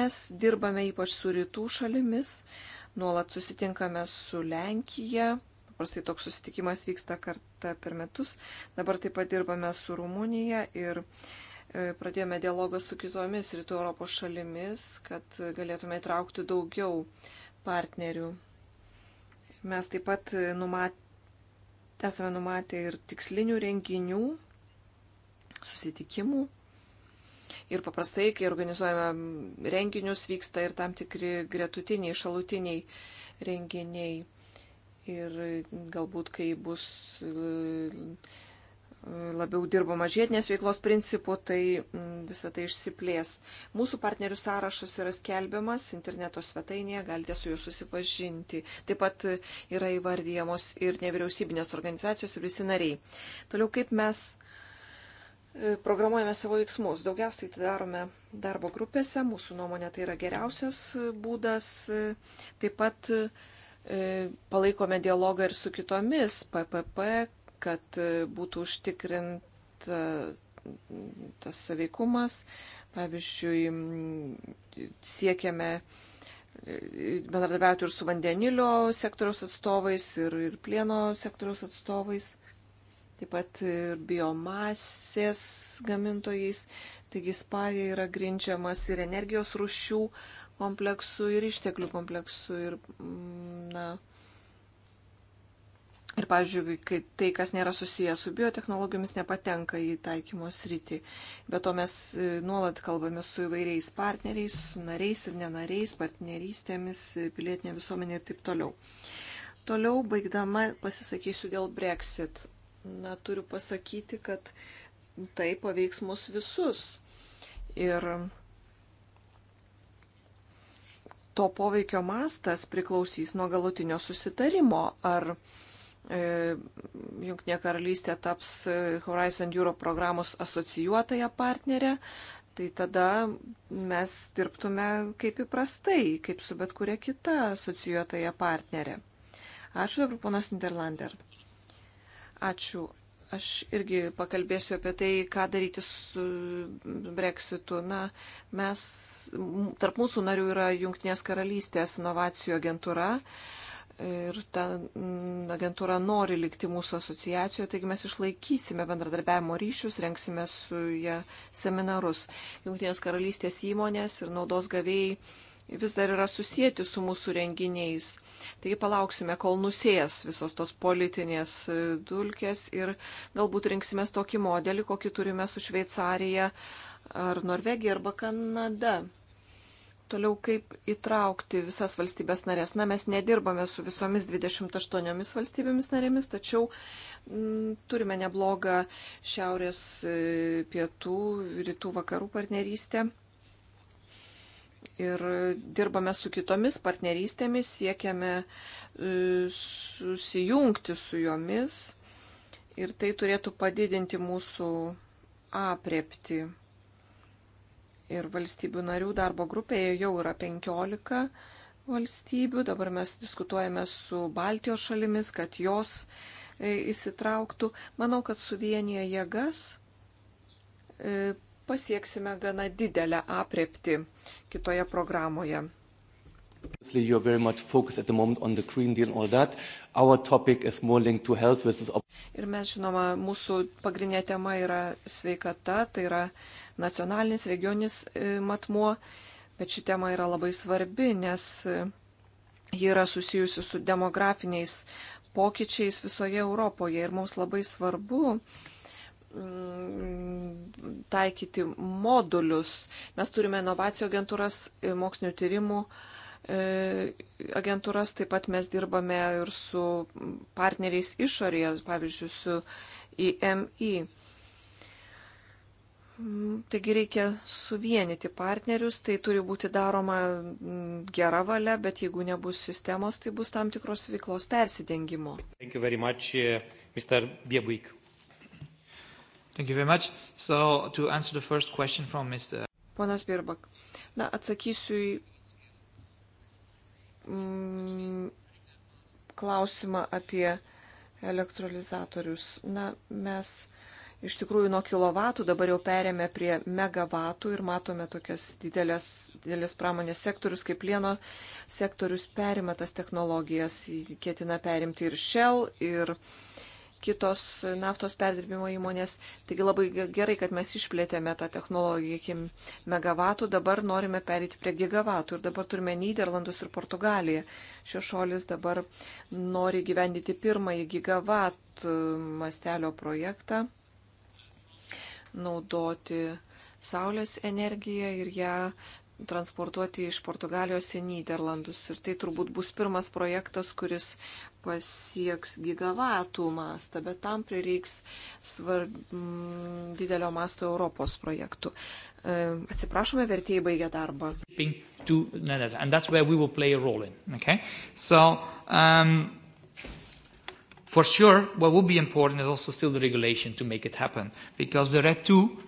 S2: Mes dirbame ypač su rytų šalimis. Uh, Nuolat susitinkame su Lenkija. Paprastai toks susitikimas vyksta kartą per metus. Dabar taip pat dirbame su Rumunija ir e, pradėjome dialogą su kitomis rytų Europos šalimis, kad galėtume įtraukti daugiau partnerių. Mes taip pat numat... esame numatę ir tikslinių renginių, susitikimų Ir paprastai, kai organizuojame renginius, vyksta ir tam tikri gretutiniai, šalutiniai renginiai. Ir galbūt, kai bus e, labiau dirbama žiedinės veiklos principų, tai visą tai išsiplės. Mūsų partnerių sąrašas yra skelbiamas interneto svetainėje, galite su juo susipažinti. Taip pat yra įvardyjamos ir nevyriausybinės organizacijos ir visi nariai. Toliau, kaip mes E, programuojame savo veiksmus. Daugiausiai tai darome darbo grupėse, mūsų nuomonė tai yra geriausias būdas. Taip pat e, palaikome dialogą ir su kitomis PPP, kad e, būtų užtikrinta tas saveikumas. Pavyzdžiui, siekiame bendradarbiauti ir su vandenilio sektoriaus atstovais, ir, ir plieno sektoriaus atstovais taip pat ir biomasės gamintojais. Taigi Ispanija yra grinčiamas ir energijos rušių kompleksų, ir išteklių kompleksų, ir, mm, na, ir, pavyzdžiui, kai tai, kas nėra susijęs su biotehnologijomis, nepatenka į taikymo sritį. Be to mes e, nuolat kalbame su įvairiais partneriais, su nariais ir nenariais, partnerystėmis, pilietinė visuomenė ir taip toliau. Toliau, baigdama, pasisakysiu dėl Brexit na, turiu pasakyti, kad tai paveiks mus visus. Ir to poveikio mastas priklausys nuo galutinio susitarimo, ar e, Junktinė karalystė taps e, Horizon Europe programos asocijuotąją partnerę, tai tada mes dirbtume kaip įprastai, kaip su bet kuria kita asocijuotąją partnerė. Ačiū dabar, ponas Niderlander. Ačiū. Aš irgi pakalbėsiu apie tai, ką daryti su breksitu. Na, mes, tarp mūsų narių yra Junktinės karalystės inovacijų agentūra ir ta agentūra nori likti mūsų asociacijoje, taigi mes išlaikysime bendradarbiavimo ryšius, renksime su jie seminarus. Junktinės karalystės įmonės ir naudos gavėjai vis dar yra susijęti su mūsų renginiais. Taigi palauksime, kol nusės visos tos politinės e, dulkės ir galbūt rinksime tokį modelį, kokį turime su Šveicarija ar Norvegija arba Kanada. Toliau kaip įtraukti visas valstybės narės. Na, mes nedirbame su visomis 28 valstybėmis narėmis, tačiau m, mm, turime neblogą šiaurės, e, pietų, rytų, vakarų partnerystę ir dirbame su kitomis partnerystėmis, siekiame e, susijungti su jomis ir tai turėtų padidinti mūsų aprepti. Ir valstybių narių darbo grupėje jau yra 15 valstybių, dabar mes diskutuojame su Baltijos šalimis, kad jos e, įsitrauktų. Manau, kad suvienyje jėgas e, pasieksime gana didelę aprepti kitoje programoje.
S5: Obviously, you're very much focused at the moment on the Green Deal and all that. Our topic is more linked to health versus.
S2: Ir mes žinoma, mūsų pagrindinė tema yra sveikata, tai yra nacionalinis, regioninis e, matmuo, bet ši tema yra labai svarbi, nes e, ji yra susijusi su demografiniais pokyčiais visoje Europoje ir mums labai svarbu, Mm, taikyti modulius. Mes turime inovacijų agentūras, e, mokslinių tyrimų e, agentūras, taip pat mes dirbame ir su partneriais išorėje, pavyzdžiui, su IMI. Mm, taigi reikia suvienyti partnerius, tai turi būti daroma mm, gera valia, bet jeigu nebus sistemos, tai bus tam tikros veiklos persidengimo.
S3: Much, uh, Mr. Biebuik.
S5: Thank you very much. So, to answer the first question from Mr.
S2: Ponas Birbak. Na, atsakysiu į mm, klausimą apie elektrolizatorius. Na, mes iš tikrųjų nuo kilovatų dabar jau perėmė prie megavatų ir matome tokias didelės, didelės pramonės sektorius, kaip plieno sektorius perima tas technologijas, ketina perimti ir Shell, ir uh, kitos naftos perdirbimo įmonės. Taigi labai gerai, kad mes išplėtėme tą technologiją iki megavatų, dabar norime perėti prie gigavatų ir dabar turime Niderlandus ir Portugaliją. Šios šalis dabar nori gyvendyti pirmąjį gigavatų e, mastelio projektą, naudoti saulės energiją ir ją transportuoti iš Portugalijos į Niderlandus. Ir tai turbūt bus pirmas projektas, kuris pasieks gigavatų mastą, bet tam prireiks svarb... didelio masto Europos projektų. E, atsiprašome, vertėjai baigė
S5: darbą. Okay? So, um, for sure, what would be important is also still the regulation to make it happen, because the RED 2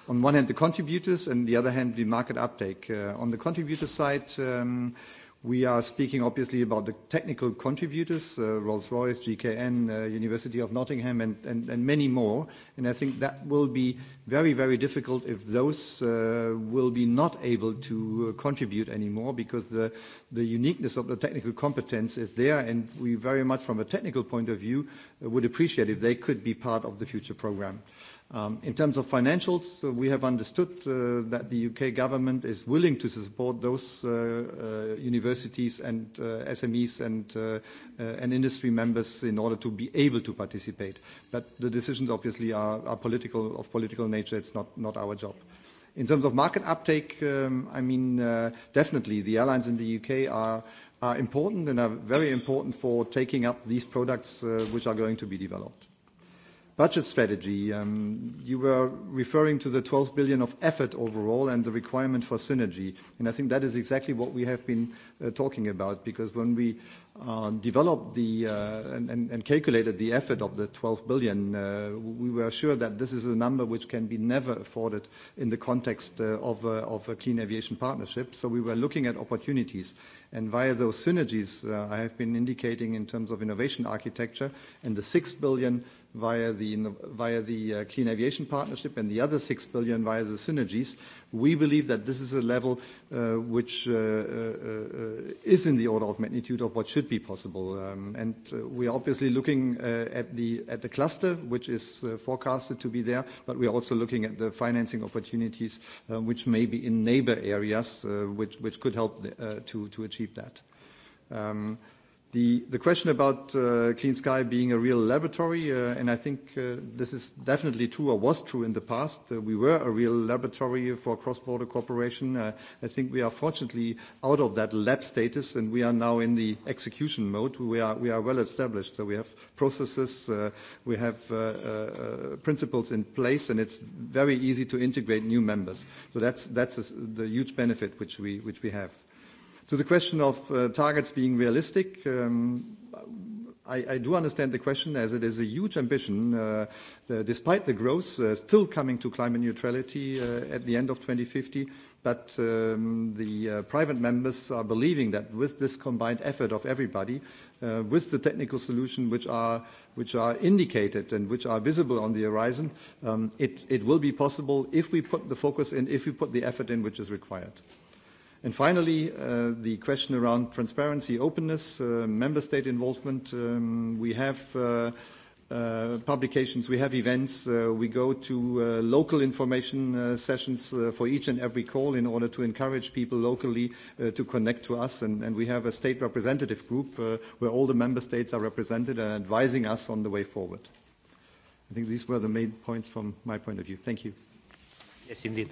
S6: on one hand, the contributors, and the other hand, the market uptake. Uh, on the contributor side, um, we are speaking obviously about the technical contributors, uh, Rolls-Royce, GKN, uh, University of Nottingham, and, and, and many more. And I think that will be very, very difficult if those uh, will be not able to uh, contribute anymore because the, the uniqueness of the technical competence is there, and we very much from a technical point of view uh, would appreciate if they could be part of the future program. Uh, Um, in terms of financials, uh, we have understood uh, that the U.K. government is willing to support those uh, uh universities and uh, SMEs and, uh, and industry members in order to be able to participate. But the decisions obviously are, are political, of political nature. It's not, not our job. In terms of market uptake, um, I mean, definitely the airlines in the U.K. are, are important and are very important for taking up these products which are going to be developed budget strategy, um, you were referring to the 12 billion of effort overall and the requirement for synergy. And I think that is exactly what we have been uh, talking about, because when we uh, developed the uh, and, and, and calculated the effort of the 12 billion, uh, we were sure that this is a number which can be never afforded in the context uh, of, uh, of a Clean Aviation Partnership. So we were looking at opportunities. And via those synergies, I have been indicating in terms of innovation architecture and the 6 billion via the, via the uh, Clean Aviation Partnership and the other 6 billion via the synergies, we believe that this is a level uh, which uh, is in the order of magnitude of what should be possible. Um, and we're obviously looking at the, at the cluster, which is forecasted to be there, but we're also looking at the financing opportunities, which may be in neighbor areas, which, which could help to, to achieve that. Um, The, the question about uh, Clean Sky being a real laboratory, uh, and I think uh, this is definitely true or was true in the past. Uh, we were a real laboratory for cross-border cooperation. Uh, I think we are fortunately out of that lab status, and we are now in the execution mode. We are, we are well established. So we have processes, uh, we have principles in place, and it's very easy to integrate new members. So that's, that's the huge benefit which we, which we have. To the question of uh, targets being realistic, um, I, I do understand the question as it is a huge ambition, uh, the, despite the growth, uh, still coming to climate neutrality uh, at the end of 2050. But um, the uh, private members are believing that with this combined effort of everybody, uh, with the technical solution which are, which are indicated and which are visible on the horizon, um, it, it will be possible if we put the focus in, if we put the effort in which is required. And finally, uh, the question around transparency, openness, uh, member state involvement. Um, we have uh, uh, publications, we have events, uh, we go to uh, local information uh, sessions uh, for each and every call in order to encourage people locally uh, to connect to us. And, and we have a state representative group uh, where all the member states are represented and advising us on the way forward. I think these were the main points from my point of view. Thank you. Yes, indeed.